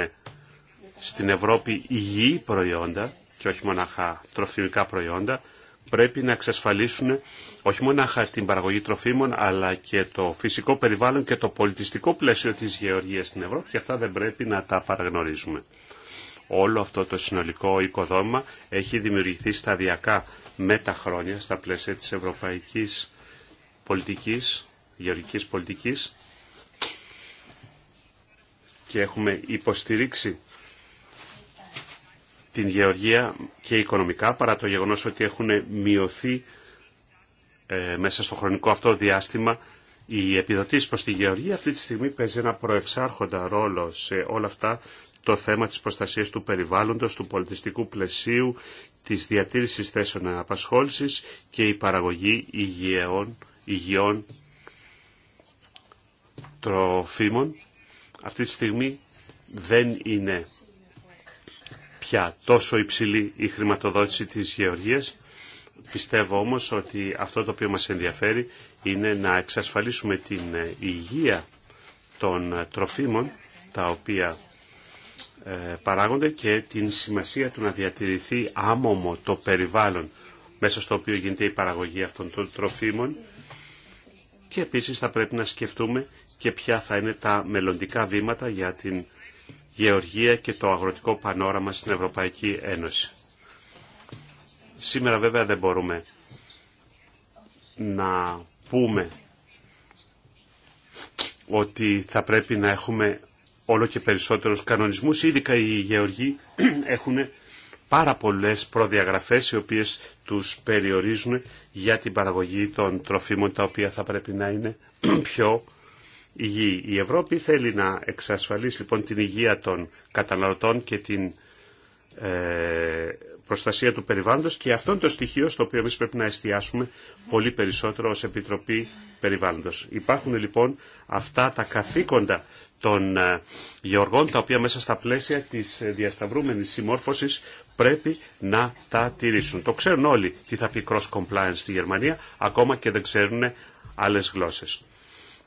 στην Ευρώπη υγιή προϊόντα και όχι μονάχα τροφιμικά προϊόντα πρέπει να εξασφαλίσουν όχι μόνο την παραγωγή τροφίμων, αλλά και το φυσικό περιβάλλον και το πολιτιστικό πλαίσιο της γεωργίας στην Ευρώπη και αυτά δεν πρέπει να τα παραγνωρίζουμε. Όλο αυτό το συνολικό οικοδόμημα έχει δημιουργηθεί σταδιακά με τα χρόνια στα πλαίσια της ευρωπαϊκής πολιτικής, γεωργικής πολιτικής και έχουμε υποστηρίξει την γεωργία και οικονομικά παρά το γεγονός ότι έχουν μειωθεί ε, μέσα στο χρονικό αυτό διάστημα οι επιδοτήσεις προς τη γεωργία. Αυτή τη στιγμή παίζει ένα προεξάρχοντα ρόλο σε όλα αυτά το θέμα της προστασίας του περιβάλλοντος, του πολιτιστικού πλαισίου, της διατήρησης θέσεων απασχόλησης και η παραγωγή υγιεών, υγιών τροφίμων. Αυτή τη στιγμή δεν είναι πια τόσο υψηλή η χρηματοδότηση της γεωργίας. Πιστεύω όμως ότι αυτό το οποίο μας ενδιαφέρει είναι να εξασφαλίσουμε την ε, υγεία των ε, τροφίμων τα οποία ε, παράγονται και την σημασία του να διατηρηθεί άμομο το περιβάλλον μέσα στο οποίο γίνεται η παραγωγή αυτών των τροφίμων και επίσης θα πρέπει να σκεφτούμε και ποια θα είναι τα μελλοντικά βήματα για την γεωργία και το αγροτικό πανόραμα στην Ευρωπαϊκή Ένωση. Σήμερα βέβαια δεν μπορούμε να πούμε ότι θα πρέπει να έχουμε όλο και περισσότερους κανονισμούς. Ειδικά οι γεωργοί [CLEARS THROAT] έχουν πάρα πολλές προδιαγραφές οι οποίες τους περιορίζουν για την παραγωγή των τροφίμων τα οποία θα πρέπει να είναι [CLEARS THROAT] πιο η Ευρώπη θέλει να εξασφαλίσει λοιπόν την υγεία των καταναλωτών και την ε, προστασία του περιβάλλοντος και αυτό είναι το στοιχείο στο οποίο εμείς πρέπει να εστιάσουμε πολύ περισσότερο ως Επιτροπή Περιβάλλοντος. Υπάρχουν λοιπόν αυτά τα καθήκοντα των ε, γεωργών τα οποία μέσα στα πλαίσια της διασταυρούμενης συμμόρφωσης πρέπει να τα τηρήσουν. Το ξέρουν όλοι τι θα πει cross compliance στη Γερμανία, ακόμα και δεν ξέρουν άλλες γλώσσες.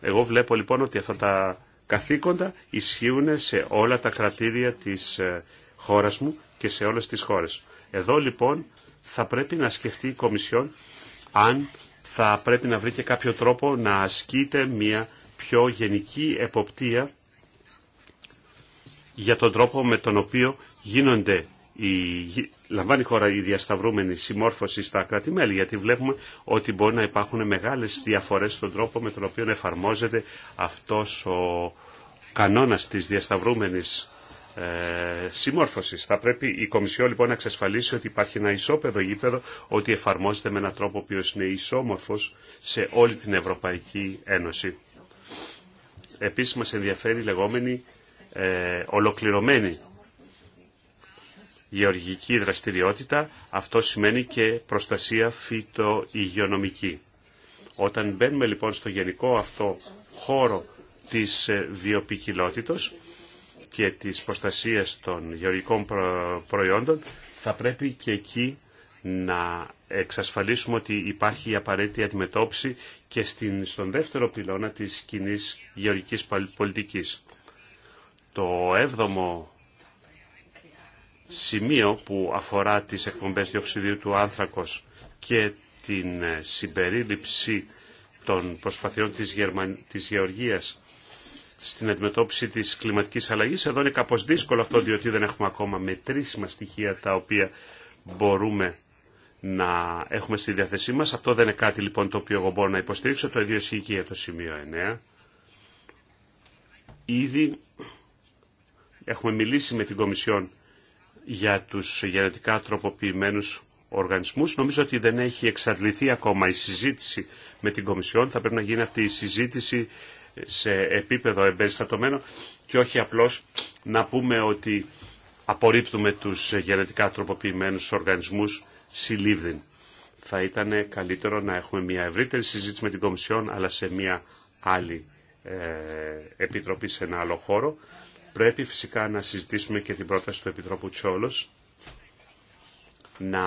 Εγώ βλέπω λοιπόν ότι αυτά τα καθήκοντα ισχύουν σε όλα τα κρατήρια της ε, χώρας μου και σε όλες τις χώρες. Εδώ λοιπόν θα πρέπει να σκεφτεί η Κομισιόν αν θα πρέπει να βρει κάποιο τρόπο να ασκείτε μια πιο γενική εποπτεία για τον τρόπο με τον οποίο γίνονται η, λαμβάνει η χώρα η διασταυρούμενη συμμόρφωση στα κράτη-μέλη, γιατί βλέπουμε ότι μπορεί να υπάρχουν μεγάλες διαφορές στον τρόπο με τον οποίο εφαρμόζεται αυτός ο κανόνας της διασταυρούμενης ε, συμμόρφωσης. Θα πρέπει η Κομισιό λοιπόν να εξασφαλίσει ότι υπάρχει ένα ισόπεδο γήπεδο, ότι εφαρμόζεται με έναν τρόπο ο οποίος είναι ισόμορφος σε όλη την Ευρωπαϊκή Ένωση. Επίσης μας ενδιαφέρει η λεγόμενη ε, ολοκληρωμένη γεωργική δραστηριότητα, αυτό σημαίνει και προστασία φυτοϊγειονομική. Όταν μπαίνουμε λοιπόν στο γενικό αυτό χώρο της ε, βιοπικιλότητος και της προστασίας των γεωργικών προϊόντων, θα πρέπει και εκεί να εξασφαλίσουμε ότι υπάρχει η απαραίτητη αντιμετώπιση και στην, στον δεύτερο πυλώνα της κοινή γεωργικής πολιτικής. Το έβδομο σημείο που αφορά τις εκπομπές διοξιδίου του άνθρακος και την ε, συμπερίληψη των προσπαθειών της, Γερμα... Γεωργίας στην αντιμετώπιση της κλιματικής αλλαγής. Εδώ είναι κάπως δύσκολο αυτό, διότι δεν έχουμε ακόμα μετρήσιμα στοιχεία τα οποία μπορούμε να έχουμε στη διάθεσή μας. Αυτό δεν είναι κάτι λοιπόν το οποίο εγώ μπορώ να υποστηρίξω. Το ίδιο ισχύει για το σημείο 9. Ήδη έχουμε μιλήσει με την Κομισιόν για τους γενετικά τροποποιημένους οργανισμούς. Νομίζω ότι δεν έχει εξαντληθεί ακόμα η συζήτηση με την Κομισιόν. Θα πρέπει να γίνει αυτή η συζήτηση σε επίπεδο εμπεριστατωμένο και όχι απλώς να πούμε ότι απορρίπτουμε τους γενετικά τροποποιημένους οργανισμούς συλλήβδιν. Θα ήταν καλύτερο να έχουμε μια ευρύτερη συζήτηση με την Κομισιόν αλλά σε μια άλλη ε, επιτροπή σε ένα άλλο χώρο Πρέπει φυσικά να συζητήσουμε και την πρόταση του Επιτρόπου Τσόλος να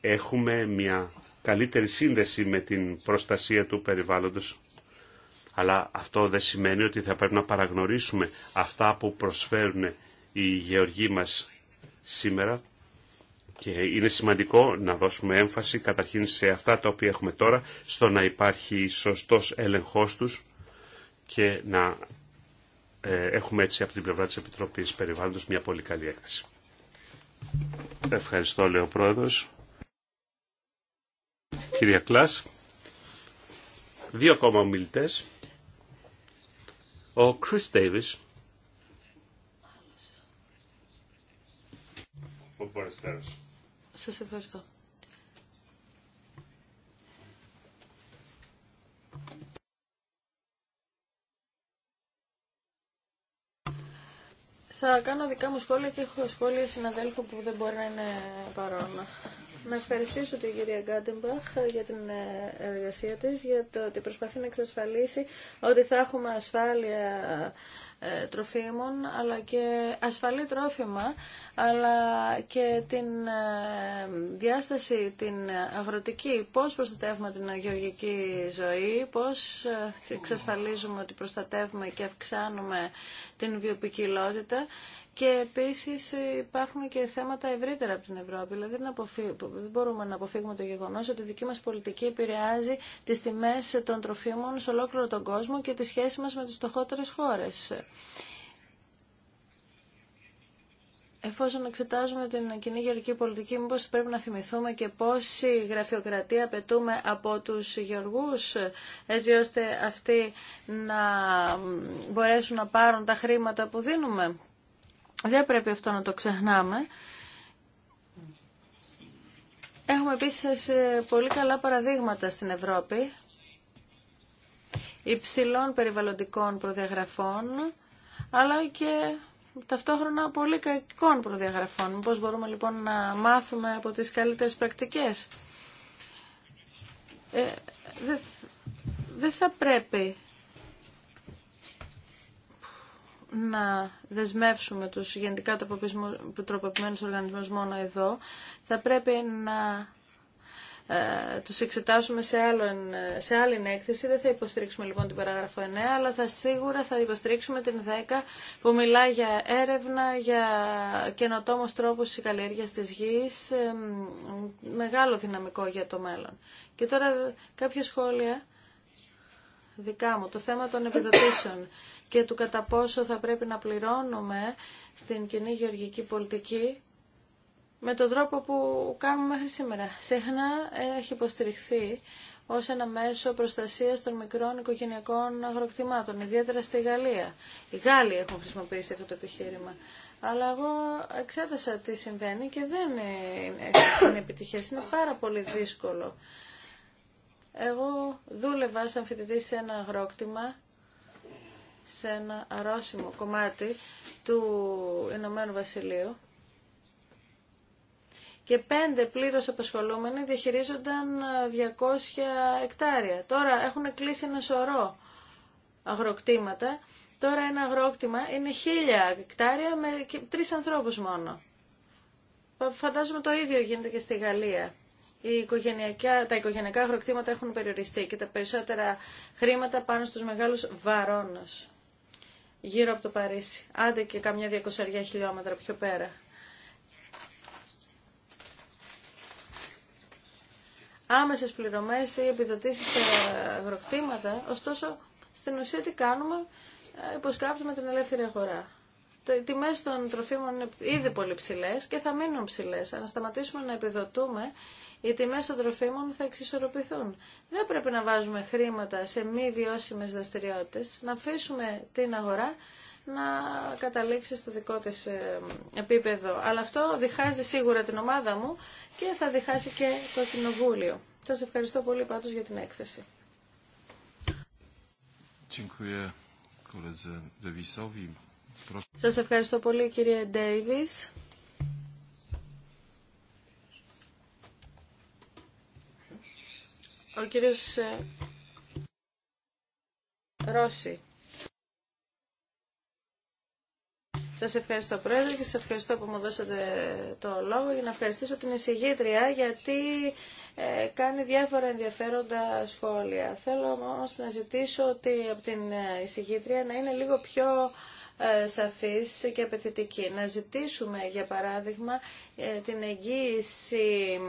έχουμε μια καλύτερη σύνδεση με την προστασία του περιβάλλοντος. Αλλά αυτό δεν σημαίνει ότι θα πρέπει να παραγνωρίσουμε αυτά που προσφέρουν οι γεωργοί μας σήμερα και είναι σημαντικό να δώσουμε έμφαση καταρχήν σε αυτά τα οποία έχουμε τώρα, στο να υπάρχει σωστός έλεγχός τους και να ε, έχουμε έτσι από την πλευρά της Επιτροπής Περιβάλλοντος μια πολύ καλή έκθεση. Ευχαριστώ, λέει ο Πρόεδρος. Κυρία Κλάς, δύο ακόμα ομιλητές. Ο Chris Davis. Ο Σας ευχαριστώ. Θα κάνω δικά μου σχόλια και έχω σχόλια συναδέλφου που δεν μπορεί να είναι παρόν. Να ευχαριστήσω την κυρία Γκάντεμπαχ για την ε, εργασία της, για το ότι προσπαθεί να εξασφαλίσει ότι θα έχουμε ασφάλεια ε, τροφίμων αλλά και ασφαλή τρόφιμα αλλά και την ε, διάσταση την αγροτική πώς προστατεύουμε την αγιοργική ζωή πώς ε, εξασφαλίζουμε ότι προστατεύουμε και αυξάνουμε την βιοποικιλότητα και επίση υπάρχουν και θέματα ευρύτερα από την Ευρώπη. Δηλαδή δεν μπορούμε να αποφύγουμε το γεγονό ότι η δική μα πολιτική επηρεάζει τι τιμέ των τροφίμων σε ολόκληρο τον κόσμο και τη σχέση μα με τι στοχότερες χώρε. Εφόσον εξετάζουμε την κοινή γεωργική πολιτική, μήπω πρέπει να θυμηθούμε και πόση γραφειοκρατία απαιτούμε από του γεωργού, έτσι ώστε αυτοί να μπορέσουν να πάρουν τα χρήματα που δίνουμε. Δεν πρέπει αυτό να το ξεχνάμε. Έχουμε επίσης ε, πολύ καλά παραδείγματα στην Ευρώπη υψηλών περιβαλλοντικών προδιαγραφών, αλλά και ταυτόχρονα πολύ κακικών προδιαγραφών. Πώς μπορούμε λοιπόν να μάθουμε από τις καλύτερες πρακτικές. Ε, δεν θα πρέπει να δεσμεύσουμε τους γενικά τροποποιημένους οργανισμούς μόνο εδώ. Θα πρέπει να ε, τους εξετάσουμε σε, άλλο, σε άλλη έκθεση. Δεν θα υποστηρίξουμε λοιπόν την παράγραφο 9, αλλά θα σίγουρα θα υποστηρίξουμε την 10 που μιλά για έρευνα, για καινοτόμους τρόπους καλλιέργειας της γης, ε, μεγάλο δυναμικό για το μέλλον. Και τώρα ε, κάποια σχόλια δικά μου, το θέμα των επιδοτήσεων και του κατά πόσο θα πρέπει να πληρώνουμε στην κοινή γεωργική πολιτική με τον τρόπο που κάνουμε μέχρι σήμερα. Συχνά ε, έχει υποστηριχθεί ως ένα μέσο προστασίας των μικρών οικογενειακών αγροκτημάτων, ιδιαίτερα στη Γαλλία. Οι Γάλλοι έχουν χρησιμοποιήσει αυτό το επιχείρημα. Αλλά εγώ εξέτασα τι συμβαίνει και δεν είναι επιτυχές. Είναι πάρα πολύ δύσκολο εγώ δούλευα σαν φοιτητή σε ένα αγρόκτημα, σε ένα αρρώσιμο κομμάτι του Ηνωμένου Βασιλείου και πέντε πλήρως απασχολούμενοι διαχειρίζονταν 200 ε, εκτάρια. Τώρα έχουν κλείσει ένα σωρό αγροκτήματα. Τώρα ένα αγρόκτημα είναι χίλια εκτάρια με τρεις ανθρώπους μόνο. Φαντάζομαι το ίδιο γίνεται και στη Γαλλία οι τα οικογενειακά αγροκτήματα έχουν περιοριστεί και τα περισσότερα χρήματα πάνω στους μεγάλους βαρώνους γύρω από το Παρίσι. Άντε και καμιά 200 χιλιόμετρα πιο πέρα. Άμεσες πληρωμές ή επιδοτήσεις στα αγροκτήματα, ωστόσο στην ουσία τι κάνουμε, ε, υποσκάπτουμε την ελεύθερη αγορά οι τιμέ των τροφίμων είναι ήδη πολύ ψηλέ και θα μείνουν ψηλέ. Αν σταματήσουμε να επιδοτούμε, οι τιμέ των τροφίμων θα εξισορροπηθούν. Δεν πρέπει να βάζουμε χρήματα σε μη βιώσιμε δραστηριότητε να αφήσουμε την αγορά να καταλήξει στο δικό της ε, επίπεδο. Αλλά αυτό διχάζει σίγουρα την ομάδα μου και θα διχάσει και το Κοινοβούλιο. Σα ευχαριστώ πολύ πάντω για την έκθεση. Dewisowi. Σας ευχαριστώ πολύ κύριε Ντέιβις. Ο κύριος ε, Ρώση. Σας ευχαριστώ πρόεδρε και σας ευχαριστώ που μου δώσατε το λόγο για να ευχαριστήσω την εισηγήτρια γιατί ε, κάνει διάφορα ενδιαφέροντα σχόλια. Θέλω όμως να ζητήσω ότι από την ε, εισηγήτρια να είναι λίγο πιο ε, σαφής και απαιτητική. Να ζητήσουμε, για παράδειγμα, ε, την εγγύηση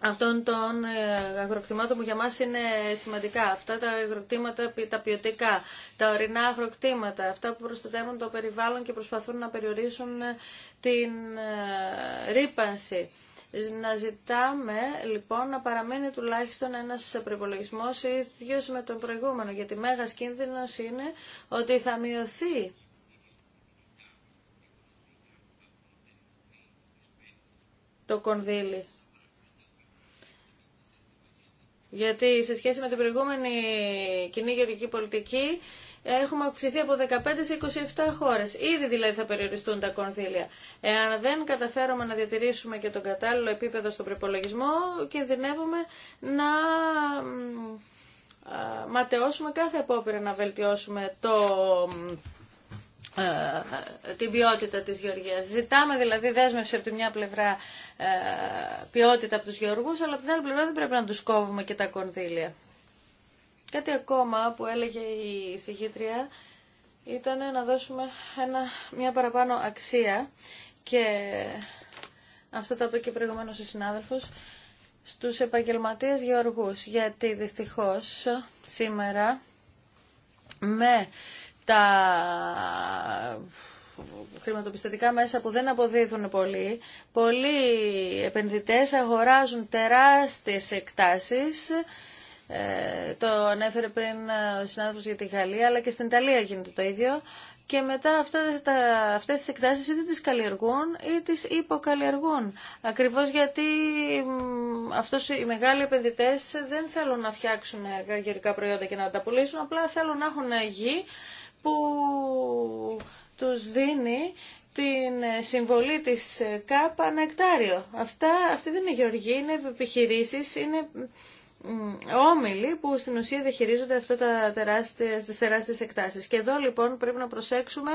αυτών των ε, αγροκτημάτων που για μας είναι σημαντικά. Αυτά τα αγροκτήματα, τα ποιοτικά, τα ορεινά αγροκτήματα, αυτά που προστατεύουν το περιβάλλον και προσπαθούν να περιορίσουν την ρήπανση. Να ζητάμε λοιπόν να παραμείνει τουλάχιστον ένα προπολογισμό ίδιο με τον προηγούμενο, γιατί μέγας κίνδυνο είναι ότι θα μειωθεί το κονδύλι. Γιατί σε σχέση με την προηγούμενη κοινή γεωργική πολιτική έχουμε αυξηθεί από 15 σε 27 χώρε. Ήδη δηλαδή θα περιοριστούν τα κονδύλια. Εάν δεν καταφέρουμε να διατηρήσουμε και τον κατάλληλο επίπεδο στον προπολογισμό, κινδυνεύουμε να ματαιώσουμε κάθε απόπειρα να βελτιώσουμε το ε, την ποιότητα της γεωργίας. Ζητάμε δηλαδή δέσμευση από τη μια πλευρά ε, ποιότητα από τους γεωργούς, αλλά από την άλλη πλευρά δεν πρέπει να τους κόβουμε και τα κονδύλια. Κάτι ακόμα που έλεγε η συγχύτρια ήταν να δώσουμε ένα, μια παραπάνω αξία και αυτό το είπε και προηγουμένω ο συνάδελφο στους επαγγελματίε γεωργού. γιατί δυστυχώς σήμερα με τα χρηματοπιστωτικά μέσα που δεν αποδίδουν πολύ. Πολλοί επενδυτές αγοράζουν τεράστιες εκτάσεις ε, το ανέφερε πριν ε, ο συνάδελφος για τη Γαλλία, αλλά και στην Ιταλία γίνεται το ίδιο. Και μετά αυτά, τα, αυτές τις εκτάσεις είτε τις καλλιεργούν ή τις υποκαλλιεργούν. Ακριβώς γιατί αυτός, οι μεγάλοι επενδυτές δεν θέλουν να φτιάξουν καλλιεργικά προϊόντα και να τα πουλήσουν, απλά θέλουν να έχουν γη που τους δίνει την συμβολή της ΚΑΠ εκτάριο. Αυτά, αυτή δεν είναι γεωργία, είναι επιχειρήσεις, είναι όμιλοι που στην ουσία διαχειρίζονται αυτά τα τεράστιες, τις τεράστιες εκτάσεις. Και εδώ λοιπόν πρέπει να προσέξουμε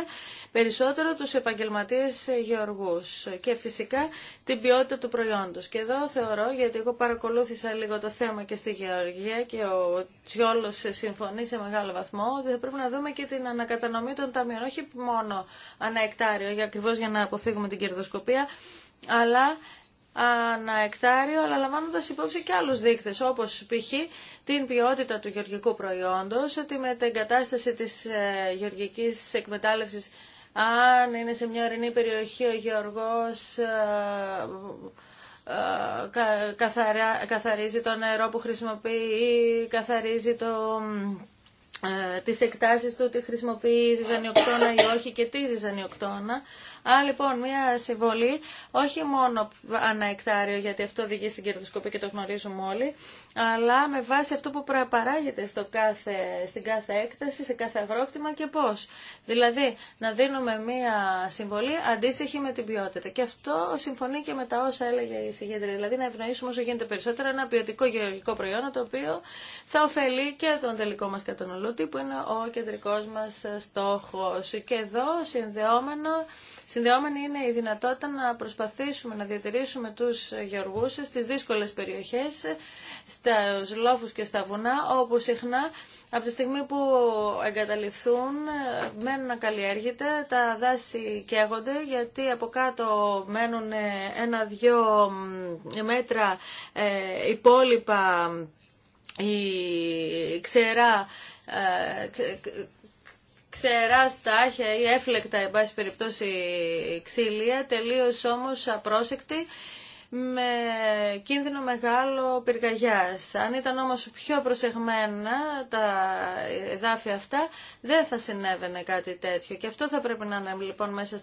περισσότερο τους επαγγελματίες γεωργούς και φυσικά την ποιότητα του προϊόντος. Και εδώ θεωρώ, γιατί εγώ παρακολούθησα λίγο το θέμα και στη Γεωργία και ο Τσιόλος συμφωνεί σε μεγάλο βαθμό, ότι θα πρέπει να δούμε και την ανακατανομή των ταμείων, όχι μόνο ανά εκτάριο, ακριβώς για να αποφύγουμε την κερδοσκοπία, αλλά ανά εκτάριο, αλλά λαμβάνοντα υπόψη και άλλου δείκτε, όπω π.χ. την ποιότητα του γεωργικού προϊόντο, την εγκατάσταση τη ε, γεωργική εκμετάλλευση, αν είναι σε μια ορεινή περιοχή ο γεωργό ε, ε, καθαρίζει το νερό που χρησιμοποιεί ή καθαρίζει το, τις εκτάσεις του, τι χρησιμοποιεί ζυζανιοκτώνα ή όχι και τι ζυζανιοκτώνα. Α, λοιπόν, μια συμβολή, όχι μόνο ανά εκτάριο, γιατί αυτό οδηγεί στην κερδοσκοπή και το γνωρίζουμε όλοι, αλλά με βάση αυτό που παράγεται στο κάθε, στην κάθε έκταση, σε κάθε αγρόκτημα και πώς. Δηλαδή, να δίνουμε μια συμβολή αντίστοιχη με την ποιότητα. Και αυτό συμφωνεί και με τα όσα έλεγε η συγγέντρια. Δηλαδή, να ευνοήσουμε όσο γίνεται περισσότερο ένα ποιοτικό γεωργικό προϊόν, το οποίο θα ωφελεί και τον τελικό μας καταναλωτή, που είναι ο κεντρικός μας στόχος. Και εδώ συνδεόμενο Συνδεόμενη είναι η δυνατότητα να προσπαθήσουμε να διατηρήσουμε τους γεωργούς στις δύσκολες περιοχές, στους λόφους και στα βουνά, όπου συχνά από τη στιγμή που εγκαταληφθούν, μένουν να καλλιέργεται, τα δάση καίγονται, γιατί από κάτω μένουν ένα-δυο μέτρα ε, υπόλοιπα η ξερά ε, ξερά στάχια ή έφλεκτα, εν πάση περιπτώσει, ξύλια, τελείως όμως απρόσεκτη με κίνδυνο μεγάλο πυρκαγιάς. Αν ήταν όμως πιο προσεγμένα τα εδάφια αυτά, δεν θα συνέβαινε κάτι τέτοιο. Και αυτό θα πρέπει να είναι λοιπόν μέσα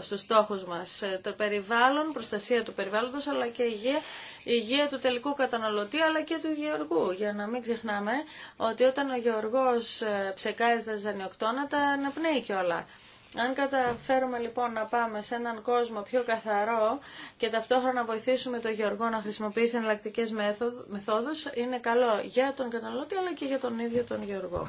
στου στόχους μας. Το περιβάλλον, προστασία του περιβάλλοντος, αλλά και υγεία, υγεία του τελικού καταναλωτή, αλλά και του γεωργού. Για να μην ξεχνάμε ότι όταν ο γεωργός ψεκάζει τα ζανιοκτώνα, τα αναπνέει κιόλα. Αν καταφέρουμε λοιπόν να πάμε σε έναν κόσμο πιο καθαρό και ταυτόχρονα βοηθήσουμε τον Γεωργό να χρησιμοποιήσει εναλλακτικέ μεθόδους, είναι καλό για τον καταναλωτή αλλά και για τον ίδιο τον Γεωργό.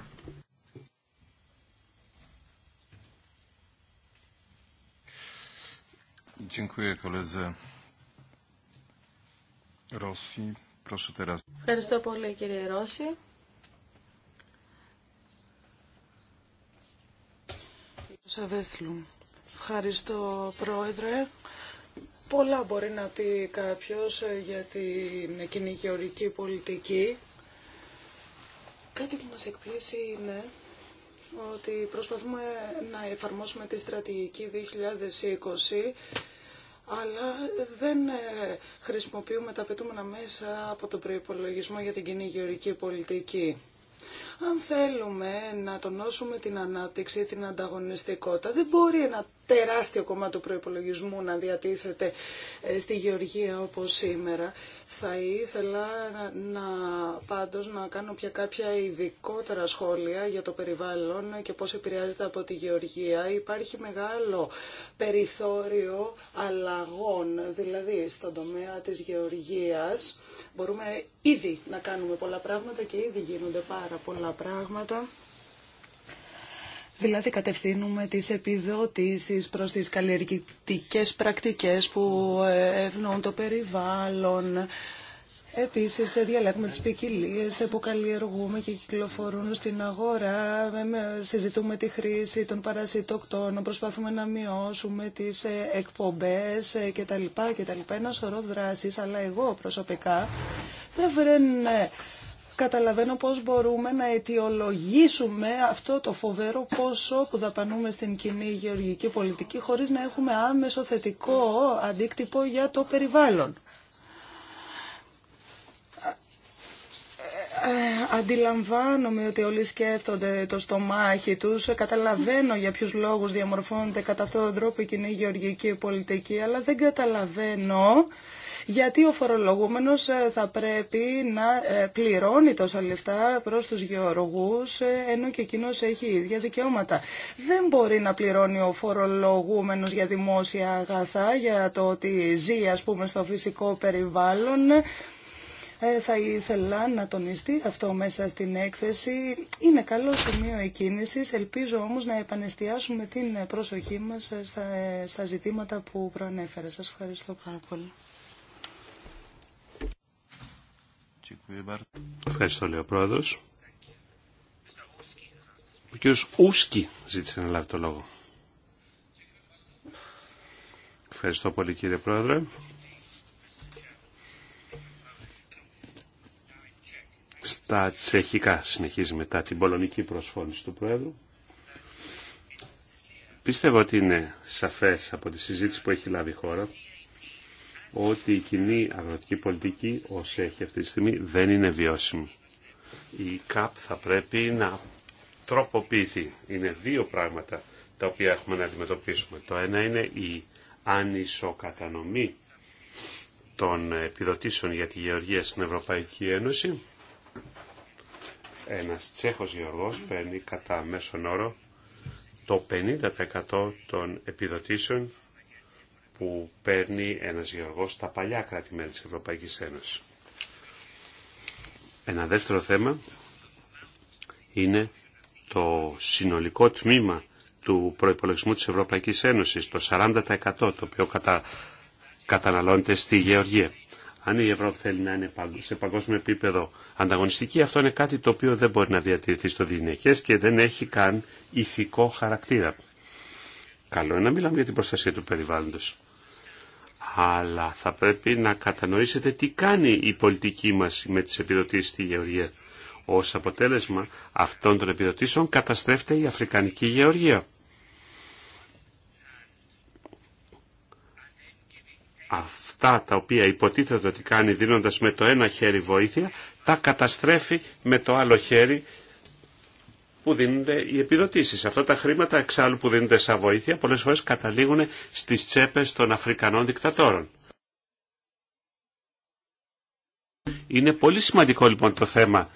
Ευχαριστώ πολύ κύριε Ρώση. Ευχαριστώ, Πρόεδρε. Πολλά μπορεί να πει κάποιος ε, για την κοινή πολιτική. Κάτι που μας εκπλήσει είναι ότι προσπαθούμε να εφαρμόσουμε τη στρατηγική 2020 αλλά δεν ε, χρησιμοποιούμε τα πετούμενα μέσα από τον προϋπολογισμό για την κοινή γεωρική πολιτική. Αν θέλουμε να τονώσουμε την ανάπτυξη, την ανταγωνιστικότητα, δεν μπορεί να τεράστιο κομμάτι του προϋπολογισμού να διατίθεται ε, στη Γεωργία όπως σήμερα. Θα ήθελα να, πάντως να κάνω πια κάποια ειδικότερα σχόλια για το περιβάλλον και πώς επηρεάζεται από τη γεωργία. Υπάρχει μεγάλο περιθώριο αλλαγών, δηλαδή στον τομέα της γεωργίας. Μπορούμε ήδη να κάνουμε πολλά πράγματα και ήδη γίνονται πάρα πολλά πράγματα. Δηλαδή κατευθύνουμε τις επιδότησεις προς τις καλλιεργητικές πρακτικές που ευνοούν το περιβάλλον. Επίσης διαλέγουμε τις ποικιλίε που καλλιεργούμε και κυκλοφορούν στην αγορά. Συζητούμε τη χρήση των παρασιτοκτών. προσπαθούμε να μειώσουμε τις ε, εκπομπές ε, κτλ. Ένα σωρό δράσεις, αλλά εγώ προσωπικά δεν ε, καταλαβαίνω πώς μπορούμε να αιτιολογήσουμε αυτό το φοβερό πόσο που δαπανούμε στην κοινή γεωργική πολιτική χωρίς να έχουμε άμεσο θετικό αντίκτυπο για το περιβάλλον. Ε, ε, αντιλαμβάνομαι ότι όλοι σκέφτονται το στομάχι τους, ε, καταλαβαίνω για ποιους λόγους διαμορφώνεται κατά αυτόν τον τρόπο η κοινή γεωργική πολιτική, αλλά δεν καταλαβαίνω γιατί ο φορολογούμενος ε, θα πρέπει να ε, πληρώνει τόσα λεφτά προς τους γεωργούς, ε, ενώ και εκείνο έχει ίδια δικαιώματα. Δεν μπορεί να πληρώνει ο φορολογούμενος για δημόσια αγαθά, για το ότι ζει ας πούμε στο φυσικό περιβάλλον, θα ήθελα να τονιστεί αυτό μέσα στην έκθεση. Είναι καλό σημείο εκκίνησης. Ελπίζω όμως να επανεστιάσουμε την προσοχή μας στα, στα ζητήματα που προανέφερα. Σας ευχαριστώ πάρα πολύ. Ευχαριστώ, λέει ο πρόεδρο. Ο κύριο Ούσκι ζήτησε να λάβει το λόγο. Ευχαριστώ πολύ κύριε Πρόεδρε. Στα τσεχικά συνεχίζει μετά την πολωνική προσφώνηση του Πρόεδρου. Πίστευω ότι είναι σαφές από τη συζήτηση που έχει λάβει η χώρα ότι η κοινή αγροτική πολιτική όσο έχει αυτή τη στιγμή δεν είναι βιώσιμη. Η ΚΑΠ θα πρέπει να τροποποιηθεί. Είναι δύο πράγματα τα οποία έχουμε να αντιμετωπίσουμε. Το ένα είναι η ανισοκατανομή των επιδοτήσεων για τη γεωργία στην Ευρωπαϊκή Ένωση. Ένας Τσέχος γεωργός παίρνει κατά μέσον όρο το 50% των επιδοτήσεων που παίρνει ένας γεωργός στα παλιά κράτη-μέλη της Ευρωπαϊκής Ένωσης. Ένα δεύτερο θέμα είναι το συνολικό τμήμα του προϋπολογισμού της Ευρωπαϊκής Ένωσης, το 40% το οποίο κατα... καταναλώνεται στη γεωργία. Αν η Ευρώπη θέλει να είναι σε παγκόσμιο επίπεδο ανταγωνιστική, αυτό είναι κάτι το οποίο δεν μπορεί να διατηρηθεί στο διηναικές και δεν έχει καν ηθικό χαρακτήρα. Καλό είναι να μιλάμε για την προστασία του περιβάλλοντος αλλά θα πρέπει να κατανοήσετε τι κάνει η πολιτική μας με τις επιδοτήσεις στη γεωργία. Ως αποτέλεσμα αυτών των επιδοτήσεων καταστρέφεται η Αφρικανική γεωργία. Αυτά τα οποία υποτίθεται ότι κάνει δίνοντας με το ένα χέρι βοήθεια, τα καταστρέφει με το άλλο χέρι που δίνονται οι επιδοτήσεις. Αυτά τα χρήματα εξάλλου που δίνονται σαν βοήθεια πολλές φορές καταλήγουν στις τσέπες των Αφρικανών δικτατόρων. Είναι πολύ σημαντικό λοιπόν το θέμα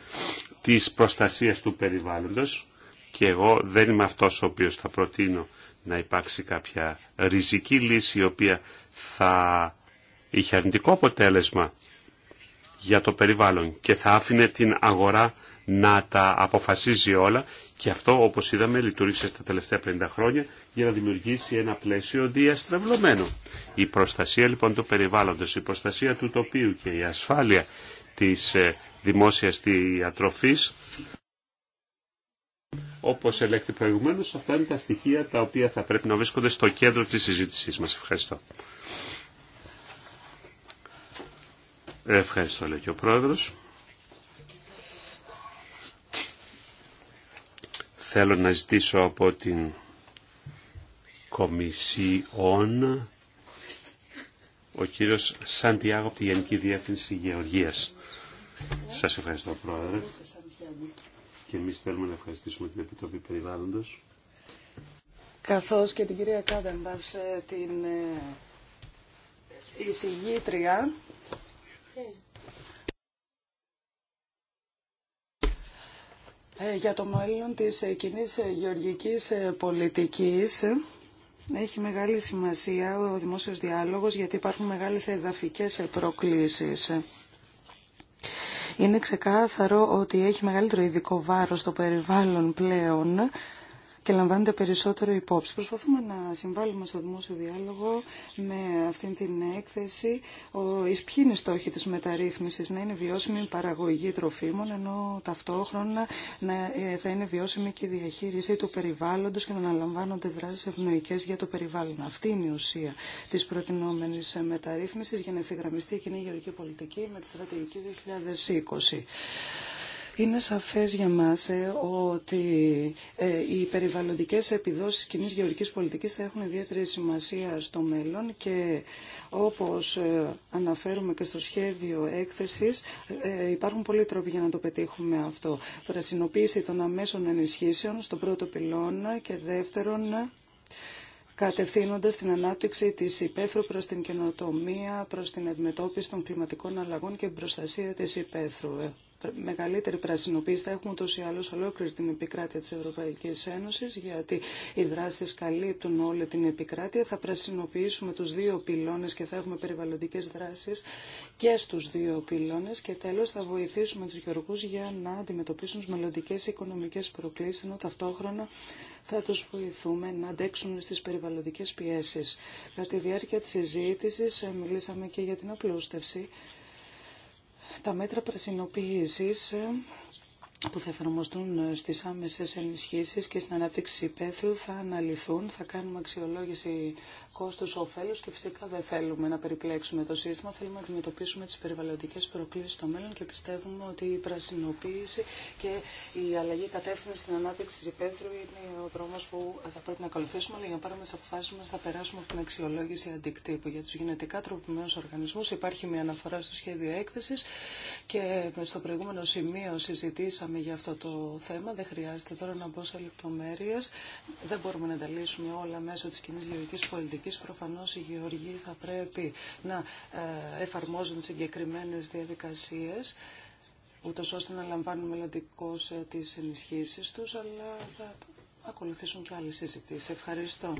της προστασίας του περιβάλλοντος και εγώ δεν είμαι αυτός ο οποίος θα προτείνω να υπάρξει κάποια ριζική λύση η οποία θα είχε αρνητικό αποτέλεσμα για το περιβάλλον και θα άφηνε την αγορά να τα αποφασίζει όλα και αυτό όπως είδαμε λειτουργήσε τα τελευταία 50 χρόνια για να δημιουργήσει ένα πλαίσιο διαστρεβλωμένο. Η προστασία λοιπόν του περιβάλλοντος, η προστασία του τοπίου και η ασφάλεια της ε, δημόσιας διατροφής όπως ελέγχθη προηγουμένω, αυτά είναι τα στοιχεία τα οποία θα πρέπει να βρίσκονται στο κέντρο της συζήτησής μας. Ευχαριστώ. Ευχαριστώ, λέει και ο Πρόεδρος. Θέλω να ζητήσω από την Κομισιόν ο κύριος Σαντιάγο από τη Γενική Διεύθυνση Γεωργίας. Σας ευχαριστώ Πρόεδρε και εμείς θέλουμε να ευχαριστήσουμε την Επιτροπή Περιβάλλοντος καθώς και την κυρία Κάδεμπαρς ε, την ε, εισηγήτρια Ε, για το μέλλον της ε, κοινή ε, γεωργικής πολιτικής. Έχει μεγάλη σημασία ο δημόσιος διάλογος γιατί υπάρχουν μεγάλες εδαφικές προκλήσεις. Είναι ξεκάθαρο ότι έχει μεγαλύτερο ειδικό βάρος το περιβάλλον πλέον και λαμβάνεται περισσότερο υπόψη. Προσπαθούμε να συμβάλλουμε στο δημόσιο διάλογο με αυτήν την έκθεση. Ποιοι είναι οι στόχοι της μεταρρύθμισης να είναι βιώσιμη η παραγωγή τροφίμων ενώ ταυτόχρονα να, ε, θα είναι βιώσιμη και η διαχείριση του περιβάλλοντος και να αναλαμβάνονται δράσεις ευνοϊκές για το περιβάλλον. Αυτή είναι η ουσία της προτινόμενης μεταρρύθμισης για να ευθυγραμμιστεί η κοινή γεωργική πολιτική με τη στρατηγική 2020. Είναι σαφές για μας ε, ότι ε, οι περιβαλλοντικές επιδόσεις κοινή γεωργικής πολιτικής θα έχουν ιδιαίτερη σημασία στο μέλλον και όπως ε, αναφέρουμε και στο σχέδιο έκθεσης υπάρχουν πολλοί τρόποι για να το πετύχουμε αυτό. Πρασινοποίηση των αμέσων ενισχύσεων στον πρώτο πυλώνα και δεύτερον κατευθύνοντας την ανάπτυξη της υπαίθρου προς την καινοτομία, προς την αντιμετώπιση των κλιματικών αλλαγών και την προστασία της υπαίθρου μεγαλύτερη πρασινοποίηση θα έχουμε τόσο ή άλλως ολόκληρη την επικράτεια της Ευρωπαϊκής Ένωσης γιατί οι δράσεις καλύπτουν όλη την επικράτεια. Θα πρασινοποιήσουμε τους δύο πυλώνες και θα έχουμε περιβαλλοντικές δράσεις και στους δύο πυλώνες και τέλος θα βοηθήσουμε τους γεωργούς για να αντιμετωπίσουν τις μελλοντικές οικονομικές προκλήσεις ενώ ταυτόχρονα θα τους βοηθούμε να αντέξουν στις περιβαλλοντικές πιέσεις. Κατά τη διάρκεια της συζήτησης ε, μιλήσαμε και για την απλούστευση τα μέτρα πρασινοποίησης ε, που θα εφαρμοστούν ε, στις άμεσες ενισχύσεις και στην ανάπτυξη υπαίθρου θα αναλυθούν, θα κάνουμε αξιολόγηση κόστος όφελος και φυσικά δεν θέλουμε να περιπλέξουμε το σύστημα, θέλουμε να αντιμετωπίσουμε τις περιβαλλοντικές προκλήσεις στο μέλλον και πιστεύουμε ότι η πρασινοποίηση και η αλλαγή κατεύθυνση στην ανάπτυξη της υπαίθρου είναι ο δρόμος που θα πρέπει να ακολουθήσουμε, αλλά για να πάρουμε τις αποφάσεις μας θα περάσουμε από την αξιολόγηση αντικτύπου. Για τους γενετικά τροποποιημένους οργανισμούς υπάρχει μια αναφορά στο σχέδιο έκθεσης και στο προηγούμενο σημείο συζητήσαμε για αυτό το θέμα, δεν χρειάζεται τώρα να μπω σε λεπτομέρειες, δεν μπορούμε να τα λύσουμε όλα μέσω της κοινή γεωργικής πολιτικής Προφανώ προφανώς οι γεωργοί θα πρέπει να ε, εφαρμόζουν συγκεκριμένες διαδικασίες ούτως ώστε να λαμβάνουν μελλοντικώς ε, τις ενισχύσεις τους, αλλά θα ακολουθήσουν και άλλες συζητήσεις. Ευχαριστώ.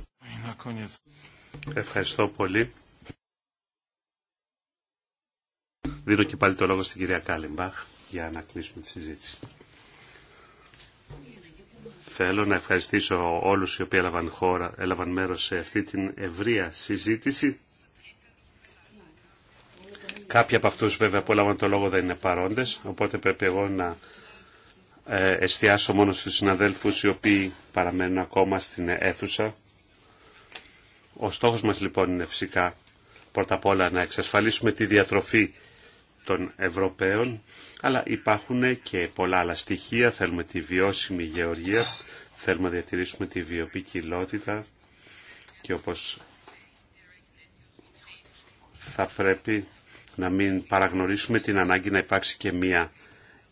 Ευχαριστώ πολύ. Δίνω και πάλι το λόγο στην κυρία Κάλιμπαχ για να κλείσουμε τη συζήτηση θέλω να ευχαριστήσω όλους οι οποίοι έλαβαν, χώρα, έλαβαν μέρος σε αυτή την ευρεία συζήτηση. Κάποιοι από αυτούς βέβαια που έλαβαν το λόγο δεν είναι παρόντες, οπότε πρέπει εγώ να ε, εστιάσω μόνο στους συναδέλφους οι οποίοι παραμένουν ακόμα στην αίθουσα. Ο στόχος μας λοιπόν είναι φυσικά πρώτα απ' όλα να εξασφαλίσουμε τη διατροφή των Ευρωπαίων, αλλά υπάρχουν και πολλά άλλα στοιχεία. Θέλουμε τη βιώσιμη γεωργία, θέλουμε να διατηρήσουμε τη βιοπικιλότητα και όπως θα πρέπει να μην παραγνωρίσουμε την ανάγκη να υπάρξει και μία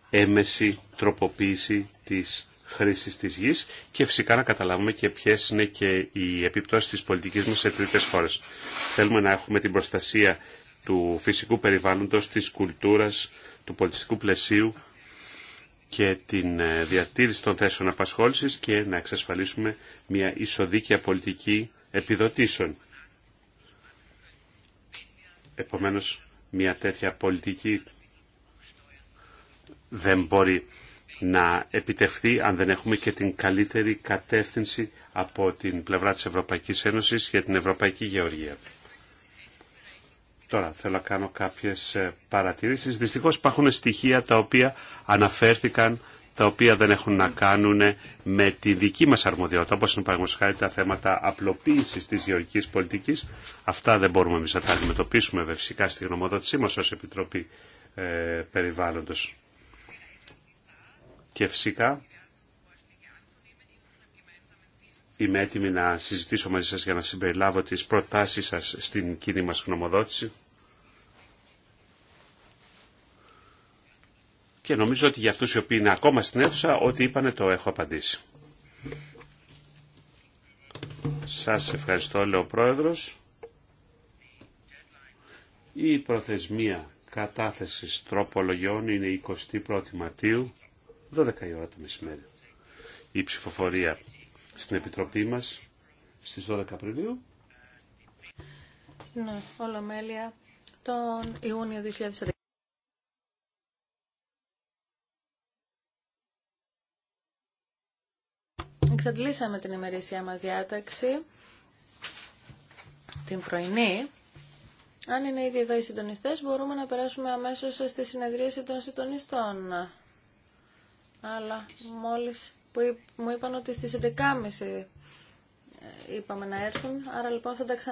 έμεση τροποποίηση της χρήσης της γης και φυσικά να καταλάβουμε και ποιες είναι και οι επιπτώσεις της πολιτικής μας σε τρίτες χώρες. Θέλουμε να έχουμε την προστασία του φυσικού περιβάλλοντος, της κουλτούρας, του πολιτιστικού πλαισίου και την ε, διατήρηση των θέσεων απασχόλησης και να εξασφαλίσουμε μια ισοδίκαια πολιτική επιδοτήσεων. Επομένως, μια τέτοια πολιτική δεν μπορεί να επιτευχθεί αν δεν έχουμε και την καλύτερη κατεύθυνση από την πλευρά της Ευρωπαϊκής Ένωσης για την Ευρωπαϊκή Γεωργία. Τώρα θέλω να κάνω κάποιες ε, παρατηρήσεις. Δυστυχώς υπάρχουν στοιχεία τα οποία αναφέρθηκαν, τα οποία δεν έχουν να κάνουν με τη δική μας αρμοδιότητα, όπως είναι παραγωγικά τα θέματα απλοποίησης της γεωργικής πολιτικής. Αυτά δεν μπορούμε εμείς να τα αντιμετωπίσουμε φυσικά στη γνωμοδότησή μας ως Επιτροπή ε, Περιβάλλοντος. Και φυσικά Είμαι έτοιμη να συζητήσω μαζί σας για να συμπεριλάβω τις προτάσεις σας στην κοινή μας γνωμοδότηση. Και νομίζω ότι για αυτούς οι οποίοι είναι ακόμα στην αίθουσα, ό,τι είπανε το έχω απαντήσει. Σας ευχαριστώ, λέει ο Πρόεδρος. Η προθεσμία κατάθεσης τροπολογιών είναι 21η Μαρτίου, 12 η ώρα το μεσημέρι. Η ψηφοφορία στην Επιτροπή μας στις 12 Απριλίου. Στην Ολομέλεια τον Ιούνιο 2011. Εξαντλήσαμε την ημερήσια μας διάταξη, την πρωινή. Αν είναι ήδη εδώ οι συντονιστές, μπορούμε να περάσουμε αμέσως στη συνεδρίαση των συντονιστών. Αλλά μόλις που μου είπαν ότι στις 11.30 ε, είπαμε να έρθουν, άρα λοιπόν θα τα ξανα...